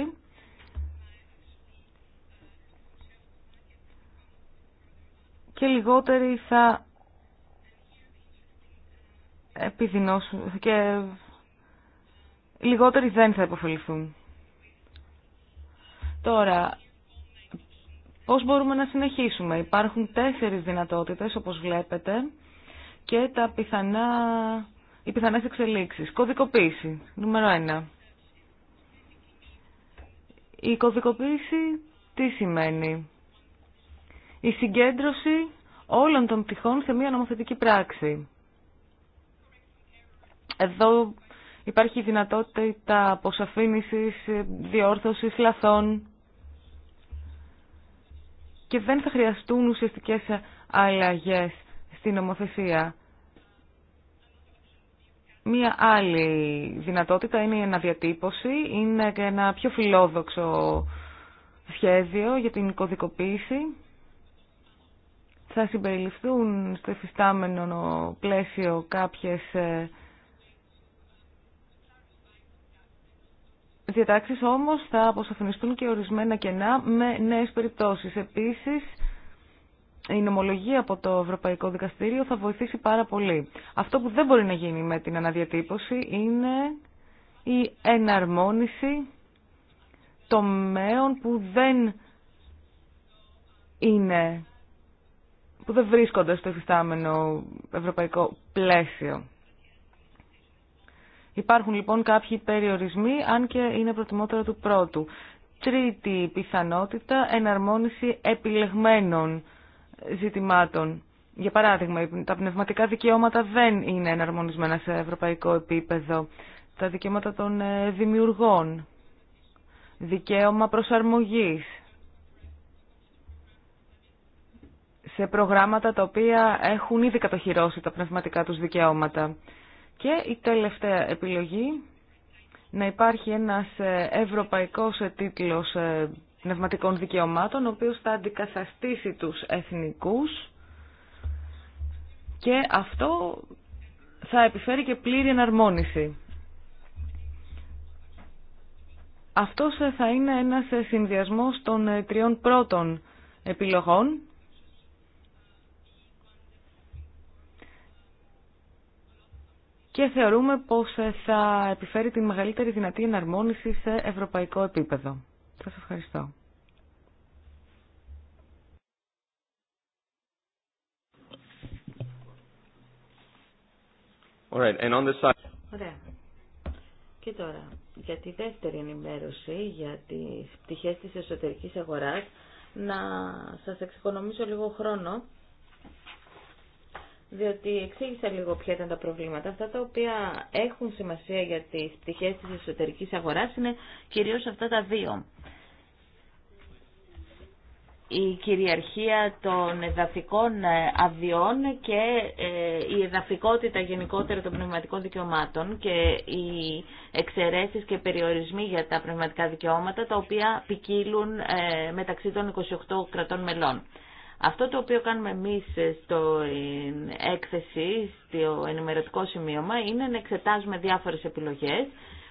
Και λιγότεροι θα επιδεινώσουν και λιγότεροι δεν θα επωφεληθούν. Τώρα, πώς μπορούμε να συνεχίσουμε. Υπάρχουν τέσσερις δυνατότητες, όπως βλέπετε και τα πιθανά, οι πιθανές εξελίξεις. Κωδικοποίηση, νούμερο ένα. Η κωδικοποίηση τι σημαίνει. Η συγκέντρωση όλων των πτυχών σε μία νομοθετική πράξη. Εδώ υπάρχει η δυνατότητα αποσαφήνισης, διόρθωσης λαθών και δεν θα χρειαστούν ουσιαστικές αλλαγές στην νομοθεσία. Μία άλλη δυνατότητα είναι η αναδιατύπωση, είναι και ένα πιο φιλόδοξο σχέδιο για την κωδικοποίηση. Θα συμπεριληφθούν στο εφιστάμενο πλαίσιο κάποιες ε, διατάξεις, όμως θα αποσαφινιστούν και ορισμένα κενά με νέες περιπτώσεις. Επίσης, η νομολογία από το Ευρωπαϊκό Δικαστήριο θα βοηθήσει πάρα πολύ. Αυτό που δεν μπορεί να γίνει με την αναδιατύπωση είναι η εναρμόνιση τομέων που δεν είναι, που δεν βρίσκονται στο εφιστάμενο ευρωπαϊκό πλαίσιο. Υπάρχουν λοιπόν κάποιοι περιορισμοί, αν και είναι προτιμότερο του πρώτου. Τρίτη πιθανότητα, εναρμόνιση επιλεγμένων ζητημάτων. Για παράδειγμα, τα πνευματικά δικαιώματα δεν είναι εναρμονισμένα σε ευρωπαϊκό επίπεδο. Τα δικαιώματα των ε, δημιουργών, δικαίωμα προσαρμογής σε προγράμματα τα οποία έχουν ήδη κατοχυρώσει τα πνευματικά τους δικαιώματα. Και η τελευταία επιλογή, να υπάρχει ένας ε, ευρωπαϊκός ε, τίτλος πνευματικών δικαιωμάτων, ο οποίος θα αντικαταστήσει τους εθνικούς και αυτό θα επιφέρει και πλήρη εναρμόνιση. Αυτό θα είναι ένας συνδυασμός των ε, τριών πρώτων επιλογών και θεωρούμε πως ε, θα επιφέρει τη μεγαλύτερη δυνατή εναρμόνιση σε ευρωπαϊκό επίπεδο. Σας ευχαριστώ. And on side... Ωραία. Και τώρα, για τη δεύτερη ενημέρωση, για τις πτυχές της εσωτερικής αγοράς, να σας εξοικονομήσω λίγο χρόνο, διότι εξήγησα λίγο ποια ήταν τα προβλήματα. Αυτά τα οποία έχουν σημασία για τις πτυχές της εσωτερικής αγοράς είναι κυρίως αυτά τα δύο η κυριαρχία των εδαφικών ε, αδειών και ε, η εδαφικότητα γενικότερα των πνευματικών δικαιωμάτων και οι εξαιρέσει και περιορισμοί για τα πνευματικά δικαιώματα τα οποία ποικίλουν ε, μεταξύ των 28 κρατών μελών. Αυτό το οποίο κάνουμε εμείς στο έκθεση, στο ενημερωτικό σημείωμα, είναι να εξετάζουμε διάφορες επιλογές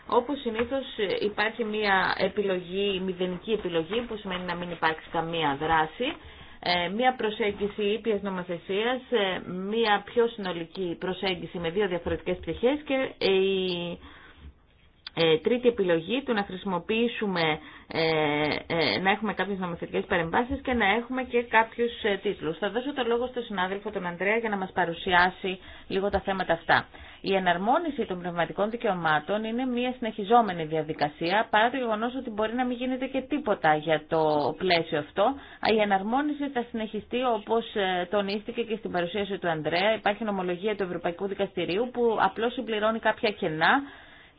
όπως συνήθως υπάρχει μια επιλογή, μηδενική επιλογή που σημαίνει να μην υπάρξει καμία δράση, ε, μια προσέγγιση ήπιας νομοθεσίας, ε, μια πιο συνολική προσέγγιση με δύο διαφορετικές πτυχές και η ε, τρίτη επιλογή του να χρησιμοποιήσουμε, ε, ε, να έχουμε κάποιες νομοθετικές παρεμβάσεις και να έχουμε και κάποιους τίτλους. Θα δώσω το λόγο στον συνάδελφο τον Ανδρέα για να μας παρουσιάσει λίγο τα θέματα αυτά. Η εναρμόνιση των πνευματικών δικαιωμάτων είναι μια συνεχιζόμενη διαδικασία, παρά το γεγονό ότι μπορεί να μην γίνεται και τίποτα για το πλαίσιο αυτό. Η εναρμόνιση θα συνεχιστεί όπω τονίστηκε και στην παρουσίαση του Ανδρέα. Υπάρχει νομολογία του Ευρωπαϊκού Δικαστηρίου που απλώ συμπληρώνει κάποια κενά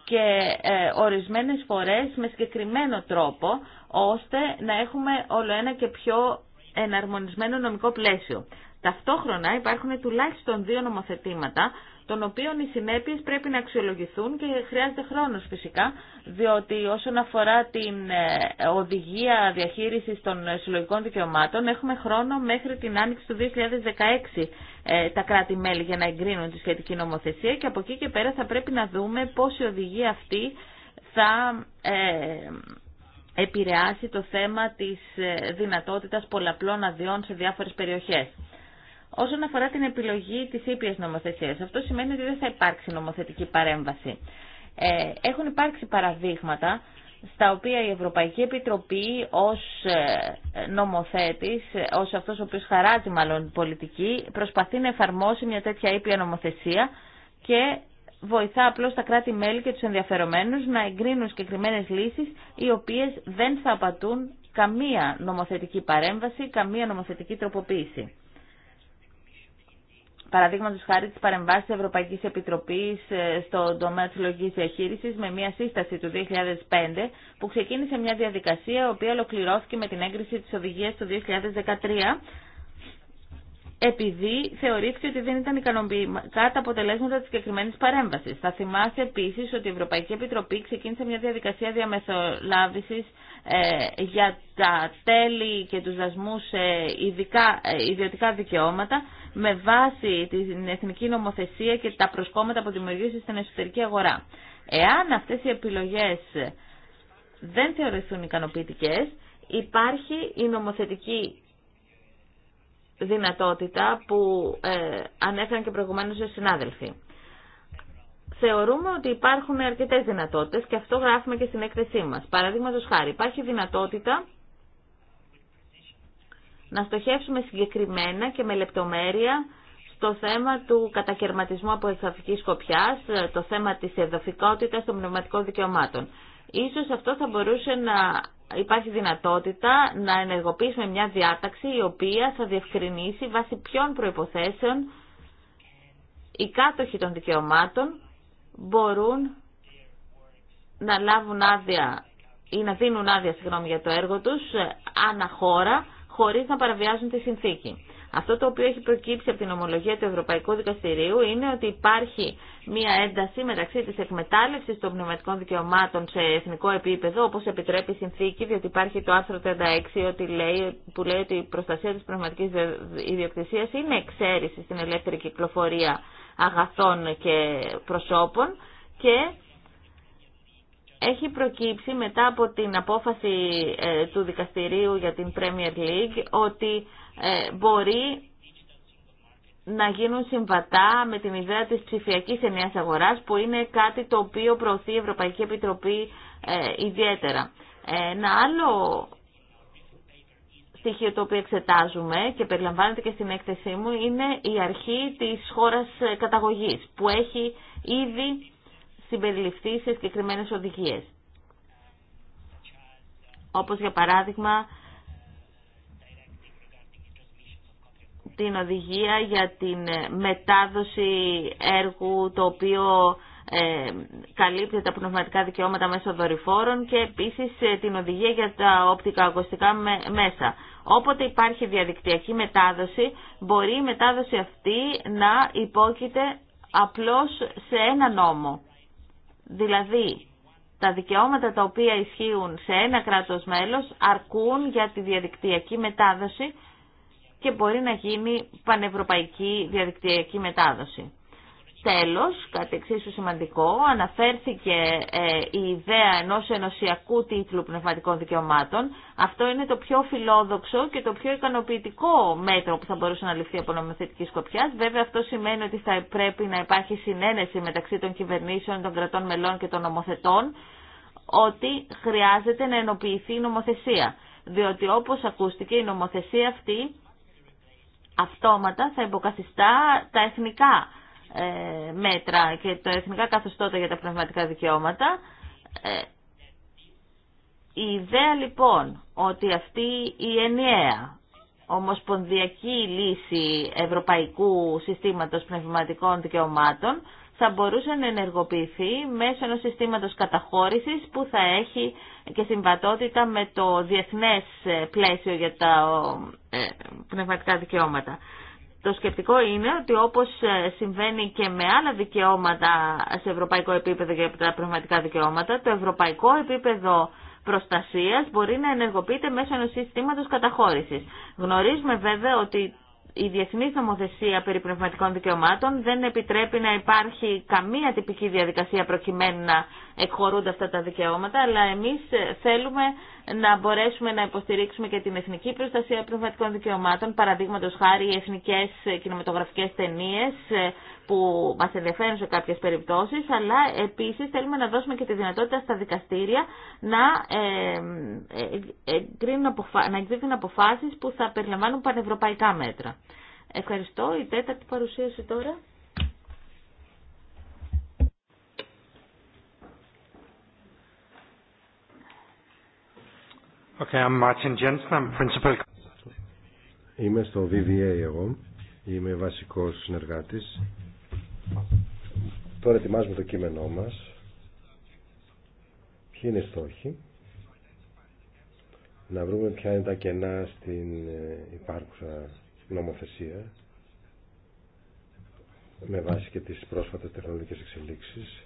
και ε, ορισμένες φορές με συγκεκριμένο τρόπο, ώστε να έχουμε όλο ένα και πιο εναρμονισμένο νομικό πλαίσιο. Ταυτόχρονα υπάρχουν τουλάχιστον δύο νομοθετήματα των οποίων οι συνέπειες πρέπει να αξιολογηθούν και χρειάζεται χρόνος φυσικά, διότι όσον αφορά την ε, οδηγία διαχείρισης των ε, συλλογικών δικαιωμάτων, έχουμε χρόνο μέχρι την άνοιξη του 2016 ε, τα κράτη-μέλη για να εγκρίνουν τη σχετική νομοθεσία και από εκεί και πέρα θα πρέπει να δούμε πώς η οδηγία αυτή θα επηρεάσει το θέμα της δυνατότητας πολλαπλών αδειών σε διάφορες περιοχές όσον αφορά την επιλογή τη ήπια νομοθεσία, Αυτό σημαίνει ότι δεν θα υπάρξει νομοθετική παρέμβαση. Ε, έχουν υπάρξει παραδείγματα στα οποία η Ευρωπαϊκή Επιτροπή ως ε, νομοθέτης, ως αυτός ο οποίος χαράζει μάλλον πολιτική, προσπαθεί να εφαρμόσει μια τέτοια ήπια νομοθεσία και βοηθά απλώς τα κράτη-μέλη και τους ενδιαφερομένους να εγκρίνουν συγκεκριμένε λύσεις οι οποίες δεν θα απατούν καμία νομοθετική παρέμβαση, καμία νομοθετική τροποποίηση παραδείγματο χάρη τη παρεμβάση τη Ευρωπαϊκή Επιτροπή ε, στον τομέα τη λογική διαχείριση με μια σύσταση του 2005 που ξεκίνησε μια διαδικασία η οποία ολοκληρώθηκε με την έγκριση τη οδηγία του 2013 επειδή θεωρήθηκε ότι δεν ήταν ικανοποιημένα τα αποτελέσματα τη συγκεκριμένη παρέμβαση. Θα θυμάστε επίση ότι η Ευρωπαϊκή Επιτροπή ξεκίνησε μια διαδικασία διαμεσολάβηση ε, για τα τέλη και του δασμού σε ε, ιδιωτικά δικαιώματα με βάση την εθνική νομοθεσία και τα προσκόμματα που δημιουργήσει στην εσωτερική αγορά. Εάν αυτές οι επιλογές δεν θεωρηθούν ικανοποιητικές, υπάρχει η νομοθετική δυνατότητα που ε, ανέφεραν και προηγουμένως οι συνάδελφοι. Θεωρούμε ότι υπάρχουν αρκετές δυνατότητες και αυτό γράφουμε και στην έκθεσή μας. Παραδείγματο χάρη, υπάρχει δυνατότητα να στοχεύσουμε συγκεκριμένα και με λεπτομέρεια στο θέμα του κατακαιρματισμού από εξαφική σκοπιά, το θέμα της εδοφικότητα των πνευματικών δικαιωμάτων. Ίσως αυτό θα μπορούσε να υπάρχει δυνατότητα να ενεργοποιήσουμε μια διάταξη η οποία θα διευκρινίσει βάσει ποιων προϋποθέσεων οι κάτοχοι των δικαιωμάτων μπορούν να λάβουν άδεια ή να δίνουν άδεια συγγνώμη για το έργο τους χώρα χωρίς να παραβιάζουν τη συνθήκη. Αυτό το οποίο έχει προκύψει από την ομολογία του Ευρωπαϊκού Δικαστηρίου είναι ότι υπάρχει μία ένταση μεταξύ της εκμετάλλευση των πνευματικών δικαιωμάτων σε εθνικό επίπεδο, όπως επιτρέπει η συνθήκη, διότι υπάρχει το άρθρο 36 ότι λέει, που λέει ότι η προστασία τη πνευματική ιδιοκτησία είναι εξαίρεση στην ελεύθερη κυκλοφορία αγαθών και προσώπων και έχει προκύψει μετά από την απόφαση ε, του δικαστηρίου για την Premier League ότι ε, μπορεί να γίνουν συμβατά με την ιδέα της ψηφιακής ενιαίας αγοράς που είναι κάτι το οποίο προωθεί η Ευρωπαϊκή Επιτροπή ε, ιδιαίτερα. Ένα άλλο στοιχείο το οποίο εξετάζουμε και περιλαμβάνεται και στην έκθεσή μου είναι η αρχή της χώρας καταγωγής που έχει ήδη συμπεριληφθεί σε συγκεκριμένες οδηγίες. Όπως για παράδειγμα την οδηγία για την ε, μετάδοση έργου το οποίο ε, καλύπτει τα πνευματικά δικαιώματα μέσω δορυφόρων και επίσης ε, την οδηγία για τα οπτικοακουστικά μέσα. Όποτε υπάρχει διαδικτυακή μετάδοση, μπορεί η μετάδοση αυτή να υπόκειται απλώς σε ένα νόμο. Δηλαδή, τα δικαιώματα τα οποία ισχύουν σε ένα κράτος μέλος αρκούν για τη διαδικτυακή μετάδοση και μπορεί να γίνει πανευρωπαϊκή διαδικτυακή μετάδοση. Τέλος, κάτι εξίσου σημαντικό, αναφέρθηκε ε, η ιδέα ενός ενωσιακού τίτλου πνευματικών δικαιωμάτων. Αυτό είναι το πιο φιλόδοξο και το πιο ικανοποιητικό μέτρο που θα μπορούσε να ληφθεί από νομοθετική σκοπιά. Βέβαια αυτό σημαίνει ότι θα πρέπει να υπάρχει συνένεση μεταξύ των κυβερνήσεων, των κρατών μελών και των νομοθετών ότι χρειάζεται να ενοποιηθεί η νομοθεσία. Διότι όπως ακούστηκε η νομοθεσία αυτή αυτόματα θα υποκαθιστά τα εθνικά ε, μέτρα και τα εθνικά καθεστώτα για τα πνευματικά δικαιώματα. Ε, η ιδέα λοιπόν ότι αυτή η ενιαία ομοσπονδιακή λύση ευρωπαϊκού συστήματος πνευματικών δικαιωμάτων θα μπορούσε να ενεργοποιηθεί μέσω ενός συστήματος καταχώρησης που θα έχει και συμβατότητα με το διεθνές πλαίσιο για τα ε, πνευματικά δικαιώματα. Το σκεπτικό είναι ότι όπως ε, συμβαίνει και με άλλα δικαιώματα σε ευρωπαϊκό επίπεδο και τα πνευματικά δικαιώματα, το ευρωπαϊκό επίπεδο προστασίας μπορεί να ενεργοποιείται μέσω ενός συστήματος καταχώρησης. Γνωρίζουμε βέβαια ότι η διεθνή νομοθεσία περί πνευματικών δικαιωμάτων δεν επιτρέπει να υπάρχει καμία τυπική διαδικασία προκειμένου να εκχωρούνται αυτά τα δικαιώματα, αλλά εμείς θέλουμε να μπορέσουμε να υποστηρίξουμε και την εθνική προστασία πνευματικών δικαιωμάτων, παραδείγματο χάρη οι εθνικέ κινηματογραφικές ταινίες, που μας ενδιαφέρουν σε κάποιες περιπτώσεις, αλλά επίσης θέλουμε να δώσουμε και τη δυνατότητα στα δικαστήρια να, ε, ε, να εκδίδουν αποφάσεις που θα περιλαμβάνουν πανευρωπαϊκά μέτρα. Ευχαριστώ. Η τέταρτη παρουσίαση τώρα. Okay, I'm Martin Jensen, principal. Είμαι στο VVA εγώ. Είμαι βασικός συνεργάτης Τώρα ετοιμάζουμε το κείμενό μας. Ποιοι είναι οι στόχοι. Να βρούμε ποια είναι τα κενά στην ε, υπάρχουσα νομοθεσία με βάση και τις πρόσφατες τεχνολογικές εξελίξεις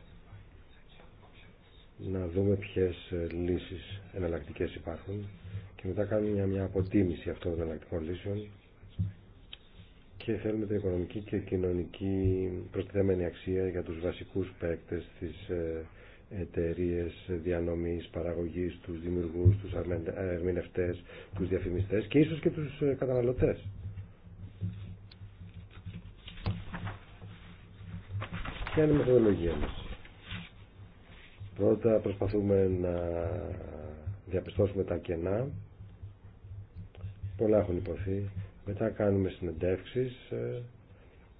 να δούμε ποιες ε, λύσεις εναλλακτικές υπάρχουν και μετά κάνουμε μια, μια αποτίμηση αυτών των εναλλακτικών λύσεων και θέλουμε την οικονομική και κοινωνική προστιθέμενη αξία για τους βασικούς παίκτες της ε, εταιρείε διανομής, παραγωγής, τους δημιουργούς, τους ερμηνευτές, τους διαφημιστές και ίσως και τους ε, καταναλωτές. Ποια είναι η μεθοδολογία μας. Πρώτα προσπαθούμε να διαπιστώσουμε τα κενά. Πολλά έχουν υποθεί. Μετά κάνουμε συνεντεύξεις ε,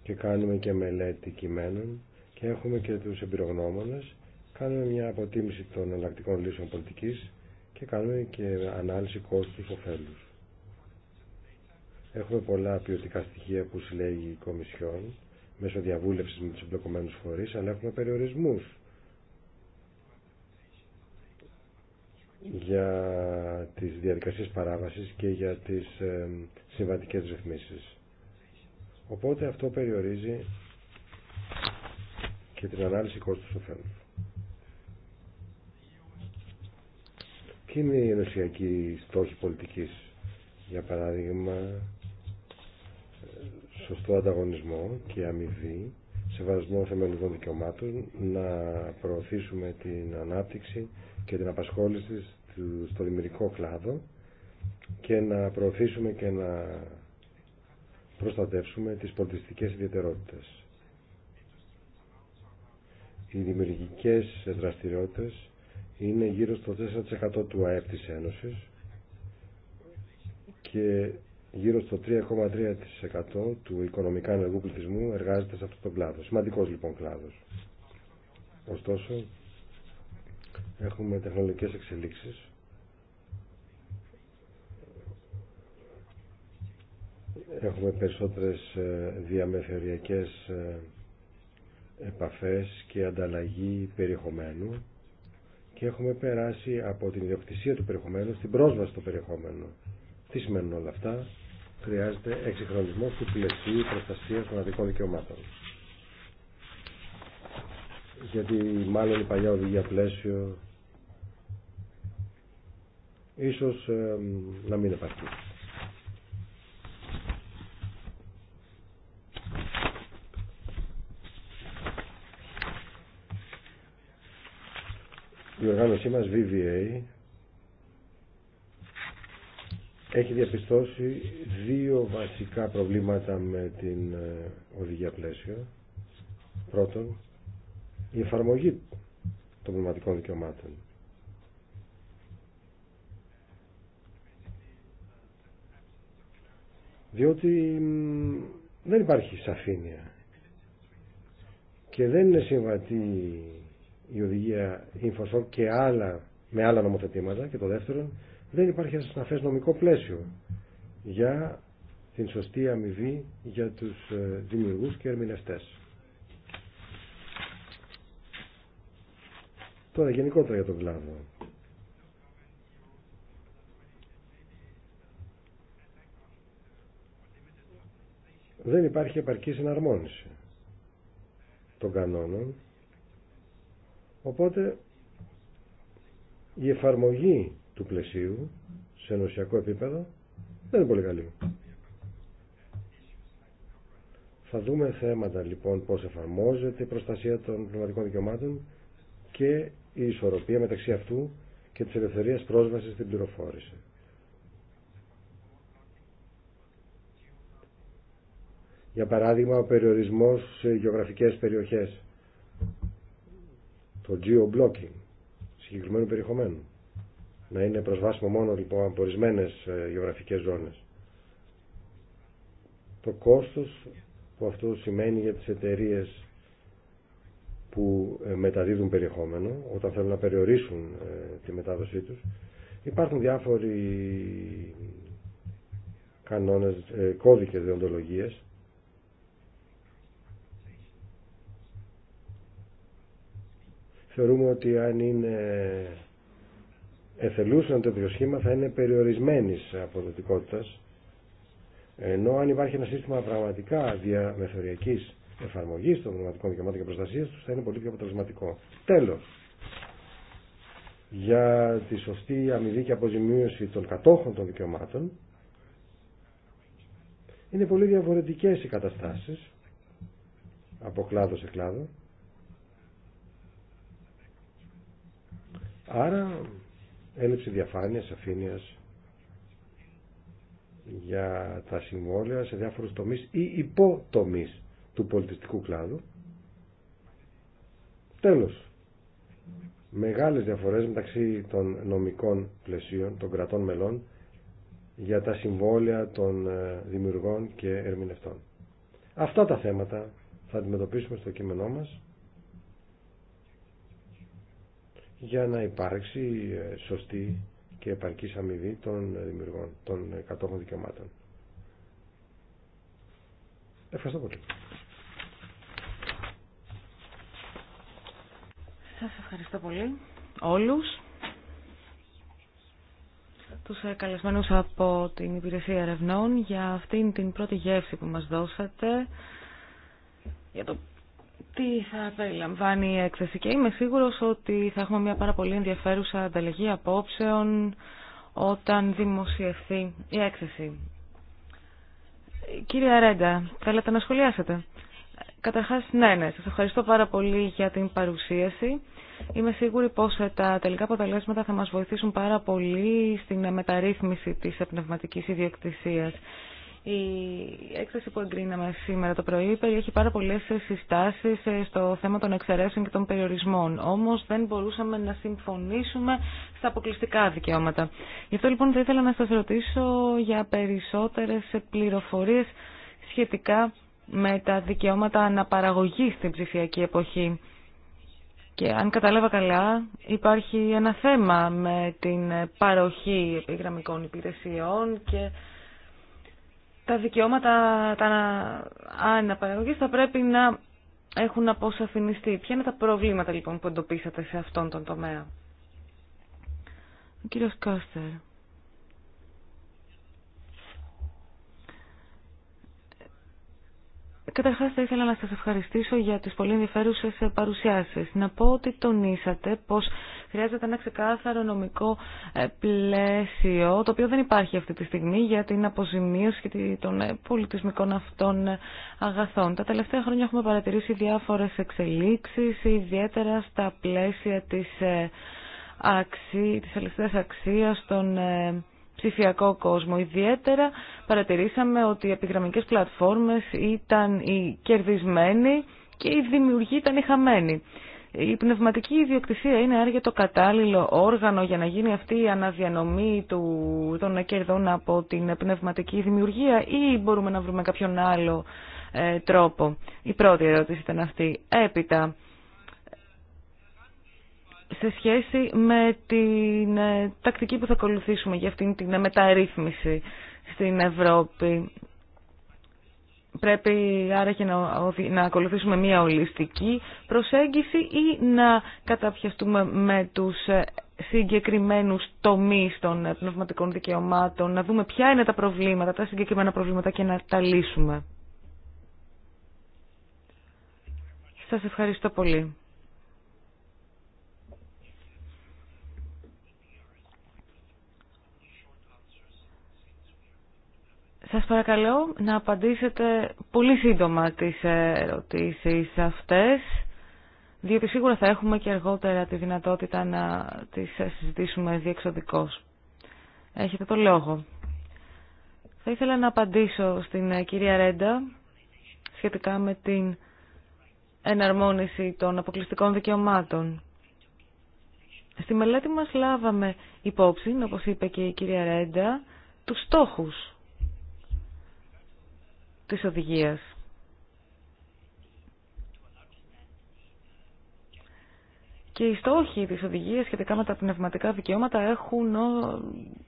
και κάνουμε και μελέτη κειμένων και έχουμε και τους εμπειρογνώμονες. Κάνουμε μια αποτίμηση των εναλλακτικών λύσεων πολιτικής και κάνουμε και ανάλυση κόστους οφέλους. Έχουμε πολλά ποιοτικά στοιχεία που συλλέγει η Κομισιόν μέσω διαβούλευσης με τους εμπλεκομένους φορείς, αλλά έχουμε περιορισμούς για τις διαδικασίες παράβασης και για τις ε, συμβατικές ρυθμίσεις. Οπότε αυτό περιορίζει και την ανάλυση κόστους φέλλου. Ποιοι είναι οι ενωσιακοί στόχοι πολιτικής, για παράδειγμα, σωστό ανταγωνισμό και αμοιβή, σεβασμό θεμελιδών δικαιωμάτων, να προωθήσουμε την ανάπτυξη και την απασχόληση στο δημιουργικό κλάδο και να προωθήσουμε και να προστατεύσουμε τις πολιτιστικές ιδιαιτερότητες. Οι δημιουργικές δραστηριότητες είναι γύρω στο 4% του ΑΕΠ της Ένωσης και γύρω στο 3,3% του οικονομικά ενεργού πληθυσμού εργάζεται σε αυτό τον κλάδο. Σημαντικός λοιπόν κλάδος. Ωστόσο, Έχουμε τεχνολογικές εξελίξεις. Έχουμε περισσότερες ε, διαμεθεωριακές ε, επαφές και ανταλλαγή περιεχομένου και έχουμε περάσει από την ιδιοκτησία του περιεχομένου στην πρόσβαση στο περιεχόμενο. Τι σημαίνουν όλα αυτά. Χρειάζεται εξυγχρονισμό του πλαισίου προστασία των αδικών δικαιωμάτων. Γιατί μάλλον η παλιά οδηγία πλαίσιο ίσως ε, να μην επαρκεί. Η οργάνωσή μας VVA έχει διαπιστώσει δύο βασικά προβλήματα με την ε, οδηγία πλαίσιο. Πρώτον, η εφαρμογή των πνευματικών δικαιωμάτων διότι δεν υπάρχει σαφήνεια και δεν είναι συμβατή η οδηγία Infosoc και άλλα, με άλλα νομοθετήματα και το δεύτερο δεν υπάρχει ένα σαφές νομικό πλαίσιο για την σωστή αμοιβή για τους ε, δημιουργούς και ερμηνευτές. Τώρα γενικότερα για τον κλάδο. δεν υπάρχει επαρκή συναρμόνιση των κανόνων οπότε η εφαρμογή του πλαισίου σε ενωσιακό επίπεδο δεν είναι πολύ καλή. Θα δούμε θέματα λοιπόν πώς εφαρμόζεται η προστασία των πνευματικών δικαιωμάτων και η ισορροπία μεταξύ αυτού και της ελευθερίας πρόσβασης στην πληροφόρηση. Για παράδειγμα, ο περιορισμός σε γεωγραφικές περιοχές. Το geo-blocking, συγκεκριμένου περιεχομένου. Να είναι προσβάσιμο μόνο λοιπόν από ορισμένε ε, γεωγραφικές ζώνες. Το κόστος που αυτό σημαίνει για τις εταιρείε που ε, μεταδίδουν περιεχόμενο, όταν θέλουν να περιορίσουν ε, τη μετάδοσή τους, υπάρχουν διάφοροι κανόνες, κώδικες διοντολογίες Θεωρούμε ότι αν είναι εθελούσαν το τέτοιο σχήμα θα είναι περιορισμένης αποδοτικότητας ενώ αν υπάρχει ένα σύστημα πραγματικά διαμεθοριακής εφαρμογής των πνευματικών δικαιωμάτων και προστασίας τους θα είναι πολύ πιο αποτελεσματικό. Τέλος, για τη σωστή αμοιβή και αποζημίωση των κατόχων των δικαιωμάτων είναι πολύ διαφορετικές οι καταστάσεις από κλάδο σε κλάδο Άρα έλλειψη διαφάνειας, αφήνειας για τα συμβόλαια σε διάφορους τομείς ή υποτομείς του πολιτιστικού κλάδου. Τέλος, μεγάλες διαφορές μεταξύ των νομικών πλαισίων, των κρατών μελών, για τα συμβόλαια των ε, δημιουργών και ερμηνευτών. Αυτά τα θέματα θα αντιμετωπίσουμε στο κείμενό μας για να υπάρξει ε, σωστή και επαρκής αμοιβή των δημιουργών, των κατόχων δικαιωμάτων. Ευχαριστώ πολύ. Σας ευχαριστώ πολύ όλους τους ε, καλεσμένους από την Υπηρεσία Ερευνών για αυτήν την πρώτη γεύση που μας δώσατε για το τι θα περιλαμβάνει η έκθεση και είμαι σίγουρος ότι θα έχουμε μια πάρα πολύ ενδιαφέρουσα ανταλλαγή απόψεων όταν δημοσιευθεί η έκθεση. Κύριε Ρέντα, θέλετε να σχολιάσετε. Καταρχάς, ναι, ναι, σας ευχαριστώ πάρα πολύ για την παρουσίαση. Είμαι σίγουρη πως τα τελικά αποτελέσματα θα μας βοηθήσουν πάρα πολύ στην μεταρρύθμιση της πνευματικής ιδιοκτησίας. Η έκθεση που εγκρίναμε σήμερα το πρωί περιέχει πάρα πολλέ συστάσει ε, στο θέμα των εξαιρέσεων και των περιορισμών. Όμω δεν μπορούσαμε να συμφωνήσουμε στα αποκλειστικά δικαιώματα. Γι' αυτό λοιπόν θα ήθελα να σα ρωτήσω για περισσότερε πληροφορίε σχετικά με τα δικαιώματα αναπαραγωγή στην ψηφιακή εποχή. Και αν κατάλαβα καλά, υπάρχει ένα θέμα με την παροχή επιγραμμικών υπηρεσιών και τα δικαιώματα τα αναπαραγωγής θα πρέπει να έχουν αποσαφινιστεί. Ποια είναι τα προβλήματα λοιπόν που εντοπίσατε σε αυτόν τον τομέα. Ο κύριος Κάστερ. Καταρχά θα ήθελα να σας ευχαριστήσω για τις πολύ ενδιαφέρουσε παρουσιάσει. Να πω ότι τονίσατε πως χρειάζεται ένα ξεκάθαρο νομικό ε, πλαίσιο, το οποίο δεν υπάρχει αυτή τη στιγμή για την αποζημίωση των ε, πολιτισμικών αυτών ε, αγαθών. Τα τελευταία χρόνια έχουμε παρατηρήσει διάφορες εξελίξεις, ιδιαίτερα στα πλαίσια τη αξί, της αξίας των ψηφιακό κόσμο. Ιδιαίτερα παρατηρήσαμε ότι οι επιγραμμικές πλατφόρμες ήταν οι κερδισμένοι και οι δημιουργοί ήταν οι χαμένοι. Η πνευματική ιδιοκτησία είναι άραγε το κατάλληλο όργανο για να γίνει αυτή η αναδιανομή του, των κερδών από την πνευματική δημιουργία ή μπορούμε να βρούμε κάποιον άλλο ε, τρόπο. Η πρώτη καποιον αλλο ήταν αυτή. Έπειτα, σε σχέση με την ε, τακτική που θα ακολουθήσουμε για αυτήν την ε, μεταρρύθμιση στην Ευρώπη. Πρέπει άραγε να, να ακολουθήσουμε μια ολιστική προσέγγιση ή να καταπιαστούμε με τους ε, συγκεκριμένους τομείς των πνευματικών δικαιωμάτων, να δούμε ποια είναι τα προβλήματα, τα συγκεκριμένα προβλήματα και να τα λύσουμε. Σας ευχαριστώ πολύ. Σας παρακαλώ να απαντήσετε πολύ σύντομα τις ερωτήσεις αυτές, διότι σίγουρα θα έχουμε και αργότερα τη δυνατότητα να τις συζητήσουμε διεξοδικώς. Έχετε το λόγο. Θα ήθελα να απαντήσω στην κυρία Ρέντα σχετικά με την εναρμόνιση των αποκλειστικών δικαιωμάτων. Στη μελέτη μας λάβαμε υπόψη, όπως είπε και η κυρία Ρέντα, τους στόχους της οδηγίας. Και οι στόχοι της οδηγίας σχετικά με τα πνευματικά δικαιώματα έχουν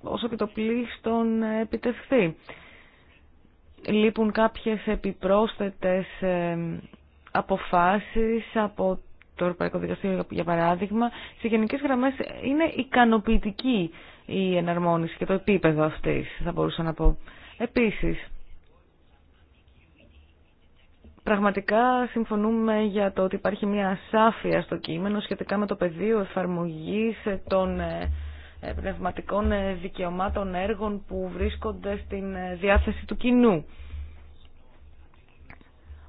όσο και το πλήστον επιτευχθεί. Λείπουν κάποιες επιπρόσθετες ε, αποφάσεις από το Ευρωπαϊκό Δικαστήριο για παράδειγμα. Σε γενικές γραμμές είναι ικανοποιητική η εναρμόνιση και το επίπεδο αυτής θα μπορούσα να πω. Επίσης, Πραγματικά συμφωνούμε για το ότι υπάρχει μια ασάφεια στο κείμενο σχετικά με το πεδίο εφαρμογής των ε, ε, πνευματικών ε, δικαιωμάτων έργων που βρίσκονται στην διάθεση του κοινού.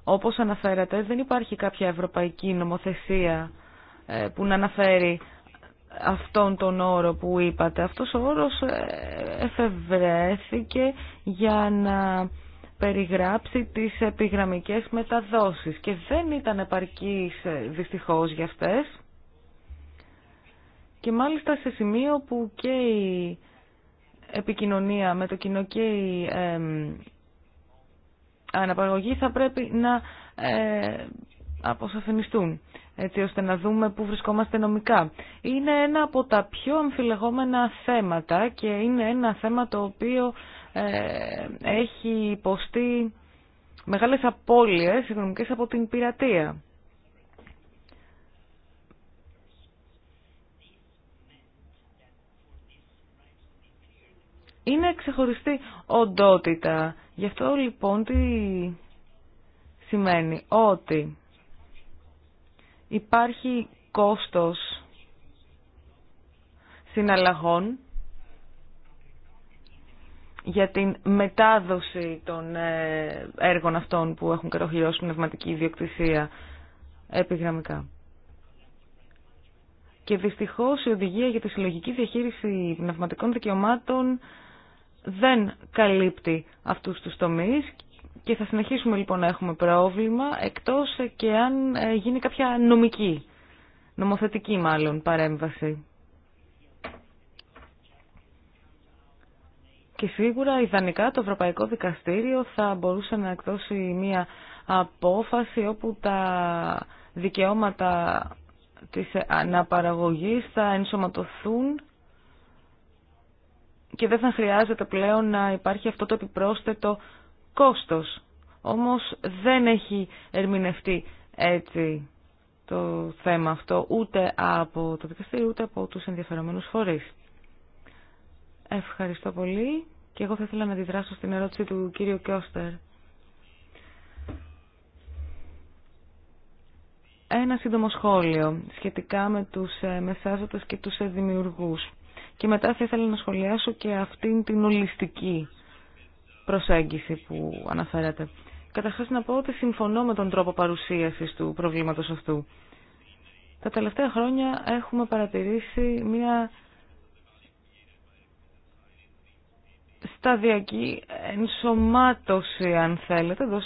Όπως αναφέρατε, δεν υπάρχει κάποια ευρωπαϊκή νομοθεσία που να αναφέρει αυτόν τον όρο που είπατε. Αυτός ο όρος εφευρέθηκε για να περιγράψει τις επιγραμμικές μεταδόσεις και δεν ήταν επαρκής ε, δυστυχώς για αυτές και μάλιστα σε σημείο που και η επικοινωνία με το κοινό και η αναπαραγωγή θα πρέπει να ε, αποσαφενιστούν έτσι ώστε να δούμε πού βρισκόμαστε νομικά. Είναι ένα από τα πιο αμφιλεγόμενα θέματα και είναι ένα θέμα το οποίο ε, έχει υποστεί μεγάλες απώλειες οικονομικές από την πειρατεία. Είναι ξεχωριστή οντότητα. Γι' αυτό λοιπόν τι σημαίνει ότι υπάρχει κόστος συναλλαγών για την μετάδοση των ε, έργων αυτών που έχουν κατοχυρώσει πνευματική ιδιοκτησία επιγραμμικά. Και δυστυχώς η οδηγία για τη συλλογική διαχείριση πνευματικών δικαιωμάτων δεν καλύπτει αυτούς τους τομείς και θα συνεχίσουμε λοιπόν να έχουμε πρόβλημα εκτός και αν ε, γίνει κάποια νομική, νομοθετική μάλλον παρέμβαση. Και σίγουρα ιδανικά το Ευρωπαϊκό Δικαστήριο θα μπορούσε να εκδώσει μία απόφαση όπου τα δικαιώματα της αναπαραγωγής θα ενσωματωθούν και δεν θα χρειάζεται πλέον να υπάρχει αυτό το επιπρόσθετο κόστος. Όμως δεν έχει ερμηνευτεί έτσι το θέμα αυτό ούτε από το δικαστήριο ούτε από τους ενδιαφερομένους φορείς. Ευχαριστώ πολύ. Και εγώ θα ήθελα να αντιδράσω στην ερώτηση του κύριου Κιώστερ. Ένα σύντομο σχόλιο σχετικά με τους ε, μεσάζοντες και τους ε, δημιουργούς. Και μετά θα ήθελα να σχολιάσω και αυτήν την ολιστική προσέγγιση που αναφέρατε. Καταρχάς να πω ότι συμφωνώ με τον τρόπο παρουσίασης του προβλήματος αυτού. Τα τελευταία χρόνια έχουμε παρατηρήσει μια σταδιακή ενσωμάτωση, αν θέλετε, εντό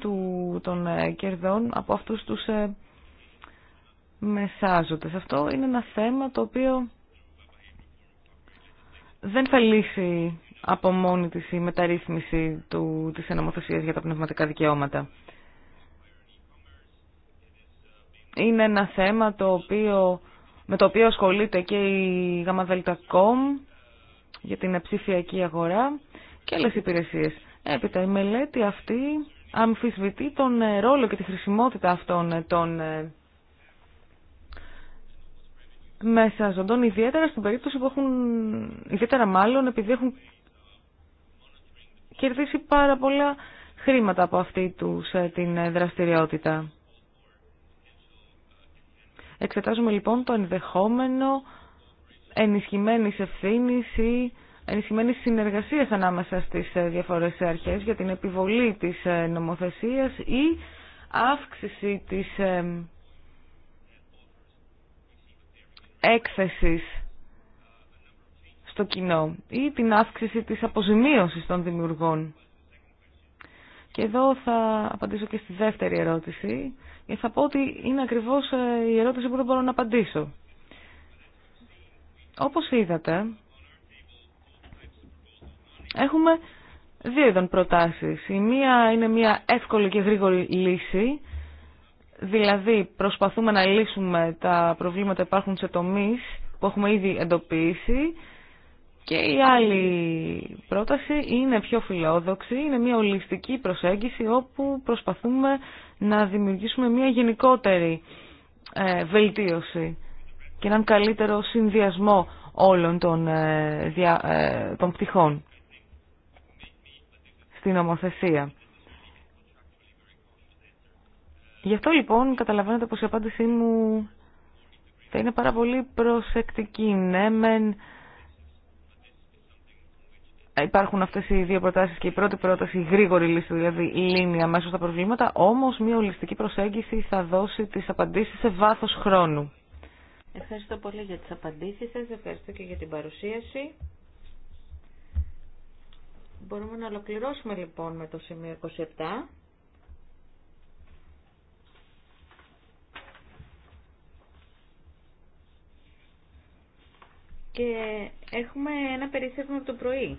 του, των ε, κερδών από αυτούς τους ε, μεσάζοντες. Αυτό είναι ένα θέμα το οποίο δεν θα λύσει από μόνη της η μεταρρύθμιση του, της Ενωμοθεσίας για τα πνευματικά δικαιώματα. Είναι ένα θέμα το οποίο, με το οποίο ασχολείται και η ΓΑΜΑΔΕΛΤΑΚΟΜ για την ψηφιακή αγορά και άλλες υπηρεσίες. Έπειτα η μελέτη αυτή αμφισβητεί τον ε, ρόλο και τη χρησιμότητα αυτών ε, των ε, μέσα ζωντών, ιδιαίτερα στην περίπτωση που έχουν, ιδιαίτερα μάλλον επειδή έχουν κερδίσει πάρα πολλά χρήματα από αυτή τους την δραστηριότητα. Εξετάζουμε λοιπόν το ενδεχόμενο Ενισχυμένη ευθύνη ή ενισχυμένη συνεργασία ανάμεσα στις ε, διαφορετικές αρχές για την επιβολή της ε, νομοθεσίας ή αύξηση της ε, έκθεση στο κοινό ή την αύξηση της αποζημίωσης των δημιουργών. Και εδώ θα απαντήσω και στη δεύτερη ερώτηση, γιατί θα πω ότι είναι ακριβώς η ερώτηση που δεν μπορώ να απαντήσω. Όπως είδατε, έχουμε δύο είδων προτάσεις. Η μία είναι μια εύκολη και γρήγορη λύση, δηλαδή προσπαθούμε να λύσουμε τα προβλήματα που υπάρχουν σε τομείς που έχουμε ήδη εντοπίσει και η άλλη πρόταση είναι πιο φιλόδοξη, είναι μια ολιστική προσέγγιση όπου προσπαθούμε να δημιουργήσουμε μια γενικότερη ε, βελτίωση και έναν καλύτερο συνδυασμό όλων των, ε, ε, των πτυχών στην νομοθεσία. Γι' αυτό λοιπόν καταλαβαίνετε πως η απάντησή μου θα είναι πάρα πολύ προσεκτική. Ναι, μεν υπάρχουν αυτές οι δύο προτάσεις και η πρώτη πρόταση η γρήγορη λύση, δηλαδή λύνη αμέσως τα προβλήματα, όμως μια ολιστική προσέγγιση θα δώσει τις απαντήσεις σε βάθος χρόνου. Ευχαριστώ πολύ για τις απαντήσεις σας, ευχαριστώ και για την παρουσίαση. Μπορούμε να ολοκληρώσουμε λοιπόν με το σημείο 27. Και έχουμε ένα περίσσευμα από το πρωί.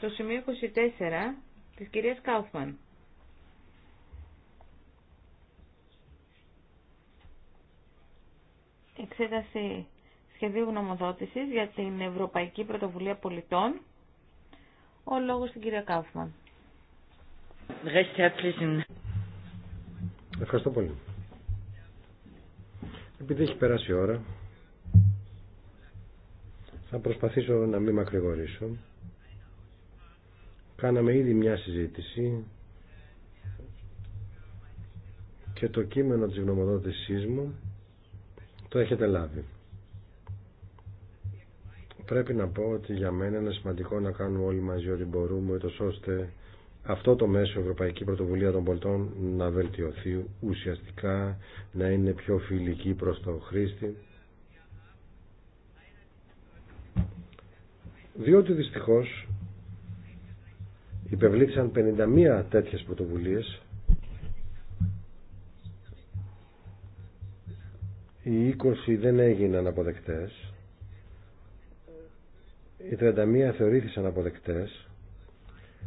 Το σημείο 24 της κυρίας Κάουφμαν. εξέταση σχεδίου γνωμοδότησης για την Ευρωπαϊκή Πρωτοβουλία Πολιτών. Ο λόγος στην κυρία Κάφμαν. Ευχαριστώ πολύ. Επειδή έχει περάσει η ώρα, θα προσπαθήσω να μην μακρηγορήσω. Κάναμε ήδη μια συζήτηση και το κείμενο της γνωμοδότησής μου το έχετε λάβει. Πρέπει να πω ότι για μένα είναι σημαντικό να κάνουμε όλοι μαζί ό,τι μπορούμε, ώστε αυτό το μέσο Ευρωπαϊκή Πρωτοβουλία των Πολιτών να βελτιωθεί ουσιαστικά, να είναι πιο φιλική προς τον χρήστη. Διότι δυστυχώς υπευλήθησαν 51 τέτοιες πρωτοβουλίες Οι 20 δεν έγιναν αποδεκτές. Οι 31 θεωρήθησαν αποδεκτές.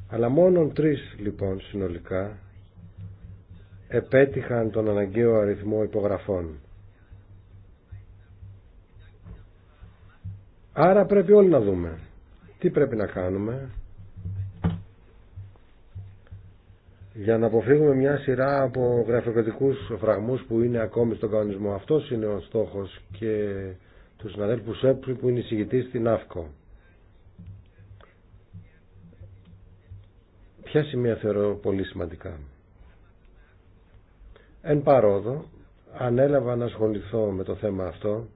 Αλλά μόνον τρεις λοιπόν συνολικά επέτυχαν τον αναγκαίο αριθμό υπογραφών. Άρα πρέπει όλοι να δούμε τι πρέπει να κάνουμε για να αποφύγουμε μια σειρά από γραφειοκρατικούς φραγμούς που είναι ακόμη στον κανονισμό. Αυτός είναι ο στόχος και του συναδέλφου Σέπλη που είναι εισηγητής στην ΑΦΚΟ. Ποια σημεία θεωρώ πολύ σημαντικά. Εν παρόδο, ανέλαβα να ασχοληθώ με το θέμα αυτό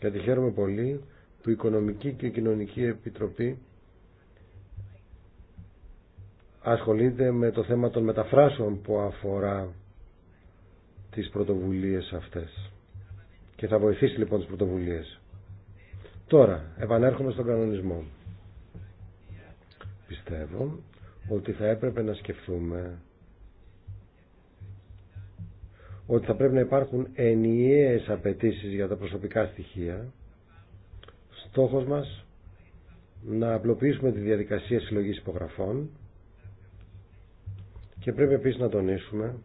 γιατί χαίρομαι πολύ που η Οικονομική και Κοινωνική Επιτροπή ασχολείται με το θέμα των μεταφράσεων που αφορά τις πρωτοβουλίες αυτές και θα βοηθήσει λοιπόν τις πρωτοβουλίες. Τώρα, επανέρχομαι στον κανονισμό. Πιστεύω ότι θα έπρεπε να σκεφτούμε ότι θα πρέπει να υπάρχουν ενιαίες απαιτήσει για τα προσωπικά στοιχεία. Στόχος μας να απλοποιήσουμε τη διαδικασία συλλογής υπογραφών και πρέπει επίσης να τονίσουμε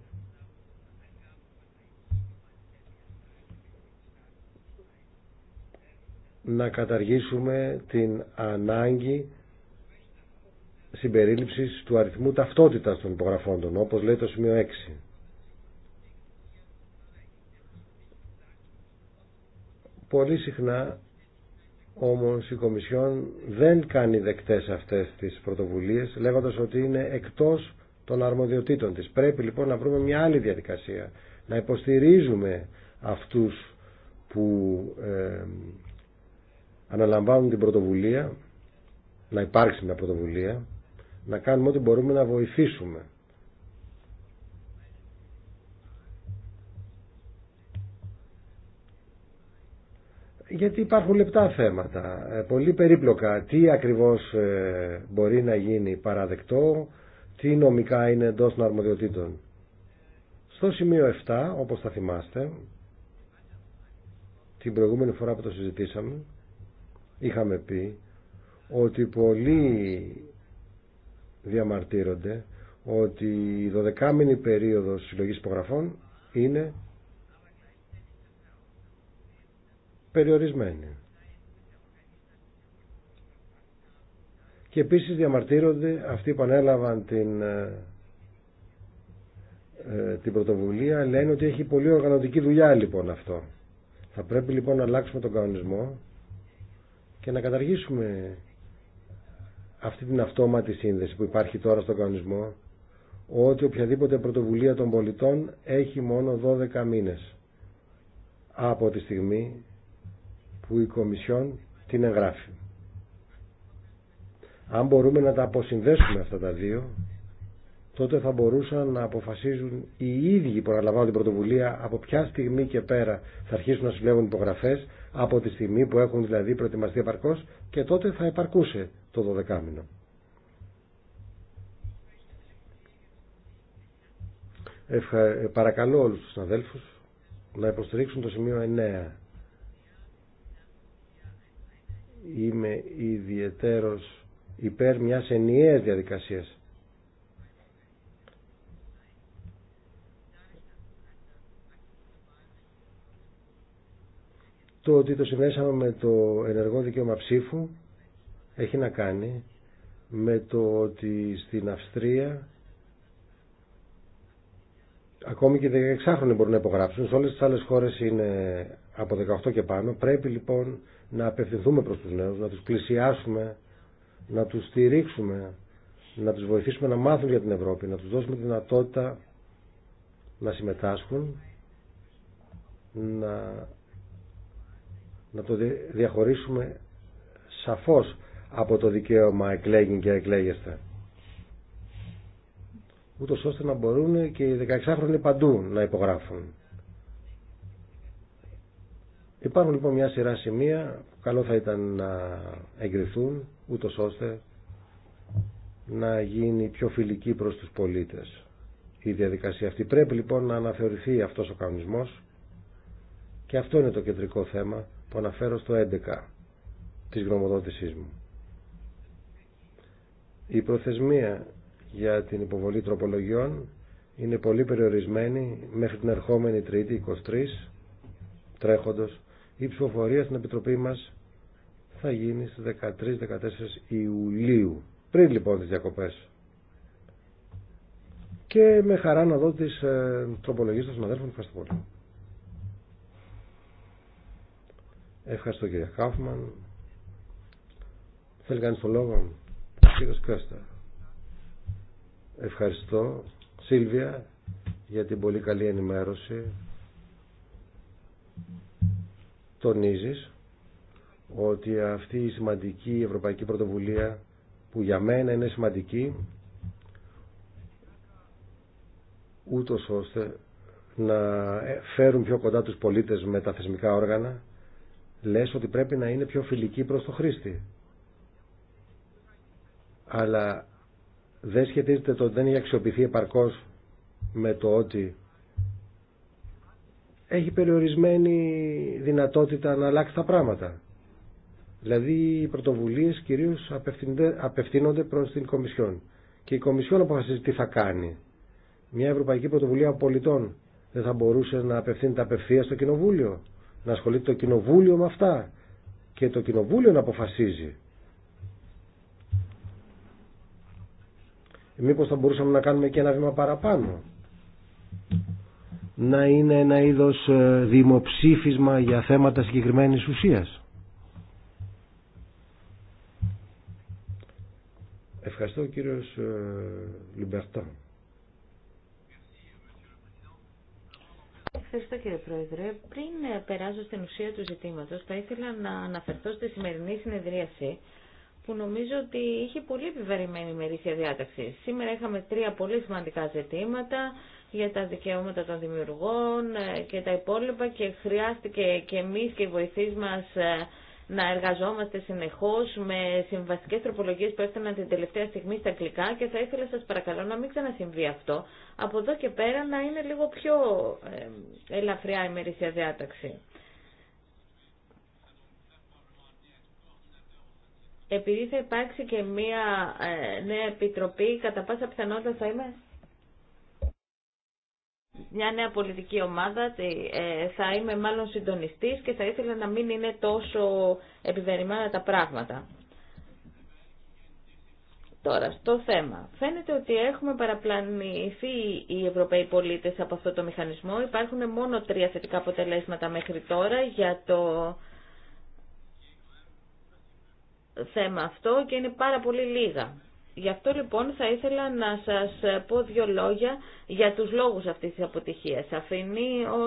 να καταργήσουμε την ανάγκη συμπερίληψης του αριθμού ταυτότητας των υπογραφών όπως λέει το σημείο 6. Πολύ συχνά όμως η Κομισιόν δεν κάνει δεκτές αυτές τις πρωτοβουλίες λέγοντας ότι είναι εκτός των αρμοδιοτήτων της. Πρέπει λοιπόν να βρούμε μια άλλη διαδικασία, να υποστηρίζουμε αυτούς που ε, αναλαμβάνουν την πρωτοβουλία, να υπάρξει μια πρωτοβουλία, να κάνουμε ό,τι μπορούμε να βοηθήσουμε. γιατί υπάρχουν λεπτά θέματα, ε, πολύ περίπλοκα. Τι ακριβώς ε, μπορεί να γίνει παραδεκτό, τι νομικά είναι εντός των αρμοδιοτήτων. Στο σημείο 7, όπως θα θυμάστε, την προηγούμενη φορά που το συζητήσαμε, είχαμε πει ότι πολλοί διαμαρτύρονται ότι η δωδεκάμινη περίοδος συλλογής υπογραφών είναι περιορισμένη. και επίσης διαμαρτύρονται αυτοί που ανέλαβαν την, ε, ε, την πρωτοβουλία λένε ότι έχει πολύ οργανωτική δουλειά λοιπόν αυτό θα πρέπει λοιπόν να αλλάξουμε τον κανονισμό και να καταργήσουμε αυτή την αυτόματη σύνδεση που υπάρχει τώρα στον κανονισμό ότι οποιαδήποτε πρωτοβουλία των πολιτών έχει μόνο 12 μήνες από τη στιγμή που η Κομισιόν την εγγράφει. Αν μπορούμε να τα αποσυνδέσουμε αυτά τα δύο, τότε θα μπορούσαν να αποφασίζουν οι ίδιοι που αναλαμβάνουν την πρωτοβουλία από ποια στιγμή και πέρα θα αρχίσουν να συλλέγουν υπογραφέ, από τη στιγμή που έχουν δηλαδή προετοιμαστεί επαρκώ και τότε θα επαρκούσε το 12 μήνο. Ε, παρακαλώ όλους τους αδέλφους να υποστηρίξουν το σημείο 9. Είμαι ιδιαιτέρως υπέρ μιας ενιαίας διαδικασίας. Το ότι το συνέσαμε με το ενεργό δικαίωμα ψήφου έχει να κάνει με το ότι στην Αυστρία ακόμη και 16 χρόνια μπορούν να υπογράψουν. Σε όλες τις άλλες χώρες είναι από 18 και πάνω. Πρέπει λοιπόν να απευθυνθούμε προς τους νέους, να τους πλησιάσουμε να τους στηρίξουμε, να τους βοηθήσουμε να μάθουν για την Ευρώπη, να τους δώσουμε τη δυνατότητα να συμμετάσχουν, να, να το διαχωρίσουμε σαφώς από το δικαίωμα εκλέγην και εκλέγεστε. Ούτως ώστε να μπορούν και οι 16χρονοι παντού να υπογράφουν. Υπάρχουν λοιπόν μια σειρά σημεία που καλό θα ήταν να εγκριθούν ούτω ώστε να γίνει πιο φιλική προς τους πολίτες η διαδικασία αυτή. Πρέπει λοιπόν να αναθεωρηθεί αυτός ο κανονισμός και αυτό είναι το κεντρικό θέμα που αναφέρω στο 11 της γνωμοδότησής μου. Η προθεσμία για την υποβολή τροπολογιών είναι πολύ περιορισμένη μέχρι την ερχόμενη Τρίτη 23 τρέχοντος η ψηφοφορία στην Επιτροπή μας θα γίνει στις 13-14 Ιουλίου. Πριν λοιπόν τις διακοπές. Και με χαρά να δω τις ε, τροπολογίες των συναδέλφων. Ευχαριστώ πολύ. Ευχαριστώ κύριε Κάφμαν. Θέλει κανείς το λόγο. Κύριος Κώστα. Ευχαριστώ. Σίλβια για την πολύ καλή ενημέρωση. Τονίζεις ότι αυτή η σημαντική ευρωπαϊκή πρωτοβουλία που για μένα είναι σημαντική ούτω ώστε να φέρουν πιο κοντά τους πολίτες με τα θεσμικά όργανα λες ότι πρέπει να είναι πιο φιλική προς το χρήστη αλλά δεν σχετίζεται το ότι δεν έχει αξιοποιηθεί επαρκώς με το ότι έχει περιορισμένη δυνατότητα να αλλάξει τα πράγματα Δηλαδή οι πρωτοβουλίε κυρίω απευθύνονται προς την Κομισιόν. Και η Κομισιόν αποφασίζει τι θα κάνει. Μια Ευρωπαϊκή Πρωτοβουλία Πολιτών δεν θα μπορούσε να απευθύνεται απευθεία στο Κοινοβούλιο. Να ασχολείται το Κοινοβούλιο με αυτά. Και το Κοινοβούλιο να αποφασίζει. Μήπω θα μπορούσαμε να κάνουμε και ένα βήμα παραπάνω. Να είναι ένα είδος ε, δημοψήφισμα για θέματα συγκεκριμένης ουσίας. Ευχαριστώ κύριος ε, Λιμπερτά. Ευχαριστώ κύριε Πρόεδρε. Πριν ε, περάσω στην ουσία του ζητήματος, θα ήθελα να αναφερθώ στη σημερινή συνεδρίαση που νομίζω ότι είχε πολύ επιβαρημένη ημερήσια διάταξη. Σήμερα είχαμε τρία πολύ σημαντικά ζητήματα για τα δικαιώματα των δημιουργών ε, και τα υπόλοιπα και χρειάστηκε και εμείς και οι βοηθείς μας να εργαζόμαστε συνεχώς με συμβαστικές τροπολογίε που έφταναν την τελευταία στιγμή στα αγγλικά και θα ήθελα σας παρακαλώ να μην ξανασυμβεί αυτό. Από εδώ και πέρα να είναι λίγο πιο ελαφριά η μερίσια διάταξη. επειδή θα υπάρξει και μία ε, νέα επιτροπή, κατά πάσα πιθανότητα θα είμαι μια νέα πολιτική ομάδα ε, θα είμαι μάλλον συντονιστής και θα ήθελα να μην είναι τόσο επιβερημένα τα πράγματα. Τώρα, στο θέμα. Φαίνεται ότι έχουμε παραπλανηθεί οι Ευρωπαίοι πολίτες από αυτό το μηχανισμό. Υπάρχουν μόνο τρία θετικά αποτελέσματα μέχρι τώρα για το θέμα αυτό και είναι πάρα πολύ λίγα. Γι' αυτό λοιπόν θα ήθελα να σας πω δύο λόγια για τους λόγους αυτής της αποτυχίας.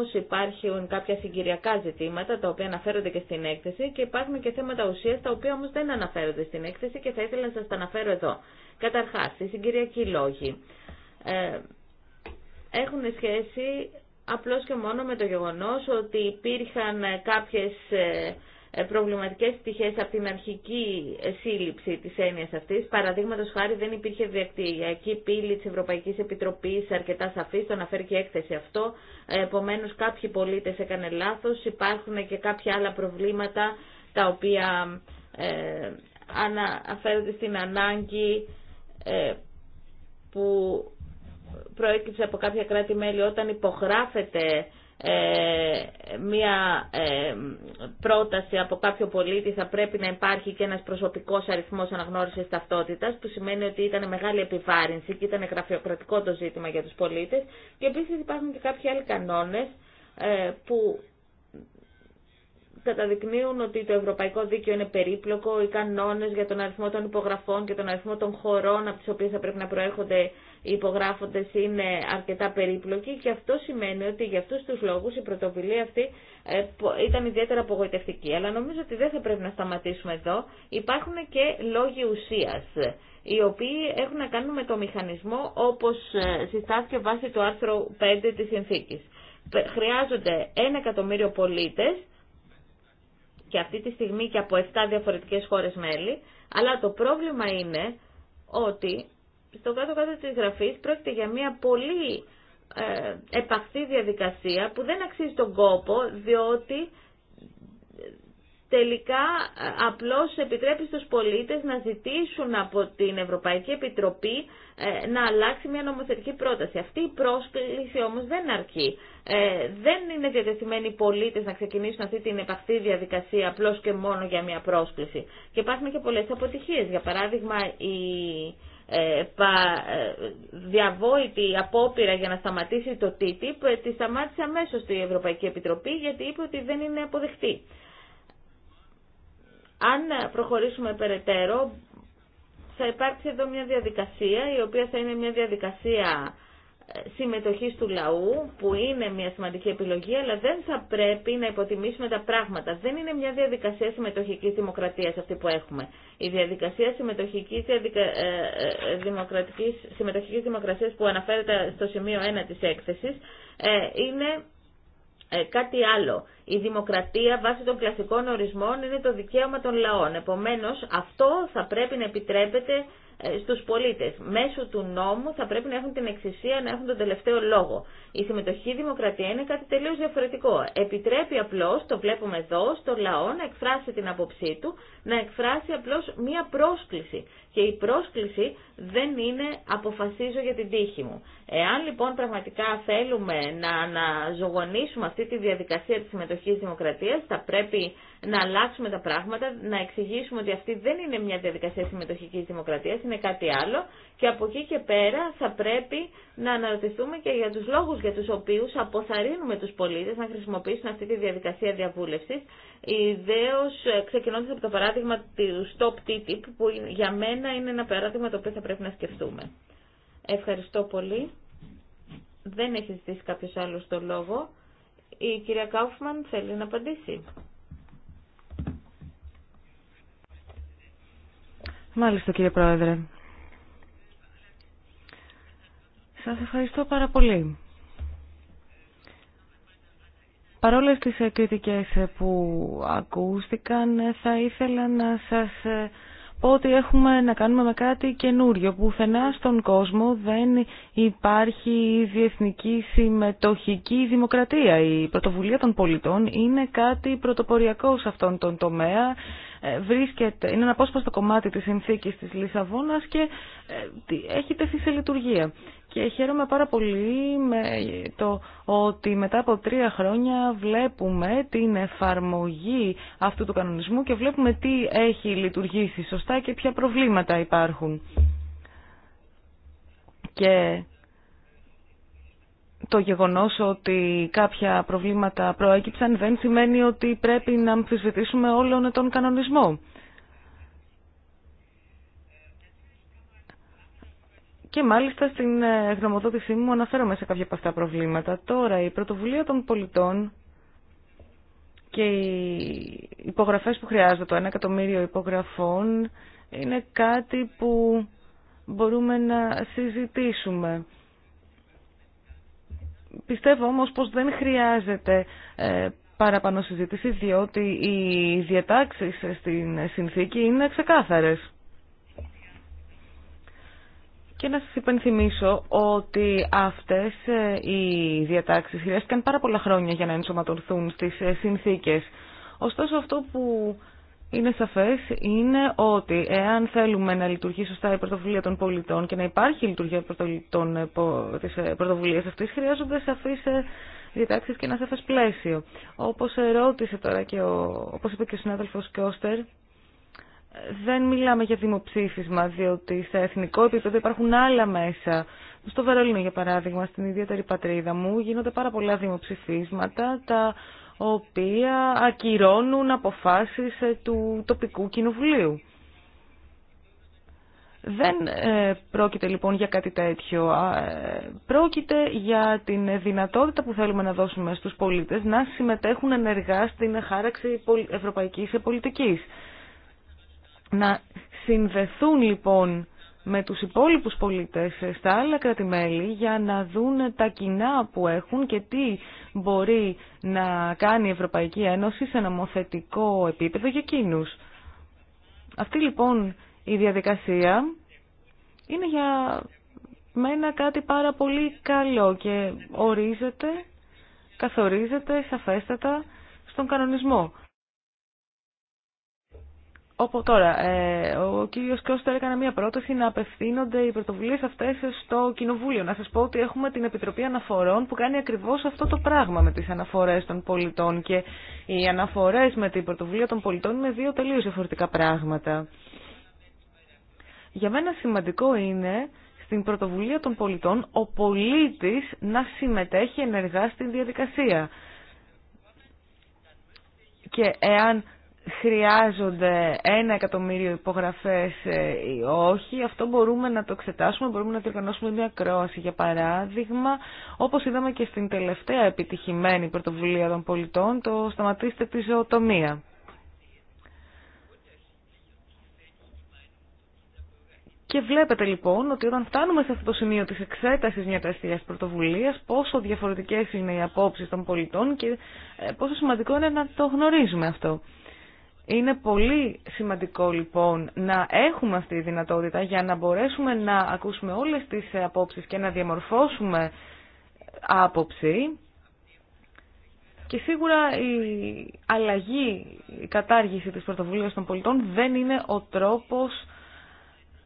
όσοι υπάρχουν κάποια συγκυριακά ζητήματα τα οποία αναφέρονται και στην έκθεση και υπάρχουν και θέματα ουσίας τα οποία όμως δεν αναφέρονται στην έκθεση και θα ήθελα να σας τα αναφέρω εδώ. Καταρχάς, οι συγκυριακοί λόγοι ε, έχουν σχέση απλώς και μόνο με το γεγονός ότι υπήρχαν κάποιες ε, ε, προβληματικές πτυχές από την αρχική ε, σύλληψη της έννοιας αυτής. Παραδείγματο χάρη δεν υπήρχε διακτυακή πύλη της Ευρωπαϊκής Επιτροπής αρκετά σαφής, το αναφέρει και έκθεση αυτό. Ε, επομένως κάποιοι πολίτες έκανε λάθος, υπάρχουν και κάποια άλλα προβλήματα τα οποία ε, αναφέρονται στην ανάγκη ε, που προέκυψε από κάποια κράτη-μέλη όταν υπογράφεται ε, μία ε, πρόταση από κάποιο πολίτη θα πρέπει να υπάρχει και ένας προσωπικός αριθμός αναγνώρισης ταυτότητας που σημαίνει ότι ήταν μεγάλη επιβάρυνση και ήταν γραφειοκρατικό το ζήτημα για τους πολίτες και επίσης υπάρχουν και κάποιοι άλλοι κανόνες ε, που καταδεικνύουν ότι το ευρωπαϊκό δίκαιο είναι περίπλοκο, οι κανόνες για τον αριθμό των υπογραφών και τον αριθμό των χωρών από τις οποίες θα πρέπει να προέρχονται οι υπογράφοντες είναι αρκετά περίπλοκοι και αυτό σημαίνει ότι για αυτούς τους λόγους η πρωτοβουλία αυτή ε, ήταν ιδιαίτερα απογοητευτική. Αλλά νομίζω ότι δεν θα πρέπει να σταματήσουμε εδώ. Υπάρχουν και λόγοι ουσίας, οι οποίοι έχουν να κάνουν με το μηχανισμό όπως ε, συστάθηκε βάσει το άρθρο 5 της συνθήκης. Χρειάζονται 1 εκατομμύριο πολίτες και αυτή τη στιγμή και από 7 διαφορετικές χώρες μέλη, αλλά το πρόβλημα είναι ότι στο κάτω-κάτω της γραφής πρόκειται για μια πολύ ε, επαχθή διαδικασία που δεν αξίζει τον κόπο διότι τελικά ε, απλώς επιτρέπει στους πολίτες να ζητήσουν από την Ευρωπαϊκή Επιτροπή ε, να αλλάξει μια νομοθετική πρόταση. Αυτή η πρόσκληση όμως δεν αρκεί. Ε, δεν είναι διατεθειμένοι οι πολίτες να ξεκινήσουν αυτή την επαχθή διαδικασία απλώς και μόνο για μια πρόσκληση. Και υπάρχουν και πολλές αποτυχίες. Για παράδειγμα, η ε, ε, διαβόητη απόπειρα για να σταματήσει το TTIP, ε, τη σταμάτησε αμέσως η Ευρωπαϊκή Επιτροπή γιατί είπε ότι δεν είναι αποδεκτή. Αν προχωρήσουμε περαιτέρω, θα υπάρξει εδώ μια διαδικασία, η οποία θα είναι μια διαδικασία συμμετοχής του λαού που είναι μια σημαντική επιλογή αλλά δεν θα πρέπει να υποτιμήσουμε τα πράγματα. Δεν είναι μια διαδικασία συμμετοχικής δημοκρατίας αυτή που έχουμε. Η διαδικασία συμμετοχικής, ε, ε, δημοκρατικής... συμμετοχικής δημοκρατίας που αναφέρεται στο σημείο 1 της έκθεσης ε, είναι κάτι άλλο. Η δημοκρατία βάσει των κλασικών ορισμών είναι το δικαίωμα των λαών. Επομένως αυτό θα πρέπει να επιτρέπεται ε, στους πολίτες. Μέσω του νόμου θα πρέπει να έχουν την εξησία να έχουν τον τελευταίο λόγο. Η συμμετοχή δημοκρατία είναι κάτι τελείως διαφορετικό. Επιτρέπει απλώς, το βλέπουμε εδώ, στο λαό να εκφράσει την άποψή του, να εκφράσει απλώς μία πρόσκληση. Και η πρόσκληση δεν είναι αποφασίζω για την τύχη μου. Εάν λοιπόν πραγματικά θέλουμε να αναζωογονήσουμε αυτή τη διαδικασία της συμμετοχής δημοκρατία θα πρέπει να αλλάξουμε τα πράγματα, να εξηγήσουμε ότι αυτή δεν είναι μια διαδικασία συμμετοχικής δημοκρατίας, είναι κάτι άλλο και από εκεί και πέρα θα πρέπει να αναρωτηθούμε και για τους λόγους για τους οποίους αποθαρρύνουμε τους πολίτες να χρησιμοποιήσουν αυτή τη διαδικασία διαβούλευσης, ιδέως ε, ξεκινώντας από το παράδειγμα του Stop TTIP που για μένα είναι ένα παράδειγμα το οποίο θα πρέπει να σκεφτούμε. Ευχαριστώ πολύ. Δεν έχει ζητήσει κάποιος άλλος το λόγο. Η κυρία Κάουφμαν θέλει να απαντήσει. Μάλιστα κύριε Πρόεδρε. Σας ευχαριστώ πάρα πολύ. Παρόλες τις ε, κριτικές ε, που ακούστηκαν, ε, θα ήθελα να σας πω ότι έχουμε να κάνουμε με κάτι καινούριο. Πουθενά στον κόσμο δεν υπάρχει διεθνική συμμετοχική δημοκρατία. Η πρωτοβουλία των πολιτών είναι κάτι πρωτοποριακό σε αυτόν τον τομέα. Ε, βρίσκεται, είναι ένα απόσπαστο κομμάτι της συνθήκης της Λισαβόνας και ε, έχει τεθεί σε λειτουργία. Και χαίρομαι πάρα πολύ με το ότι μετά από τρία χρόνια βλέπουμε την εφαρμογή αυτού του κανονισμού και βλέπουμε τι έχει λειτουργήσει σωστά και ποια προβλήματα υπάρχουν. Και το γεγονός ότι κάποια προβλήματα προέκυψαν δεν σημαίνει ότι πρέπει να αμφισβητήσουμε όλον τον κανονισμό. Και μάλιστα στην ε, γνωμοδότησή μου αναφέρομαι σε κάποια από αυτά προβλήματα. Τώρα η πρωτοβουλία των πολιτών και οι υπογραφές που χρειάζονται, το 1 εκατομμύριο υπογραφών, είναι κάτι που μπορούμε να συζητήσουμε. Πιστεύω όμως πως δεν χρειάζεται ε, παραπάνω συζήτηση, διότι οι διατάξεις στην συνθήκη είναι ξεκάθαρες. Και να σας υπενθυμίσω ότι αυτές ε, οι διατάξεις χρειάστηκαν πάρα πολλά χρόνια για να ενσωματωθούν στις ε, συνθήκες. Ωστόσο αυτό που είναι σαφές είναι ότι εάν θέλουμε να λειτουργεί σωστά η πρωτοβουλία των πολιτών και να υπάρχει η λειτουργία τη ε, της ε, πρωτοβουλίας αυτής, χρειάζονται σαφείς ε, διατάξει και ένα σαφές πλαίσιο. Όπως ερώτησε τώρα και ο, όπως είπε και ο συνάδελφος Κώστερ, δεν μιλάμε για δημοψήφισμα, διότι σε εθνικό επίπεδο υπάρχουν άλλα μέσα. Στο Βερολίνο, για παράδειγμα, στην ιδιαίτερη πατρίδα μου, γίνονται πάρα πολλά δημοψηφίσματα, τα οποία ακυρώνουν αποφάσεις ε, του τοπικού κοινοβουλίου. Δεν ε, πρόκειται λοιπόν για κάτι τέτοιο. Ε, πρόκειται για την δυνατότητα που θέλουμε να δώσουμε στους πολίτες να συμμετέχουν ενεργά στην χάραξη ευρωπαϊκής πολιτικής. Να συνδεθούν λοιπόν με τους υπόλοιπους πολίτες στα άλλα κρατημέλη για να δουν τα κοινά που έχουν και τι μπορεί να κάνει η Ευρωπαϊκή Ένωση σε νομοθετικό επίπεδο για εκείνους. Αυτή λοιπόν η διαδικασία είναι για μένα κάτι πάρα πολύ καλό και ορίζεται, καθορίζεται σαφέστατα στον κανονισμό. Όπου ε, ο κύριο Κώστα έκανε μια πρόταση να απευθύνονται οι πρωτοβουλίε αυτέ στο Κοινοβούλιο. Να σας πω ότι έχουμε την Επιτροπή Αναφορών που κάνει ακριβώς αυτό το πράγμα με τις αναφορές των πολιτών και οι αναφορές με την πρωτοβουλία των πολιτών είναι δύο τελείως διαφορετικά πράγματα. Για μένα σημαντικό είναι στην πρωτοβουλία των πολιτών ο πολίτης να συμμετέχει ενεργά στην διαδικασία. Και εάν χρειάζονται ένα εκατομμύριο υπογραφές ε, ή όχι, αυτό μπορούμε να το εξετάσουμε, μπορούμε να διοργανώσουμε μια κρόαση για παράδειγμα, όπως είδαμε και στην τελευταία επιτυχημένη πρωτοβουλία των πολιτών, το σταματήστε τη ζωοτομία. Και βλέπετε λοιπόν ότι όταν φτάνουμε σε αυτό το σημείο της εξέτασης μια τεράστιας πρωτοβουλίας, πόσο διαφορετικές είναι οι απόψεις των πολιτών και ε, πόσο σημαντικό είναι να το γνωρίζουμε αυτό. Είναι πολύ σημαντικό λοιπόν να έχουμε αυτή τη δυνατότητα για να μπορέσουμε να ακούσουμε όλες τις απόψεις και να διαμορφώσουμε άποψη και σίγουρα η αλλαγή, η κατάργηση της πρωτοβουλίας των πολιτών δεν είναι ο τρόπος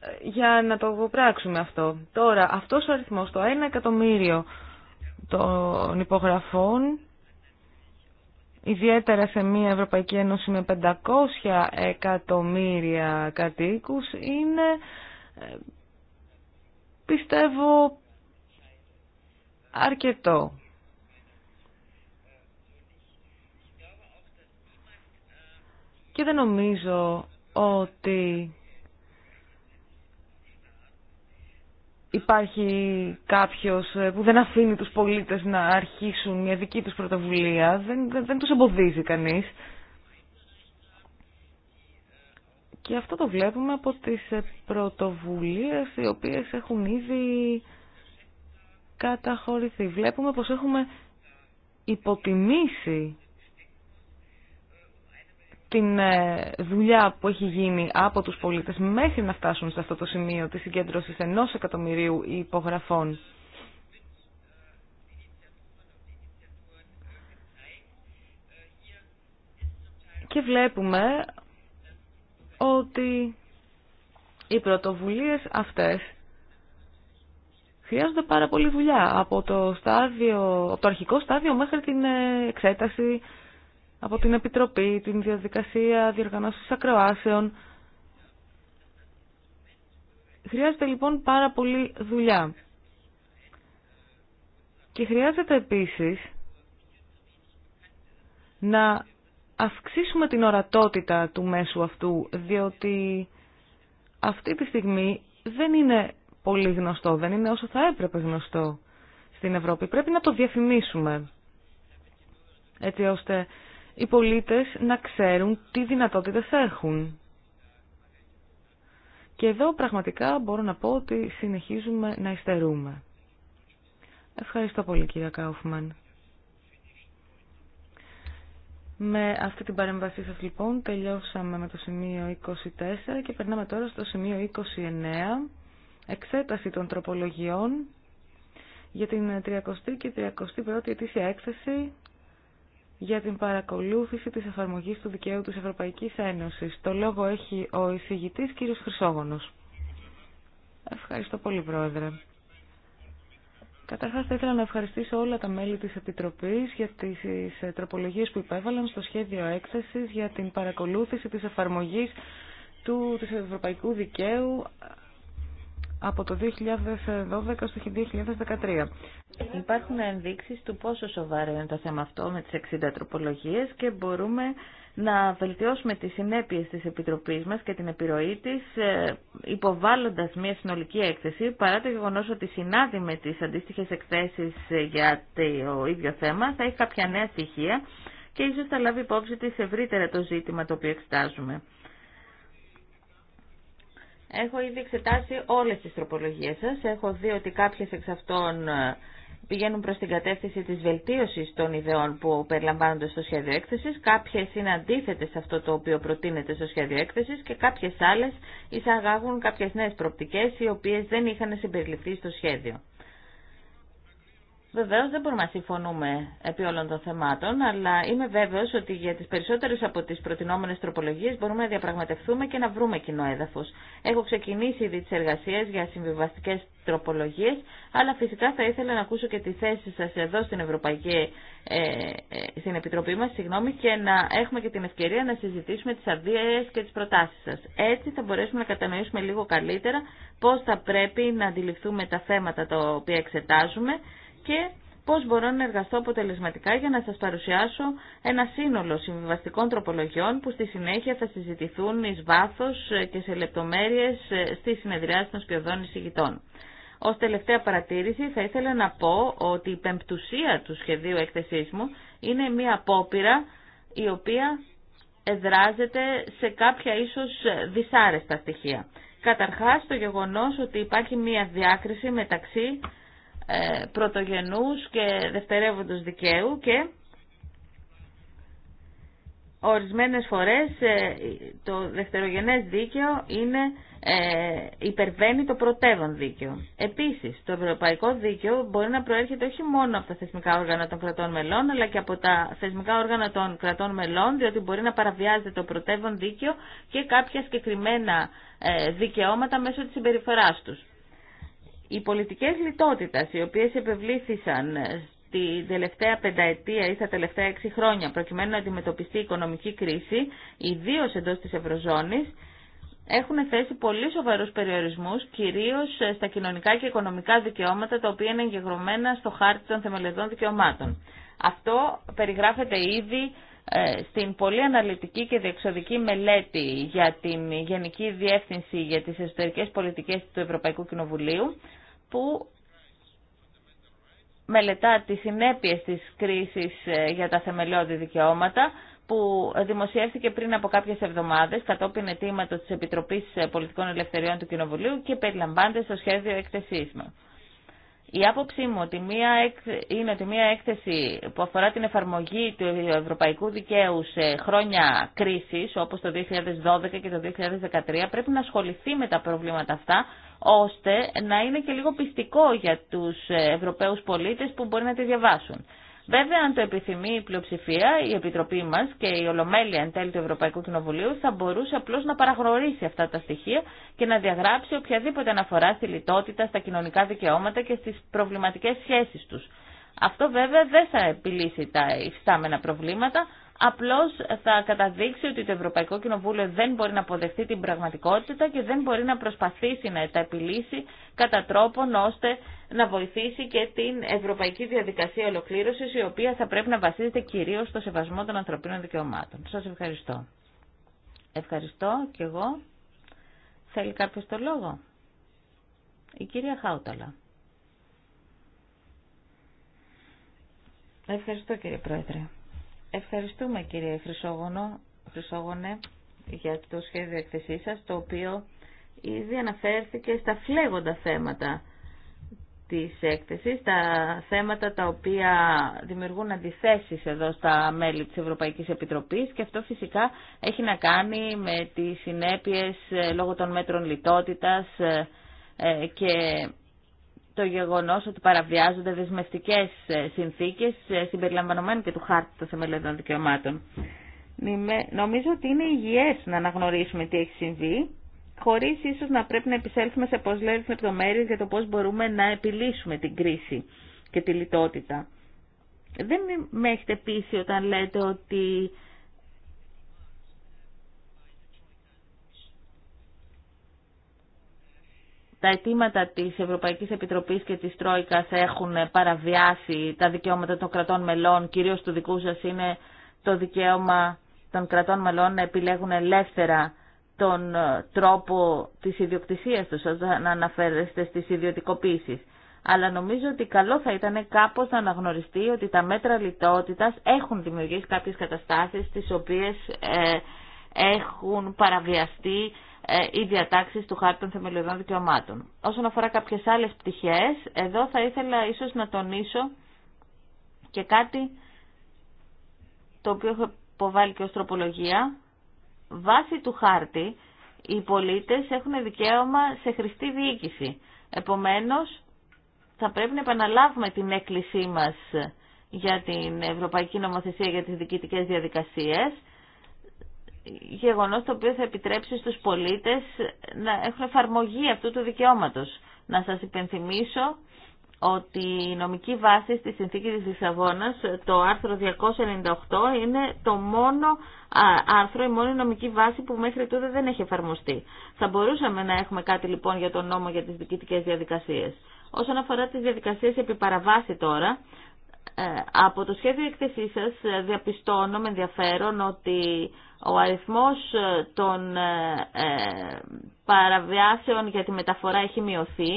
ε, για να το πράξουμε αυτό. Τώρα, αυτός ο αριθμός, το 1 εκατομμύριο των υπογραφών, ιδιαίτερα σε μια Ευρωπαϊκή Ένωση με 500 εκατομμύρια κατοίκους είναι ε, πιστεύω αρκετό. Και δεν νομίζω ότι υπάρχει κάποιος ε, που δεν αφήνει τους πολίτες να αρχίσουν μια δική τους πρωτοβουλία, δεν, δεν, τους εμποδίζει κανείς. Και αυτό το βλέπουμε από τις ε, πρωτοβουλίες οι οποίες έχουν ήδη καταχωρηθεί. Βλέπουμε πως έχουμε υποτιμήσει την ε, δουλειά που έχει γίνει από τους πολίτες μέχρι να φτάσουν σε αυτό το σημείο της συγκέντρωσης ενός εκατομμυρίου υπογραφών. Και βλέπουμε ότι οι πρωτοβουλίες αυτές χρειάζονται πάρα πολύ δουλειά από το, στάδιο, από το αρχικό στάδιο μέχρι την ε, εξέταση από την Επιτροπή, την διαδικασία διοργανώσεις ακροάσεων. Χρειάζεται λοιπόν πάρα πολύ δουλειά. Και χρειάζεται επίσης να αυξήσουμε την ορατότητα του μέσου αυτού, διότι αυτή τη στιγμή δεν είναι πολύ γνωστό, δεν είναι όσο θα έπρεπε γνωστό στην Ευρώπη. Πρέπει να το διαφημίσουμε, έτσι ώστε οι πολίτες να ξέρουν τι δυνατότητες έχουν. Και εδώ πραγματικά μπορώ να πω ότι συνεχίζουμε να υστερούμε. Ευχαριστώ πολύ κύριε Κάουφμαν. Με αυτή την παρέμβασή σας λοιπόν τελειώσαμε με το σημείο 24 και περνάμε τώρα στο σημείο 29, εξέταση των τροπολογιών για την 30η και 31η ετήσια έκθεση για την παρακολούθηση της εφαρμογής του δικαίου της Ευρωπαϊκής Ένωσης. Το λόγο έχει ο εισηγητής κύριος Χρυσόγονος. Ευχαριστώ πολύ Πρόεδρε. Καταρχάς θα ήθελα να ευχαριστήσω όλα τα μέλη της Επιτροπής για τις ε, τροπολογίες που υπέβαλαν στο σχέδιο έκθεσης για την παρακολούθηση της εφαρμογής του, της Ευρωπαϊκού Δικαίου από το 2012 στο 2013. Υπάρχουν ενδείξεις του πόσο σοβαρό είναι το θέμα αυτό με τις 60 τροπολογίες και μπορούμε να βελτιώσουμε τις συνέπειες της Επιτροπής μας και την επιρροή της ε, υποβάλλοντας μια συνολική έκθεση παρά το γεγονός ότι συνάδει με τις αντίστοιχες εκθέσεις ε, για το ίδιο θέμα θα έχει κάποια νέα στοιχεία και ίσως θα λάβει υπόψη της ευρύτερα το ζήτημα το οποίο εξετάζουμε. Έχω ήδη εξετάσει όλες τις τροπολογίες σας. Έχω δει ότι κάποιες εξ αυτών ε, πηγαίνουν προς την κατεύθυνση της βελτίωσης των ιδεών που περιλαμβάνονται στο σχέδιο έκθεσης, κάποιες είναι αντίθετες σε αυτό το οποίο προτείνεται στο σχέδιο έκθεσης και κάποιες άλλες εισαγάγουν κάποιες νέες προπτικές οι οποίες δεν είχαν συμπεριληφθεί στο σχέδιο. Βεβαίω δεν μπορούμε να συμφωνούμε επί όλων των θεμάτων, αλλά είμαι βέβαιο ότι για τις περισσότερε από τι προτινόμενε τροπολογίε μπορούμε να διαπραγματευτούμε και να βρούμε κοινό έδαφο. Έχω ξεκινήσει ήδη τις εργασίες για συμβιβαστικέ τροπολογίε, αλλά φυσικά θα ήθελα να ακούσω και τη θέση σα εδώ στην Ευρωπαϊκή ε, ε, στην Επιτροπή μα, και να έχουμε και την ευκαιρία να συζητήσουμε τι αρδίε και τι προτάσει σα. Έτσι θα μπορέσουμε να κατανοήσουμε λίγο καλύτερα πώ θα πρέπει να αντιληφθούμε τα θέματα τα οποία εξετάζουμε και πώς μπορώ να εργαστώ αποτελεσματικά για να σας παρουσιάσω ένα σύνολο συμβιβαστικών τροπολογιών που στη συνέχεια θα συζητηθούν εις βάθος ε, και σε λεπτομέρειες ε, στη συνεδριάση των σπιωδών εισηγητών. Ως τελευταία παρατήρηση θα ήθελα να πω ότι η πεμπτουσία του σχεδίου έκθεσής μου είναι μια απόπειρα η οποία εδράζεται σε κάποια ίσως δυσάρεστα στοιχεία. Καταρχάς το γεγονός ότι υπάρχει μια διάκριση μεταξύ ε, πρωτογενούς και δευτερεύοντος δικαίου και ορισμένες φορές ε, το δευτερογενές δίκαιο είναι, ε, υπερβαίνει το πρωτεύον δίκαιο. Επίσης, το ευρωπαϊκό δίκαιο μπορεί να προέρχεται όχι μόνο από τα θεσμικά όργανα των κρατών μελών, αλλά και από τα θεσμικά όργανα των κρατών μελών, διότι μπορεί να παραβιάζεται το πρωτεύον δίκαιο και κάποια συγκεκριμένα δικαιώματα μέσω της συμπεριφοράς τους. Οι πολιτικές λιτότητας οι οποίες επευλήθησαν την τελευταία πενταετία ή στα τελευταία έξι χρόνια προκειμένου να αντιμετωπιστεί η οικονομική κρίση, ιδίω εντός της Ευρωζώνης, έχουν θέσει πολύ σοβαρούς περιορισμούς, κυρίως στα κοινωνικά και οικονομικά δικαιώματα, τα οποία είναι εγγεγρωμένα στο χάρτη των θεμελιωδών δικαιωμάτων. Αυτό περιγράφεται ήδη ε, στην πολύ αναλυτική και διεξοδική μελέτη για την Γενική Διεύθυνση για τις Εσωτερικές Πολιτικές του Ευρωπαϊκού Κοινοβουλίου, που μελετά τις συνέπειες της κρίσης ε, για τα θεμελιώδη δικαιώματα που δημοσιεύθηκε πριν από κάποιες εβδομάδες κατόπιν αιτήματος της Επιτροπής ε, Πολιτικών Ελευθεριών του Κοινοβουλίου και περιλαμβάνεται στο σχέδιο έκθεσής Η άποψή μου ότι μία είναι ότι μία έκθεση που αφορά την εφαρμογή του ευρωπαϊκού δικαίου σε χρόνια κρίσης, όπως το 2012 και το 2013, πρέπει να ασχοληθεί με τα προβλήματα αυτά, ώστε να είναι και λίγο πιστικό για τους Ευρωπαίους πολίτες που μπορεί να τη διαβάσουν. Βέβαια, αν το επιθυμεί η πλειοψηφία, η Επιτροπή μας και η Ολομέλεια εν τέλει του Ευρωπαϊκού Κοινοβουλίου θα μπορούσε απλώς να παραγνωρίσει αυτά τα στοιχεία και να διαγράψει οποιαδήποτε αναφορά στη λιτότητα, στα κοινωνικά δικαιώματα και στις προβληματικές σχέσεις τους. Αυτό βέβαια δεν θα επιλύσει τα υφιστάμενα προβλήματα, απλώς θα καταδείξει ότι το Ευρωπαϊκό Κοινοβούλιο δεν μπορεί να αποδεχτεί την πραγματικότητα και δεν μπορεί να προσπαθήσει να τα επιλύσει κατά τρόπον ώστε να βοηθήσει και την ευρωπαϊκή διαδικασία ολοκλήρωσης η οποία θα πρέπει να βασίζεται κυρίως στο σεβασμό των ανθρωπίνων δικαιωμάτων. Σας ευχαριστώ. Ευχαριστώ και εγώ. Θέλει κάποιος το λόγο. Η κυρία Χάουταλα. Ευχαριστώ κύριε Πρόεδρε. Ευχαριστούμε κύριε Χρυσόγονο, Χρυσόγονε για το σχέδιο εκθεσής σας, το οποίο ήδη αναφέρθηκε στα φλέγοντα θέματα της έκθεσης, τα θέματα τα οποία δημιουργούν αντιθέσεις εδώ στα μέλη της Ευρωπαϊκής Επιτροπής και αυτό φυσικά έχει να κάνει με τις συνέπειες ε, λόγω των μέτρων λιτότητας ε, ε, και το γεγονός ότι παραβιάζονται δεσμευτικές ε, συνθήκες ε, συμπεριλαμβανομένου και του χάρτη των θεμελιωδών δικαιωμάτων. Νομίζω ότι είναι υγιές να αναγνωρίσουμε τι έχει συμβεί, χωρίς ίσως να πρέπει να επισέλθουμε σε πώς λέει λεπτομέρειες για το πώς μπορούμε να επιλύσουμε την κρίση και τη λιτότητα. Δεν με έχετε πείσει όταν λέτε ότι τα αιτήματα της Ευρωπαϊκής Επιτροπής και της Τρόικας έχουν παραβιάσει τα δικαιώματα των κρατών μελών, κυρίως του δικού σας είναι το δικαίωμα των κρατών μελών να επιλέγουν ελεύθερα τον τρόπο της ιδιοκτησίας τους, να αναφέρεστε στις ιδιωτικοποίησεις. Αλλά νομίζω ότι καλό θα ήταν κάπως να αναγνωριστεί ότι τα μέτρα λιτότητας έχουν δημιουργήσει κάποιες καταστάσεις τις οποίες ε, έχουν παραβιαστεί ε, οι διατάξεις του Χάρτη των Θεμελιωδών Δικαιωμάτων. Όσον αφορά κάποιες άλλες πτυχές, εδώ θα ήθελα ίσως να τονίσω και κάτι το οποίο έχω υποβάλει και ως τροπολογία. Βάσει του χάρτη, οι πολίτες έχουν δικαίωμα σε χρηστή διοίκηση. Επομένως, θα πρέπει να επαναλάβουμε την έκκλησή μας για την Ευρωπαϊκή Νομοθεσία για τις Διοικητικές Διαδικασίες γεγονός το οποίο θα επιτρέψει στους πολίτες να έχουν εφαρμογή αυτού του δικαιώματος. Να σας υπενθυμίσω ότι η νομική βάση στη συνθήκη της Λισαβόνα, το άρθρο 298, είναι το μόνο άρθρο, η μόνη νομική βάση που μέχρι τούδε δεν έχει εφαρμοστεί. Θα μπορούσαμε να έχουμε κάτι λοιπόν για τον νόμο για τις διοικητικές διαδικασίες. Όσον αφορά τις διαδικασίες επί παραβάση τώρα, ε, από το σχέδιο εκθεσής σας ε, διαπιστώνω με ενδιαφέρον ότι ο αριθμός ε, των παραβιάσεων για τη μεταφορά έχει μειωθεί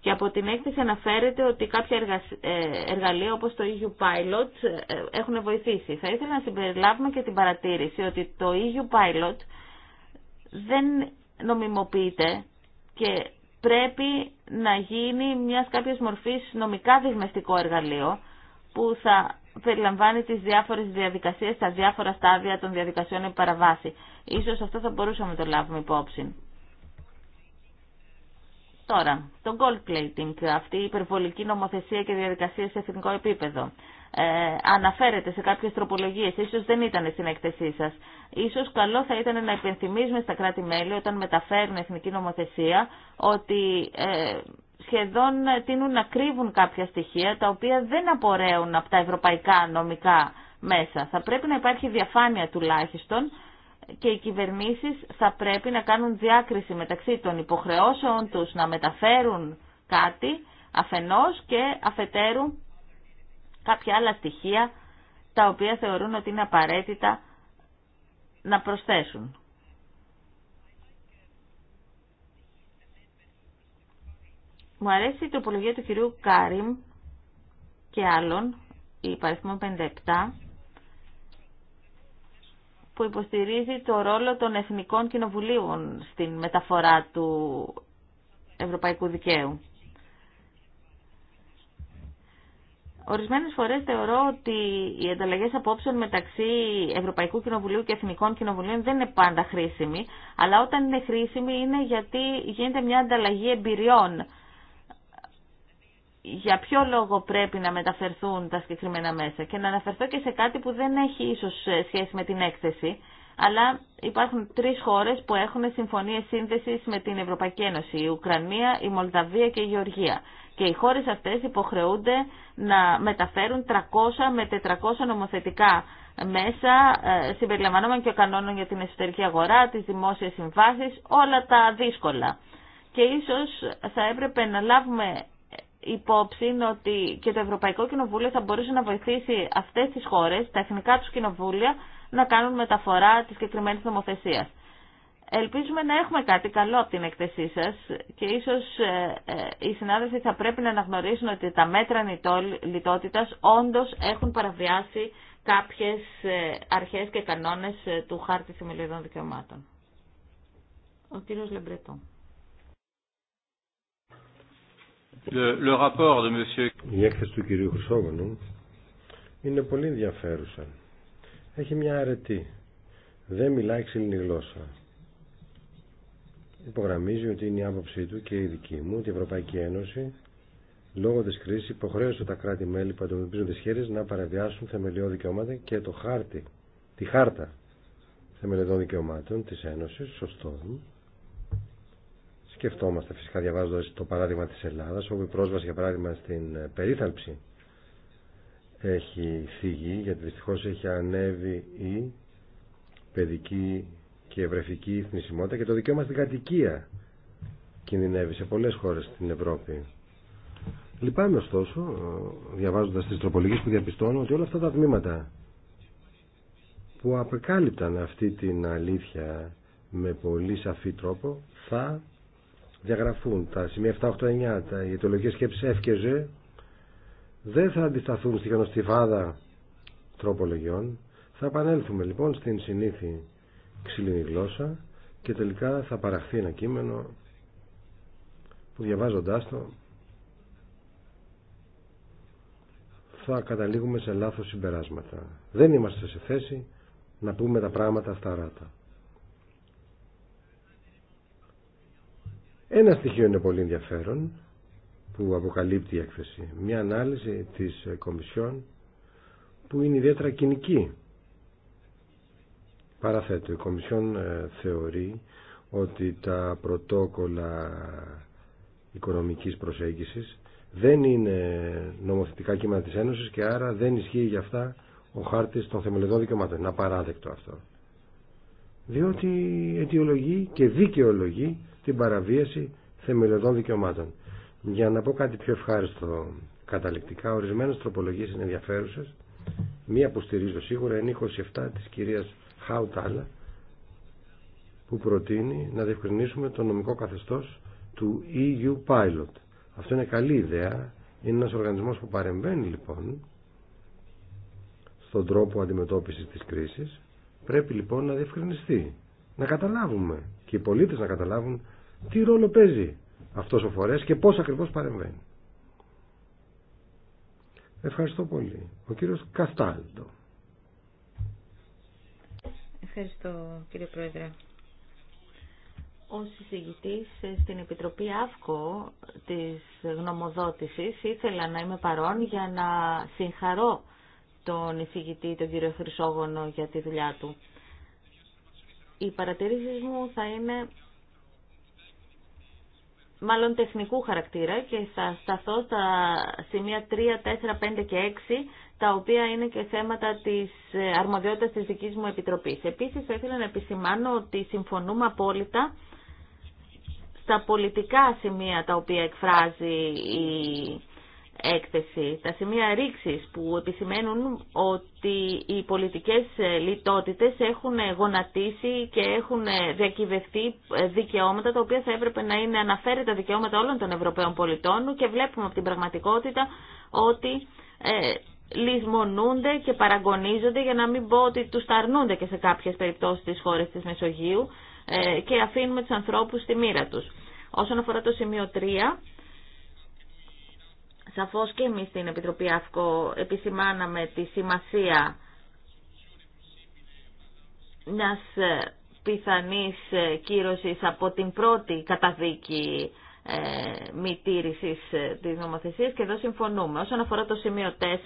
και από την έκθεση αναφέρεται ότι κάποια εργαλεία όπως το EU Pilot έχουν βοηθήσει. Θα ήθελα να συμπεριλάβουμε και την παρατήρηση ότι το EU Pilot δεν νομιμοποιείται και πρέπει να γίνει μιας κάποιας μορφής νομικά δεσμευτικό εργαλείο που θα περιλαμβάνει τις διάφορες διαδικασίες, τα διάφορα στάδια των διαδικασιών επί παραβάση. Ίσως αυτό θα μπορούσαμε να το λάβουμε υπόψη. Τώρα, το gold plating, αυτή η υπερβολική νομοθεσία και διαδικασία σε εθνικό επίπεδο. Ε, αναφέρεται σε κάποιες τροπολογίες, ίσως δεν ήταν στην έκθεσή σας. Ίσως καλό θα ήταν να υπενθυμίζουμε στα κράτη-μέλη όταν μεταφέρουν εθνική νομοθεσία ότι ε, σχεδόν τείνουν να κρύβουν κάποια στοιχεία τα οποία δεν απορρέουν από τα ευρωπαϊκά νομικά μέσα. Θα πρέπει να υπάρχει διαφάνεια τουλάχιστον και οι κυβερνήσεις θα πρέπει να κάνουν διάκριση μεταξύ των υποχρεώσεων τους να μεταφέρουν κάτι αφενός και αφετέρου κάποια άλλα στοιχεία τα οποία θεωρούν ότι είναι απαραίτητα να προσθέσουν. Μου αρέσει η τροπολογία του κυρίου Κάριμ και άλλων, η παριθμό 57, που υποστηρίζει το ρόλο των εθνικών κοινοβουλίων στην μεταφορά του ευρωπαϊκού δικαίου. Ορισμένες φορές θεωρώ ότι οι ανταλλαγέ απόψεων μεταξύ Ευρωπαϊκού Κοινοβουλίου και Εθνικών Κοινοβουλίων δεν είναι πάντα χρήσιμοι, αλλά όταν είναι χρήσιμοι είναι γιατί γίνεται μια ανταλλαγή εμπειριών για ποιο λόγο πρέπει να μεταφερθούν τα συγκεκριμένα μέσα. Και να αναφερθώ και σε κάτι που δεν έχει ίσως ε, σχέση με την έκθεση, αλλά υπάρχουν τρεις χώρες που έχουν συμφωνίες σύνδεσης με την Ευρωπαϊκή Ένωση, η Ουκρανία, η Μολδαβία και η Γεωργία. Και οι χώρες αυτές υποχρεούνται να μεταφέρουν 300 με 400 νομοθετικά μέσα, ε, συμπεριλαμβανόμενων και ο κανόνων για την εσωτερική αγορά, τις δημόσιες συμβάσεις, όλα τα δύσκολα. Και ίσως θα έπρεπε να λάβουμε υπόψη ότι και το Ευρωπαϊκό Κοινοβούλιο θα μπορούσε να βοηθήσει αυτές τις χώρες, τα εθνικά τους κοινοβούλια, να κάνουν μεταφορά της συγκεκριμένη νομοθεσία. Ελπίζουμε να έχουμε κάτι καλό από την εκθεσή σας και ίσως ε, ε, οι συνάδελφοι θα πρέπει να αναγνωρίσουν ότι τα μέτρα λιτότητας όντως έχουν παραβιάσει κάποιες ε, αρχές και κανόνες του Χάρτη Θεμελιωδών Δικαιωμάτων. Ο Le, rapport de monsieur... Η έκθεση του κυρίου Χρυσόγονου είναι πολύ ενδιαφέρουσα. Έχει μια αρετή. Δεν μιλάει ξύλινη γλώσσα. Υπογραμμίζει ότι είναι η άποψή του και η δική μου, ότι η Ευρωπαϊκή Ένωση, λόγω της κρίσης, υποχρέωσε τα κράτη-μέλη που αντιμετωπίζουν τις χέρες να παραβιάσουν θεμελιώδη δικαιώματα και το χάρτη, τη χάρτα θεμελιωδών δικαιωμάτων της Ένωσης, σωστό, Σκεφτόμαστε φυσικά διαβάζοντας το παράδειγμα της Ελλάδας, όπου η πρόσβαση για παράδειγμα στην ε, περίθαλψη έχει φύγει, γιατί δυστυχώς έχει ανέβει η παιδική και ευρεφική θνησιμότητα και το δικαίωμα στην κατοικία κινδυνεύει σε πολλές χώρες στην Ευρώπη. Λυπάμαι ωστόσο, ε, διαβάζοντας τις τροπολογίες που διαπιστώνω, ότι όλα αυτά τα τμήματα που απεκάλυπταν αυτή την αλήθεια με πολύ σαφή τρόπο θα διαγραφούν. Τα σημεία 7, 8, 9, τα ιετολογικές σκέψεις F και G δεν θα αντισταθούν στη τρόπο τροπολογιών. Θα επανέλθουμε λοιπόν στην συνήθι ξύλινη γλώσσα και τελικά θα παραχθεί ένα κείμενο που διαβάζοντάς το θα καταλήγουμε σε λάθος συμπεράσματα. Δεν είμαστε σε θέση να πούμε τα πράγματα στα ράτα. Ένα στοιχείο είναι πολύ ενδιαφέρον που αποκαλύπτει η έκθεση. Μια ανάλυση της Κομισιόν που είναι ιδιαίτερα κοινική. Παραθέτω, η Κομισιόν ε, θεωρεί ότι τα πρωτόκολλα οικονομικής προσέγγισης δεν είναι νομοθετικά κείμενα της Ένωσης και άρα δεν ισχύει για αυτά ο χάρτης των θεμελιωδών δικαιωμάτων. Είναι απαράδεκτο αυτό διότι αιτιολογεί και δικαιολογεί την παραβίαση θεμελιωδών δικαιωμάτων. Για να πω κάτι πιο ευχάριστο καταληκτικά, ορισμένες τροπολογίες είναι ενδιαφέρουσες. Μία που στηρίζω σίγουρα είναι η 27 της κυρίας Χάουταλα που προτείνει να διευκρινίσουμε το νομικό καθεστώς του EU Pilot. Αυτό είναι καλή ιδέα. Είναι ένας οργανισμός που παρεμβαίνει λοιπόν στον τρόπο αντιμετώπισης της κρίσης Πρέπει λοιπόν να διευκρινιστεί, να καταλάβουμε και οι πολίτες να καταλάβουν τι ρόλο παίζει αυτός ο φορέας και πώς ακριβώς παρεμβαίνει. Ευχαριστώ πολύ. Ο κύριος Καστάλτο. Ευχαριστώ κύριε Πρόεδρε. Ο συζητητής στην Επιτροπή ΑΦΚΟ της γνωμοδότησης ήθελα να είμαι παρόν για να συγχαρώ τον εισηγητή, τον κύριο Χρυσόγονο, για τη δουλειά του. Οι παρατήρησει μου θα είναι μάλλον τεχνικού χαρακτήρα και θα σταθώ στα σημεία 3, 4, 5 και 6, τα οποία είναι και θέματα της ε, αρμοδιότητας της δικής μου επιτροπής. Επίσης, θα ήθελα να επισημάνω ότι συμφωνούμε απόλυτα στα πολιτικά σημεία τα οποία εκφράζει η έκθεση, τα σημεία ρήξης που επισημαίνουν ότι οι πολιτικές λιτότητες έχουν γονατίσει και έχουν διακυβευτεί δικαιώματα τα οποία θα έπρεπε να είναι αναφέρετα δικαιώματα όλων των Ευρωπαίων πολιτών και βλέπουμε από την πραγματικότητα ότι ε, λησμονούνται και παραγωνίζονται για να μην πω ότι τους ταρνούνται και σε κάποιες περιπτώσεις στις χώρες της Μεσογείου ε, και αφήνουμε τους ανθρώπους στη μοίρα τους. Όσον αφορά το σημείο 3, Σαφώς και εμείς στην Επιτροπή ΑΦΚΟ επισημάναμε τη σημασία μιας πιθανής κύρωσης από την πρώτη καταδίκη ε, μη τήρησης της νομοθεσίας και εδώ συμφωνούμε. Όσον αφορά το σημείο 4,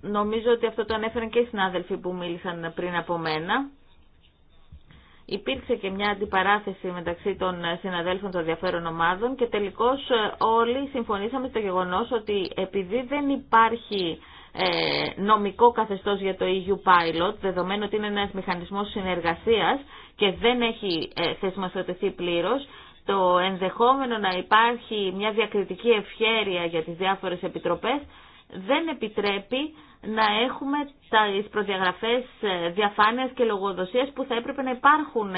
νομίζω ότι αυτό το ανέφεραν και οι συνάδελφοι που μίλησαν πριν από μένα υπήρξε και μια αντιπαράθεση μεταξύ των συναδέλφων των διαφέρων ομάδων και τελικώς ε, όλοι συμφωνήσαμε στο γεγονός ότι επειδή δεν υπάρχει ε, νομικό καθεστώς για το EU Pilot, δεδομένου ότι είναι ένας μηχανισμός συνεργασίας και δεν έχει ε, θεσμοθετηθεί πλήρως, το ενδεχόμενο να υπάρχει μια διακριτική ευχέρεια για τις διάφορες επιτροπές δεν επιτρέπει να έχουμε τις προδιαγραφές διαφάνειας και λογοδοσίας που θα έπρεπε να υπάρχουν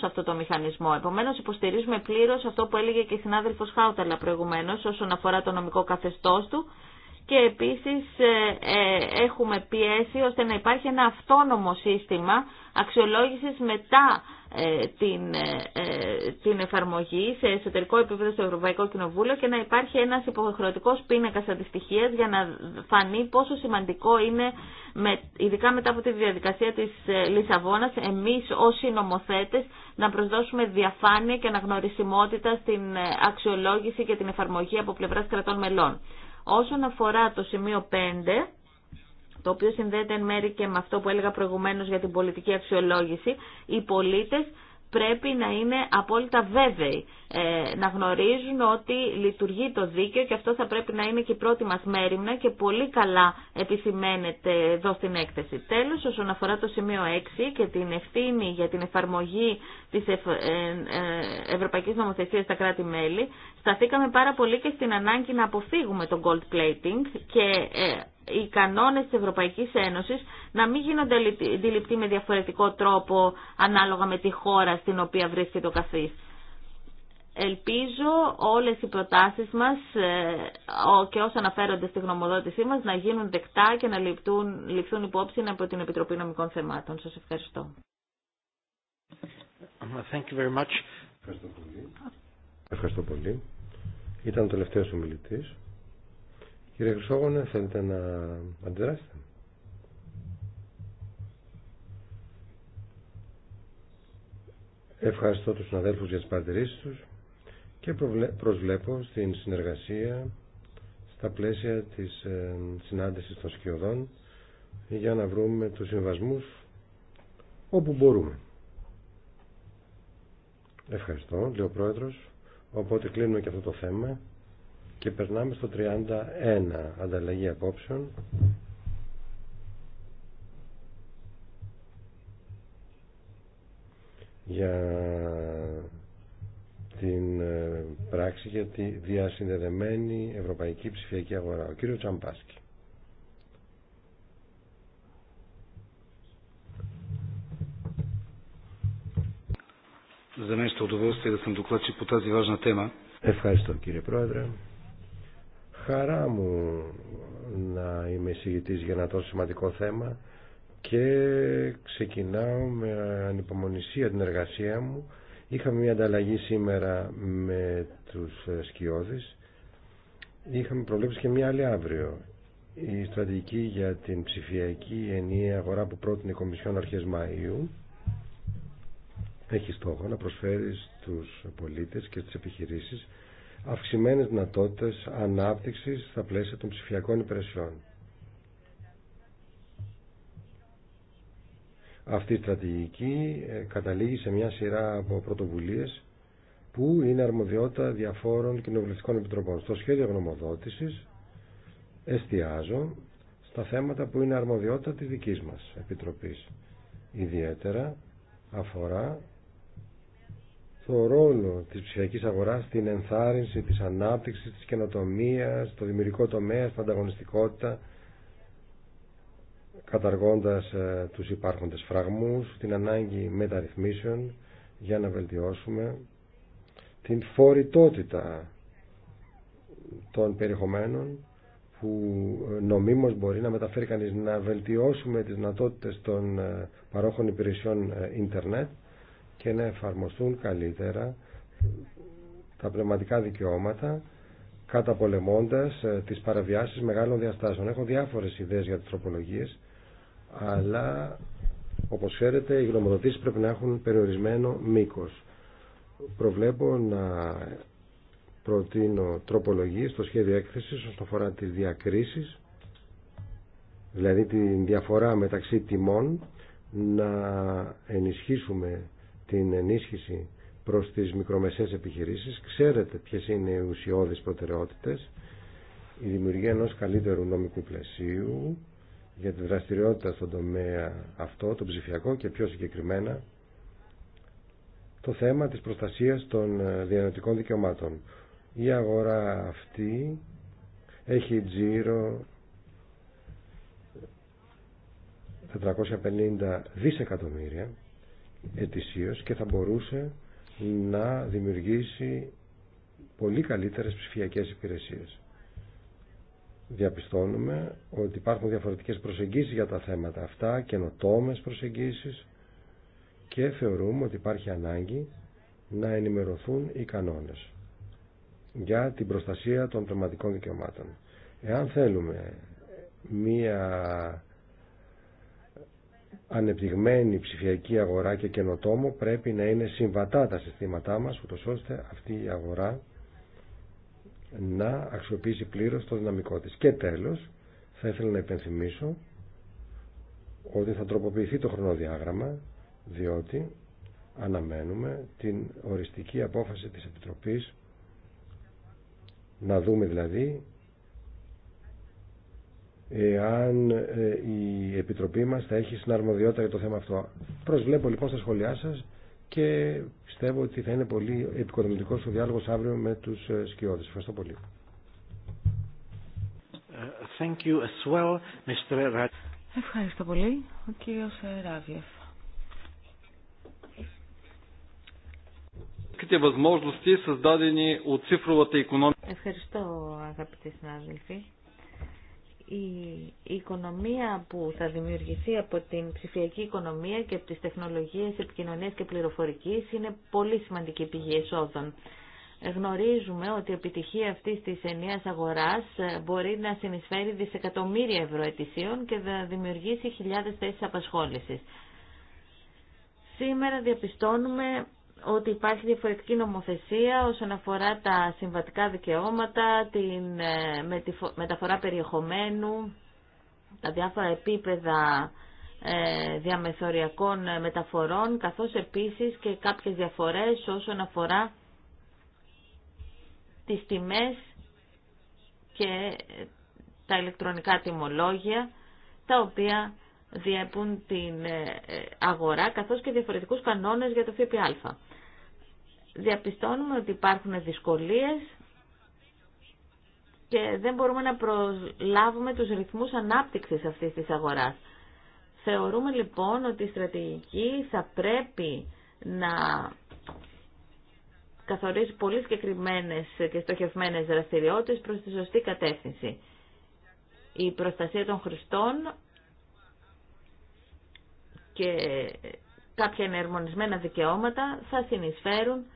σε αυτό το μηχανισμό. Επομένως υποστηρίζουμε πλήρως αυτό που έλεγε και η συνάδελφος Χάουταλα προηγουμένως όσον αφορά το νομικό καθεστώς του και επίσης ε, ε, έχουμε πιέσει ώστε να υπάρχει ένα αυτόνομο σύστημα αξιολόγησης μετά ε, την, ε, ε, την εφαρμογή σε εσωτερικό επίπεδο στο Ευρωπαϊκό Κοινοβούλιο και να υπάρχει ένας υποχρεωτικός πίνακας αντιστοιχίας για να φανεί πόσο σημαντικό είναι, με, ειδικά μετά από τη διαδικασία της Λισαβόνας, εμείς ως νομοθέτες να προσδώσουμε διαφάνεια και αναγνωρισιμότητα στην αξιολόγηση και την εφαρμογή από πλευράς κρατών μελών. Όσον αφορά το σημείο 5, το οποίο συνδέεται εν μέρη και με αυτό που έλεγα προηγουμένως για την πολιτική αξιολόγηση, οι πολίτες πρέπει να είναι απόλυτα βέβαιοι, ε, να γνωρίζουν ότι λειτουργεί το δίκαιο και αυτό θα πρέπει να είναι και η πρώτη μας μέρημνα και πολύ καλά επισημαίνεται εδώ στην έκθεση. Τέλος, όσον αφορά το σημείο 6 και την ευθύνη για την εφαρμογή της ε, ε, Ευρωπαϊκής Νομοθεσίας στα κράτη-μέλη, σταθήκαμε πάρα πολύ και στην ανάγκη να αποφύγουμε το gold plating και οι κανόνες της Ευρωπαϊκής Ένωσης να μην γίνονται αντιληπτοί με διαφορετικό τρόπο ανάλογα με τη χώρα στην οποία βρίσκεται ο καθής. Ελπίζω όλες οι προτάσεις μας ε, και όσα αναφέρονται στη γνωμοδότησή μας να γίνουν δεκτά και να ληφθούν, υπόψη από την Επιτροπή Νομικών Θεμάτων. Σας ευχαριστώ. Uh, thank you very much. Ευχαριστώ πολύ. Ευχαριστώ πολύ. Ήταν ο τελευταίος ομιλητής. Κύριε Χρυσόγονε, θέλετε να αντιδράσετε. Ευχαριστώ τους συναδέλφους για τις παρατηρήσεις τους και προσβλέπω στην συνεργασία στα πλαίσια της ε, συνάντησης των σκιωδών για να βρούμε τους συμβασμούς όπου μπορούμε. Ευχαριστώ, λέει ο Πρόεδρος. Οπότε κλείνουμε και αυτό το θέμα. Και περνάμε στο 31. Ανταλλαγή απόψεων. Για την ε, πράξη για τη διασυνδεδεμένη ευρωπαϊκή ψηφιακή αγορά. Ο κύριος Τσαμπάσκη. Ευχαριστώ κύριε Πρόεδρε χαρά μου να είμαι εισηγητής για ένα τόσο σημαντικό θέμα και ξεκινάω με ανυπομονησία την εργασία μου. Είχαμε μια ανταλλαγή σήμερα με τους σκιώδεις. Είχαμε προβλέψει και μια άλλη αύριο. Η στρατηγική για την ψηφιακή ενιαία αγορά που πρότεινε η Κομισιόν αρχές Μαΐου έχει στόχο να προσφέρει στους πολίτες και στις επιχειρήσεις αυξημένες δυνατότητες ανάπτυξης στα πλαίσια των ψηφιακών υπηρεσιών. Αυτή η στρατηγική ε, καταλήγει σε μια σειρά από πρωτοβουλίες που είναι αρμοδιότητα διαφόρων κοινοβουλευτικών επιτροπών. Στο σχέδιο γνωμοδότησης εστιάζω στα θέματα που είναι αρμοδιότητα τη δική μας επιτροπής. Ιδιαίτερα αφορά το ρόλο της ψηφιακής αγοράς στην ενθάρρυνση της ανάπτυξης, της καινοτομίας, το δημιουργικό τομέα, στην ανταγωνιστικότητα, καταργώντας ε, τους υπάρχοντες φραγμούς, την ανάγκη μεταρρυθμίσεων για να βελτιώσουμε την φορητότητα των περιεχομένων που ε, νομίμως μπορεί να μεταφέρει κανείς να βελτιώσουμε τις δυνατότητε των ε, παρόχων υπηρεσιών ίντερνετ και να εφαρμοστούν καλύτερα τα πνευματικά δικαιώματα καταπολεμώντας ε, τις παραβιάσεις μεγάλων διαστάσεων. Έχω διάφορες ιδέες για τις τροπολογίες, αλλά όπως ξέρετε οι γνωμοδοτήσεις πρέπει να έχουν περιορισμένο μήκος. Προβλέπω να προτείνω τροπολογίες στο σχέδιο έκθεσης όσον αφορά τις διακρίσεις, δηλαδή τη διαφορά μεταξύ τιμών, να ενισχύσουμε την ενίσχυση προς τις μικρομεσαίες επιχειρήσεις. Ξέρετε ποιες είναι οι ουσιώδεις προτεραιότητες. Η δημιουργία ενός καλύτερου νόμικου πλαισίου για τη δραστηριότητα στον τομέα αυτό, τον ψηφιακό και πιο συγκεκριμένα το θέμα της προστασίας των διανοητικών δικαιωμάτων. Η αγορά αυτή έχει τζίρο 450 δισεκατομμύρια ετησίως και θα μπορούσε να δημιουργήσει πολύ καλύτερες ψηφιακές υπηρεσίες. Διαπιστώνουμε ότι υπάρχουν διαφορετικές προσεγγίσεις για τα θέματα αυτά, καινοτόμε προσεγγίσεις και θεωρούμε ότι υπάρχει ανάγκη να ενημερωθούν οι κανόνες για την προστασία των πνευματικών δικαιωμάτων. Εάν θέλουμε μία ανεπτυγμένη ψηφιακή αγορά και καινοτόμο πρέπει να είναι συμβατά τα συστήματά μας ούτως ώστε αυτή η αγορά να αξιοποιήσει πλήρως το δυναμικό της. Και τέλος θα ήθελα να υπενθυμίσω ότι θα τροποποιηθεί το χρονοδιάγραμμα διότι αναμένουμε την οριστική απόφαση της Επιτροπής να δούμε δηλαδή εάν ε, η Επιτροπή μας θα έχει συναρμοδιότητα για το θέμα αυτό. Προσβλέπω λοιπόν στα σχόλιά σας και πιστεύω ότι θα είναι πολύ επικοδομητικός ο διάλογος αύριο με τους ε, σκιώδες. Ευχαριστώ πολύ. Ε, thank you as well, Mr. Ευχαριστώ πολύ, ο κύριος Ράβιεφ. Ευχαριστώ, αγαπητοί συνάδελφοι η οικονομία που θα δημιουργηθεί από την ψηφιακή οικονομία και από τις τεχνολογίες επικοινωνίας και πληροφορικής είναι πολύ σημαντική πηγή εσόδων. Γνωρίζουμε ότι η επιτυχία αυτής της ενιαίας αγοράς μπορεί να συνεισφέρει δισεκατομμύρια ευρώ ετησίων και να δημιουργήσει χιλιάδες θέσεις απασχόλησης. Σήμερα διαπιστώνουμε ότι υπάρχει διαφορετική νομοθεσία όσον αφορά τα συμβατικά δικαιώματα, την ε, μεταφορά περιεχομένου, τα διάφορα επίπεδα ε, διαμεθοριακών ε, μεταφορών, καθώς επίσης και κάποιες διαφορές όσον αφορά τις τιμές και τα ηλεκτρονικά τιμολόγια, τα οποία διέπουν την αγορά, καθώς και διαφορετικούς κανόνες για το ΦΠΑ διαπιστώνουμε ότι υπάρχουν δυσκολίες και δεν μπορούμε να προλάβουμε τους ρυθμούς ανάπτυξης αυτής της αγοράς. Θεωρούμε λοιπόν ότι η στρατηγική θα πρέπει να καθορίζει πολύ συγκεκριμένε και στοχευμένες δραστηριότητες προς τη σωστή κατεύθυνση. Η προστασία των χρηστών και κάποια ενερμονισμένα δικαιώματα θα συνεισφέρουν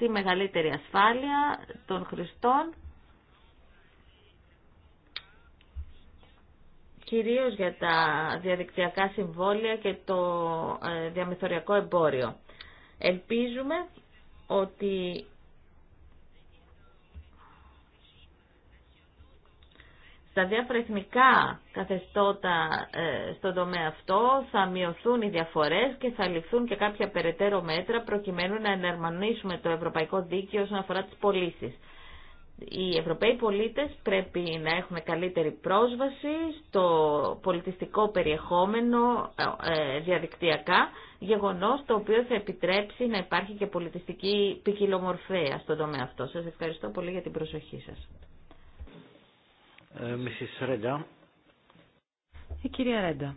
τη μεγαλύτερη ασφάλεια των χρηστών, κυρίως για τα διαδικτυακά συμβόλαια και το ε, διαμεθοριακό εμπόριο. Ελπίζουμε ότι τα εθνικά καθεστώτα ε, στον τομέα αυτό θα μειωθούν οι διαφορές και θα ληφθούν και κάποια περαιτέρω μέτρα προκειμένου να ενερμανίσουμε το ευρωπαϊκό δίκαιο όσον αφορά τις πωλήσει. Οι Ευρωπαίοι πολίτες πρέπει να έχουν καλύτερη πρόσβαση στο πολιτιστικό περιεχόμενο ε, διαδικτυακά, γεγονός το οποίο θα επιτρέψει να υπάρχει και πολιτιστική ποικιλομορφέα στον τομέα αυτό. Σας ευχαριστώ πολύ για την προσοχή σας. Η κυρία Ρέντα.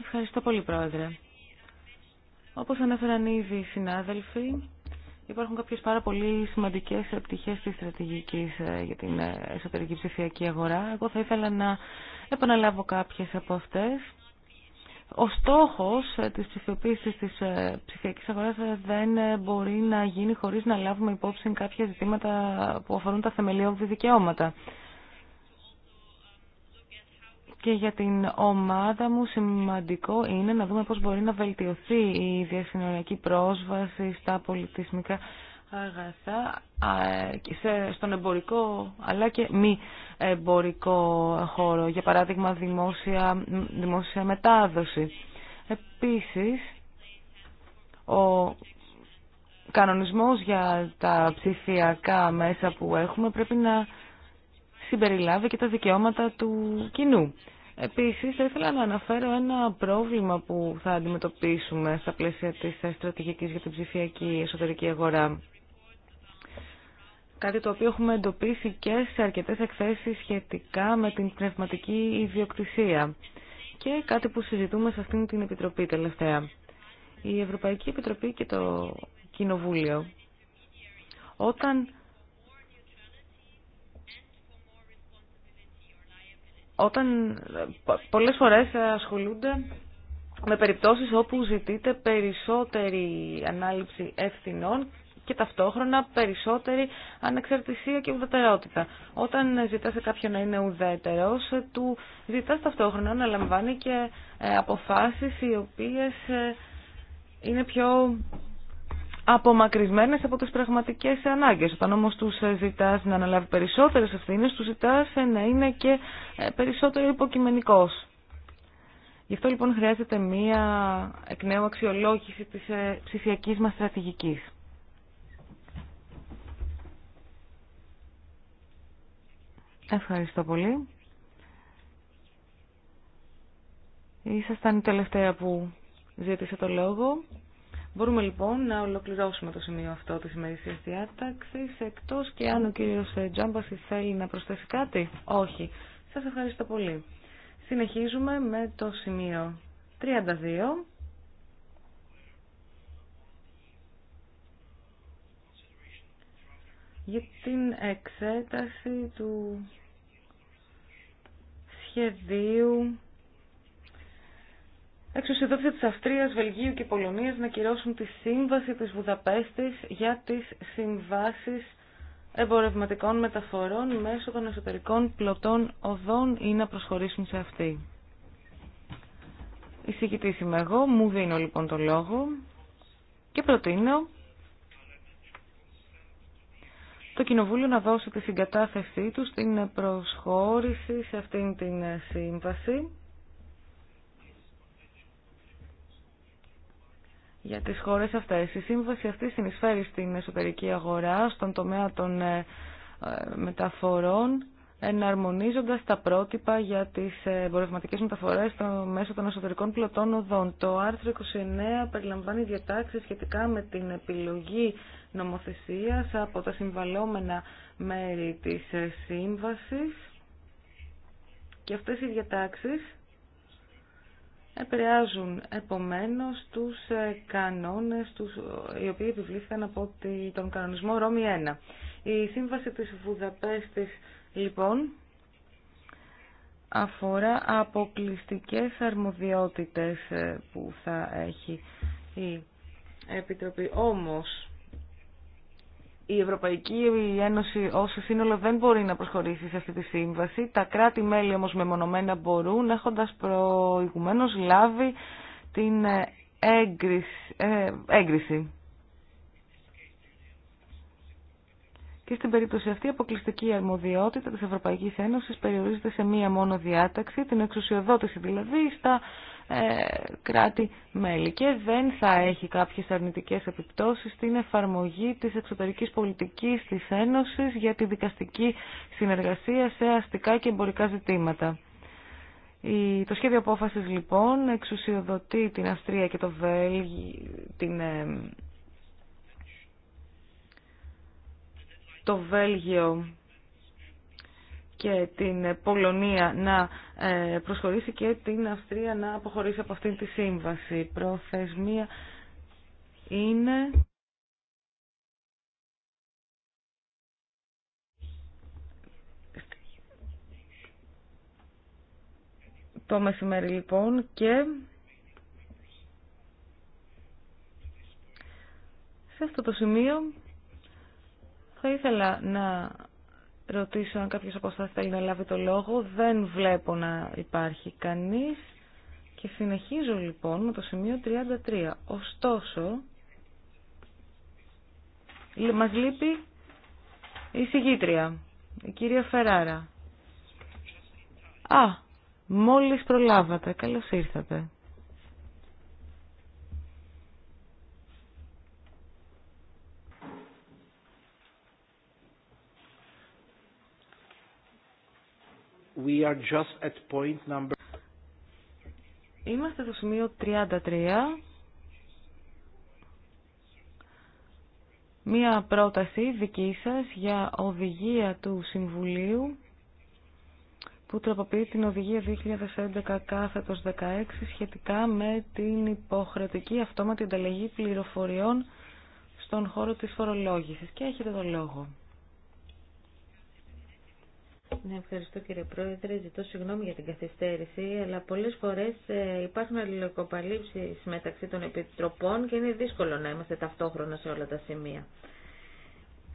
Ευχαριστώ πολύ, Πρόεδρε. Όπως αναφέραν ήδη οι συνάδελφοι, υπάρχουν κάποιες πάρα πολύ σημαντικές επιτυχίες της στρατηγικής ε, για την ε, εσωτερική ψηφιακή αγορά. Εγώ θα ήθελα να επαναλάβω κάποιες από αυτές ο στόχος ε, της ψηφιοποίησης της ε, ψηφιακής αγοράς ε, δεν μπορεί να γίνει χωρίς να λάβουμε υπόψη κάποια ζητήματα που αφορούν τα θεμελιώδη δικαιώματα. Και για την ομάδα μου σημαντικό είναι να δούμε πώς μπορεί να βελτιωθεί η διασυνοριακή πρόσβαση στα πολιτισμικά αγαθά στον εμπορικό αλλά και μη εμπορικό χώρο, για παράδειγμα δημόσια, δημόσια μετάδοση. Επίσης, ο κανονισμός για τα ψηφιακά μέσα που έχουμε πρέπει να συμπεριλάβει και τα δικαιώματα του κοινού. Επίσης, θα ήθελα να αναφέρω ένα πρόβλημα που θα αντιμετωπίσουμε στα πλαίσια της στρατηγικής για την ψηφιακή εσωτερική αγορά κάτι το οποίο έχουμε εντοπίσει και σε αρκετές εκθέσεις σχετικά με την πνευματική ιδιοκτησία και κάτι που συζητούμε σε αυτήν την Επιτροπή τελευταία. Η Ευρωπαϊκή Επιτροπή και το Κοινοβούλιο όταν όταν πολλές φορές ασχολούνται με περιπτώσεις όπου ζητείται περισσότερη ανάληψη ευθυνών και ταυτόχρονα περισσότερη ανεξαρτησία και ουδετερότητα. Όταν ζητά σε κάποιον να είναι ουδέτερο, του ζητά ταυτόχρονα να λαμβάνει και ε, αποφάσει οι οποίε ε, είναι πιο απομακρυσμένες από τις πραγματικές ανάγκες. Όταν όμως τους ε, ζητάς να αναλάβει περισσότερες ευθύνες, τους ζητάς να είναι και περισσότερο υποκειμενικός. Γι' αυτό λοιπόν χρειάζεται μία εκ νέου αξιολόγηση της ψηφιακής μας στρατηγικής. Ευχαριστώ πολύ. Ήσασταν η τελευταία που ζήτησε το λόγο. Μπορούμε λοιπόν να ολοκληρώσουμε το σημείο αυτό της ημερησίας διάταξης, εκτός και αν ο κύριος Τζάμπασης θέλει να προσθέσει κάτι. Όχι. Σας ευχαριστώ πολύ. Συνεχίζουμε με το σημείο 32. για την εξέταση του σχεδίου εξουσιοδότηση της Αυστρίας, Βελγίου και Πολωνίας να κυρώσουν τη σύμβαση της Βουδαπέστης για τις συμβάσεις εμπορευματικών μεταφορών μέσω των εσωτερικών πλωτών οδών ή να προσχωρήσουν σε αυτή. Η είμαι εγώ, μου δίνω λοιπόν το λόγο και προτείνω το Κοινοβούλιο να δώσει τη συγκατάθεσή του στην προσχώρηση σε αυτήν την σύμβαση για τις χώρες αυτές. Η σύμβαση αυτή συνεισφέρει στην εσωτερική αγορά, στον τομέα των ε, ε, μεταφορών εναρμονίζοντας τα πρότυπα για τις εμπορευματικές μεταφορές μέσω των εσωτερικών πλωτών οδών. Το άρθρο 29 περιλαμβάνει διατάξεις σχετικά με την επιλογή νομοθεσίας από τα συμβαλόμενα μέρη της σύμβασης και αυτές οι διατάξεις επηρεάζουν επομένως τους κανόνες τους, οι οποίοι επιβλήθηκαν από τον κανονισμό Ρώμη 1. Η σύμβαση της Βουδαπέστης λοιπόν, αφορά αποκλειστικές αρμοδιότητες ε, που θα έχει η Επιτροπή. Όμως, η Ευρωπαϊκή Ένωση ως σύνολο δεν μπορεί να προσχωρήσει σε αυτή τη σύμβαση. Τα κράτη-μέλη όμως μεμονωμένα μπορούν, έχοντας προηγουμένως λάβει την ε, έγκριση. Ε, Και στην περίπτωση αυτή η αποκλειστική αρμοδιότητα της Ευρωπαϊκής Ένωσης περιορίζεται σε μία μόνο διάταξη, την εξουσιοδότηση δηλαδή στα ε, κράτη-μέλη και δεν θα έχει κάποιες αρνητικές επιπτώσεις στην εφαρμογή της εξωτερικής πολιτικής της Ένωσης για τη δικαστική συνεργασία σε αστικά και εμπορικά ζητήματα. το σχέδιο απόφαση λοιπόν εξουσιοδοτεί την Αυστρία και το Βέλγιο, την ε, το Βέλγιο και την Πολωνία να ε, προσχωρήσει και την Αυστρία να αποχωρήσει από αυτήν τη σύμβαση. προθεσμία είναι... Το μεσημέρι λοιπόν και σε αυτό το σημείο θα ήθελα να ρωτήσω αν κάποιος από εσάς θέλει να λάβει το λόγο. Δεν βλέπω να υπάρχει κανείς. Και συνεχίζω λοιπόν με το σημείο 33. Ωστόσο, μας λείπει η συγγήτρια, η κυρία Φεράρα. Α, μόλις προλάβατε. Καλώς ήρθατε. We are just at point number... Είμαστε στο σημείο 33. Μία πρόταση δική σας για οδηγία του Συμβουλίου που τροποποιεί την οδηγία 2011 κάθετος 16 σχετικά με την υποχρεωτική αυτόματη ανταλλαγή πληροφοριών στον χώρο της φορολόγησης. Και έχετε το λόγο. Ναι, ευχαριστώ κύριε Πρόεδρε. Ζητώ συγγνώμη για την καθυστέρηση, αλλά πολλές φορές ε, υπάρχουν αλληλοκοπαλήψει μεταξύ των επιτροπών και είναι δύσκολο να είμαστε ταυτόχρονα σε όλα τα σημεία.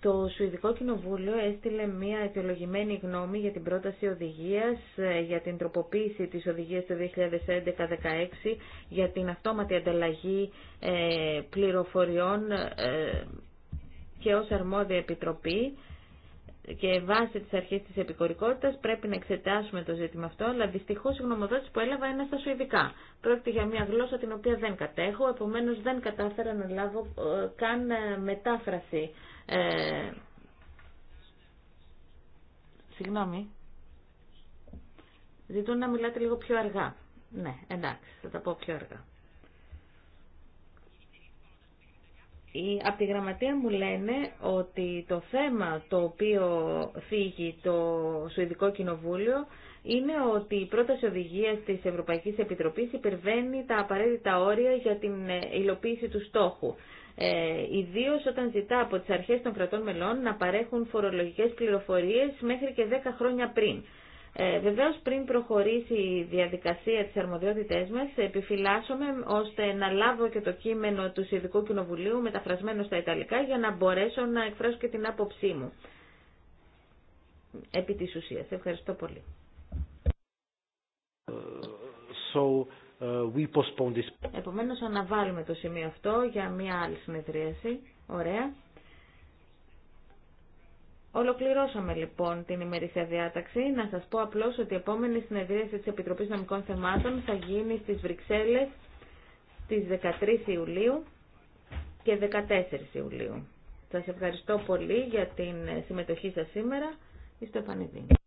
Το Σουηδικό Κοινοβούλιο έστειλε μια αιτιολογημένη γνώμη για την πρόταση οδηγία, ε, για την τροποποίηση τη οδηγία του 2011-16 για την αυτόματη ανταλλαγή ε, πληροφοριών και ω αρμόδια επιτροπή και βάσει τις αρχές της επικορικότητας πρέπει να εξετάσουμε το ζήτημα αυτό, αλλά δυστυχώς η γνωμοδότηση που έλαβα είναι στα Σουηδικά. Πρόκειται για μια γλώσσα την οποία δεν κατέχω, επομένως δεν κατάφερα να λάβω ε, καν ε, μετάφραση. Ε, συγγνώμη. Ζητούν να μιλάτε λίγο πιο αργά. Ναι, εντάξει, θα τα πω πιο αργά. από τη γραμματεία μου λένε ότι το θέμα το οποίο φύγει το Σουηδικό Κοινοβούλιο είναι ότι η πρόταση οδηγία της Ευρωπαϊκής Επιτροπής υπερβαίνει τα απαραίτητα όρια για την ε, υλοποίηση του στόχου. Ε, Ιδίω όταν ζητά από τις αρχές των κρατών μελών να παρέχουν φορολογικές πληροφορίες μέχρι και 10 χρόνια πριν. Ε, βεβαίως πριν προχωρήσει η διαδικασία της αρμοδιότητές μας επιφυλάσσομαι ώστε να λάβω και το κείμενο του Συνδικού Κοινοβουλίου μεταφρασμένο στα Ιταλικά για να μπορέσω να εκφράσω και την άποψή μου. Επί της ουσίας. Ευχαριστώ πολύ. So, uh, Επομένως αναβάλουμε το σημείο αυτό για μια άλλη συνεδρίαση. Ωραία. Ολοκληρώσαμε λοιπόν την ημερήσια διάταξη. Να σας πω απλώς ότι η επόμενη συνεδρίαση της Επιτροπής Νομικών Θεμάτων θα γίνει στις Βρυξέλλες στις 13 Ιουλίου και 14 Ιουλίου. Σας ευχαριστώ πολύ για την συμμετοχή σας σήμερα. Είστε επανειδή.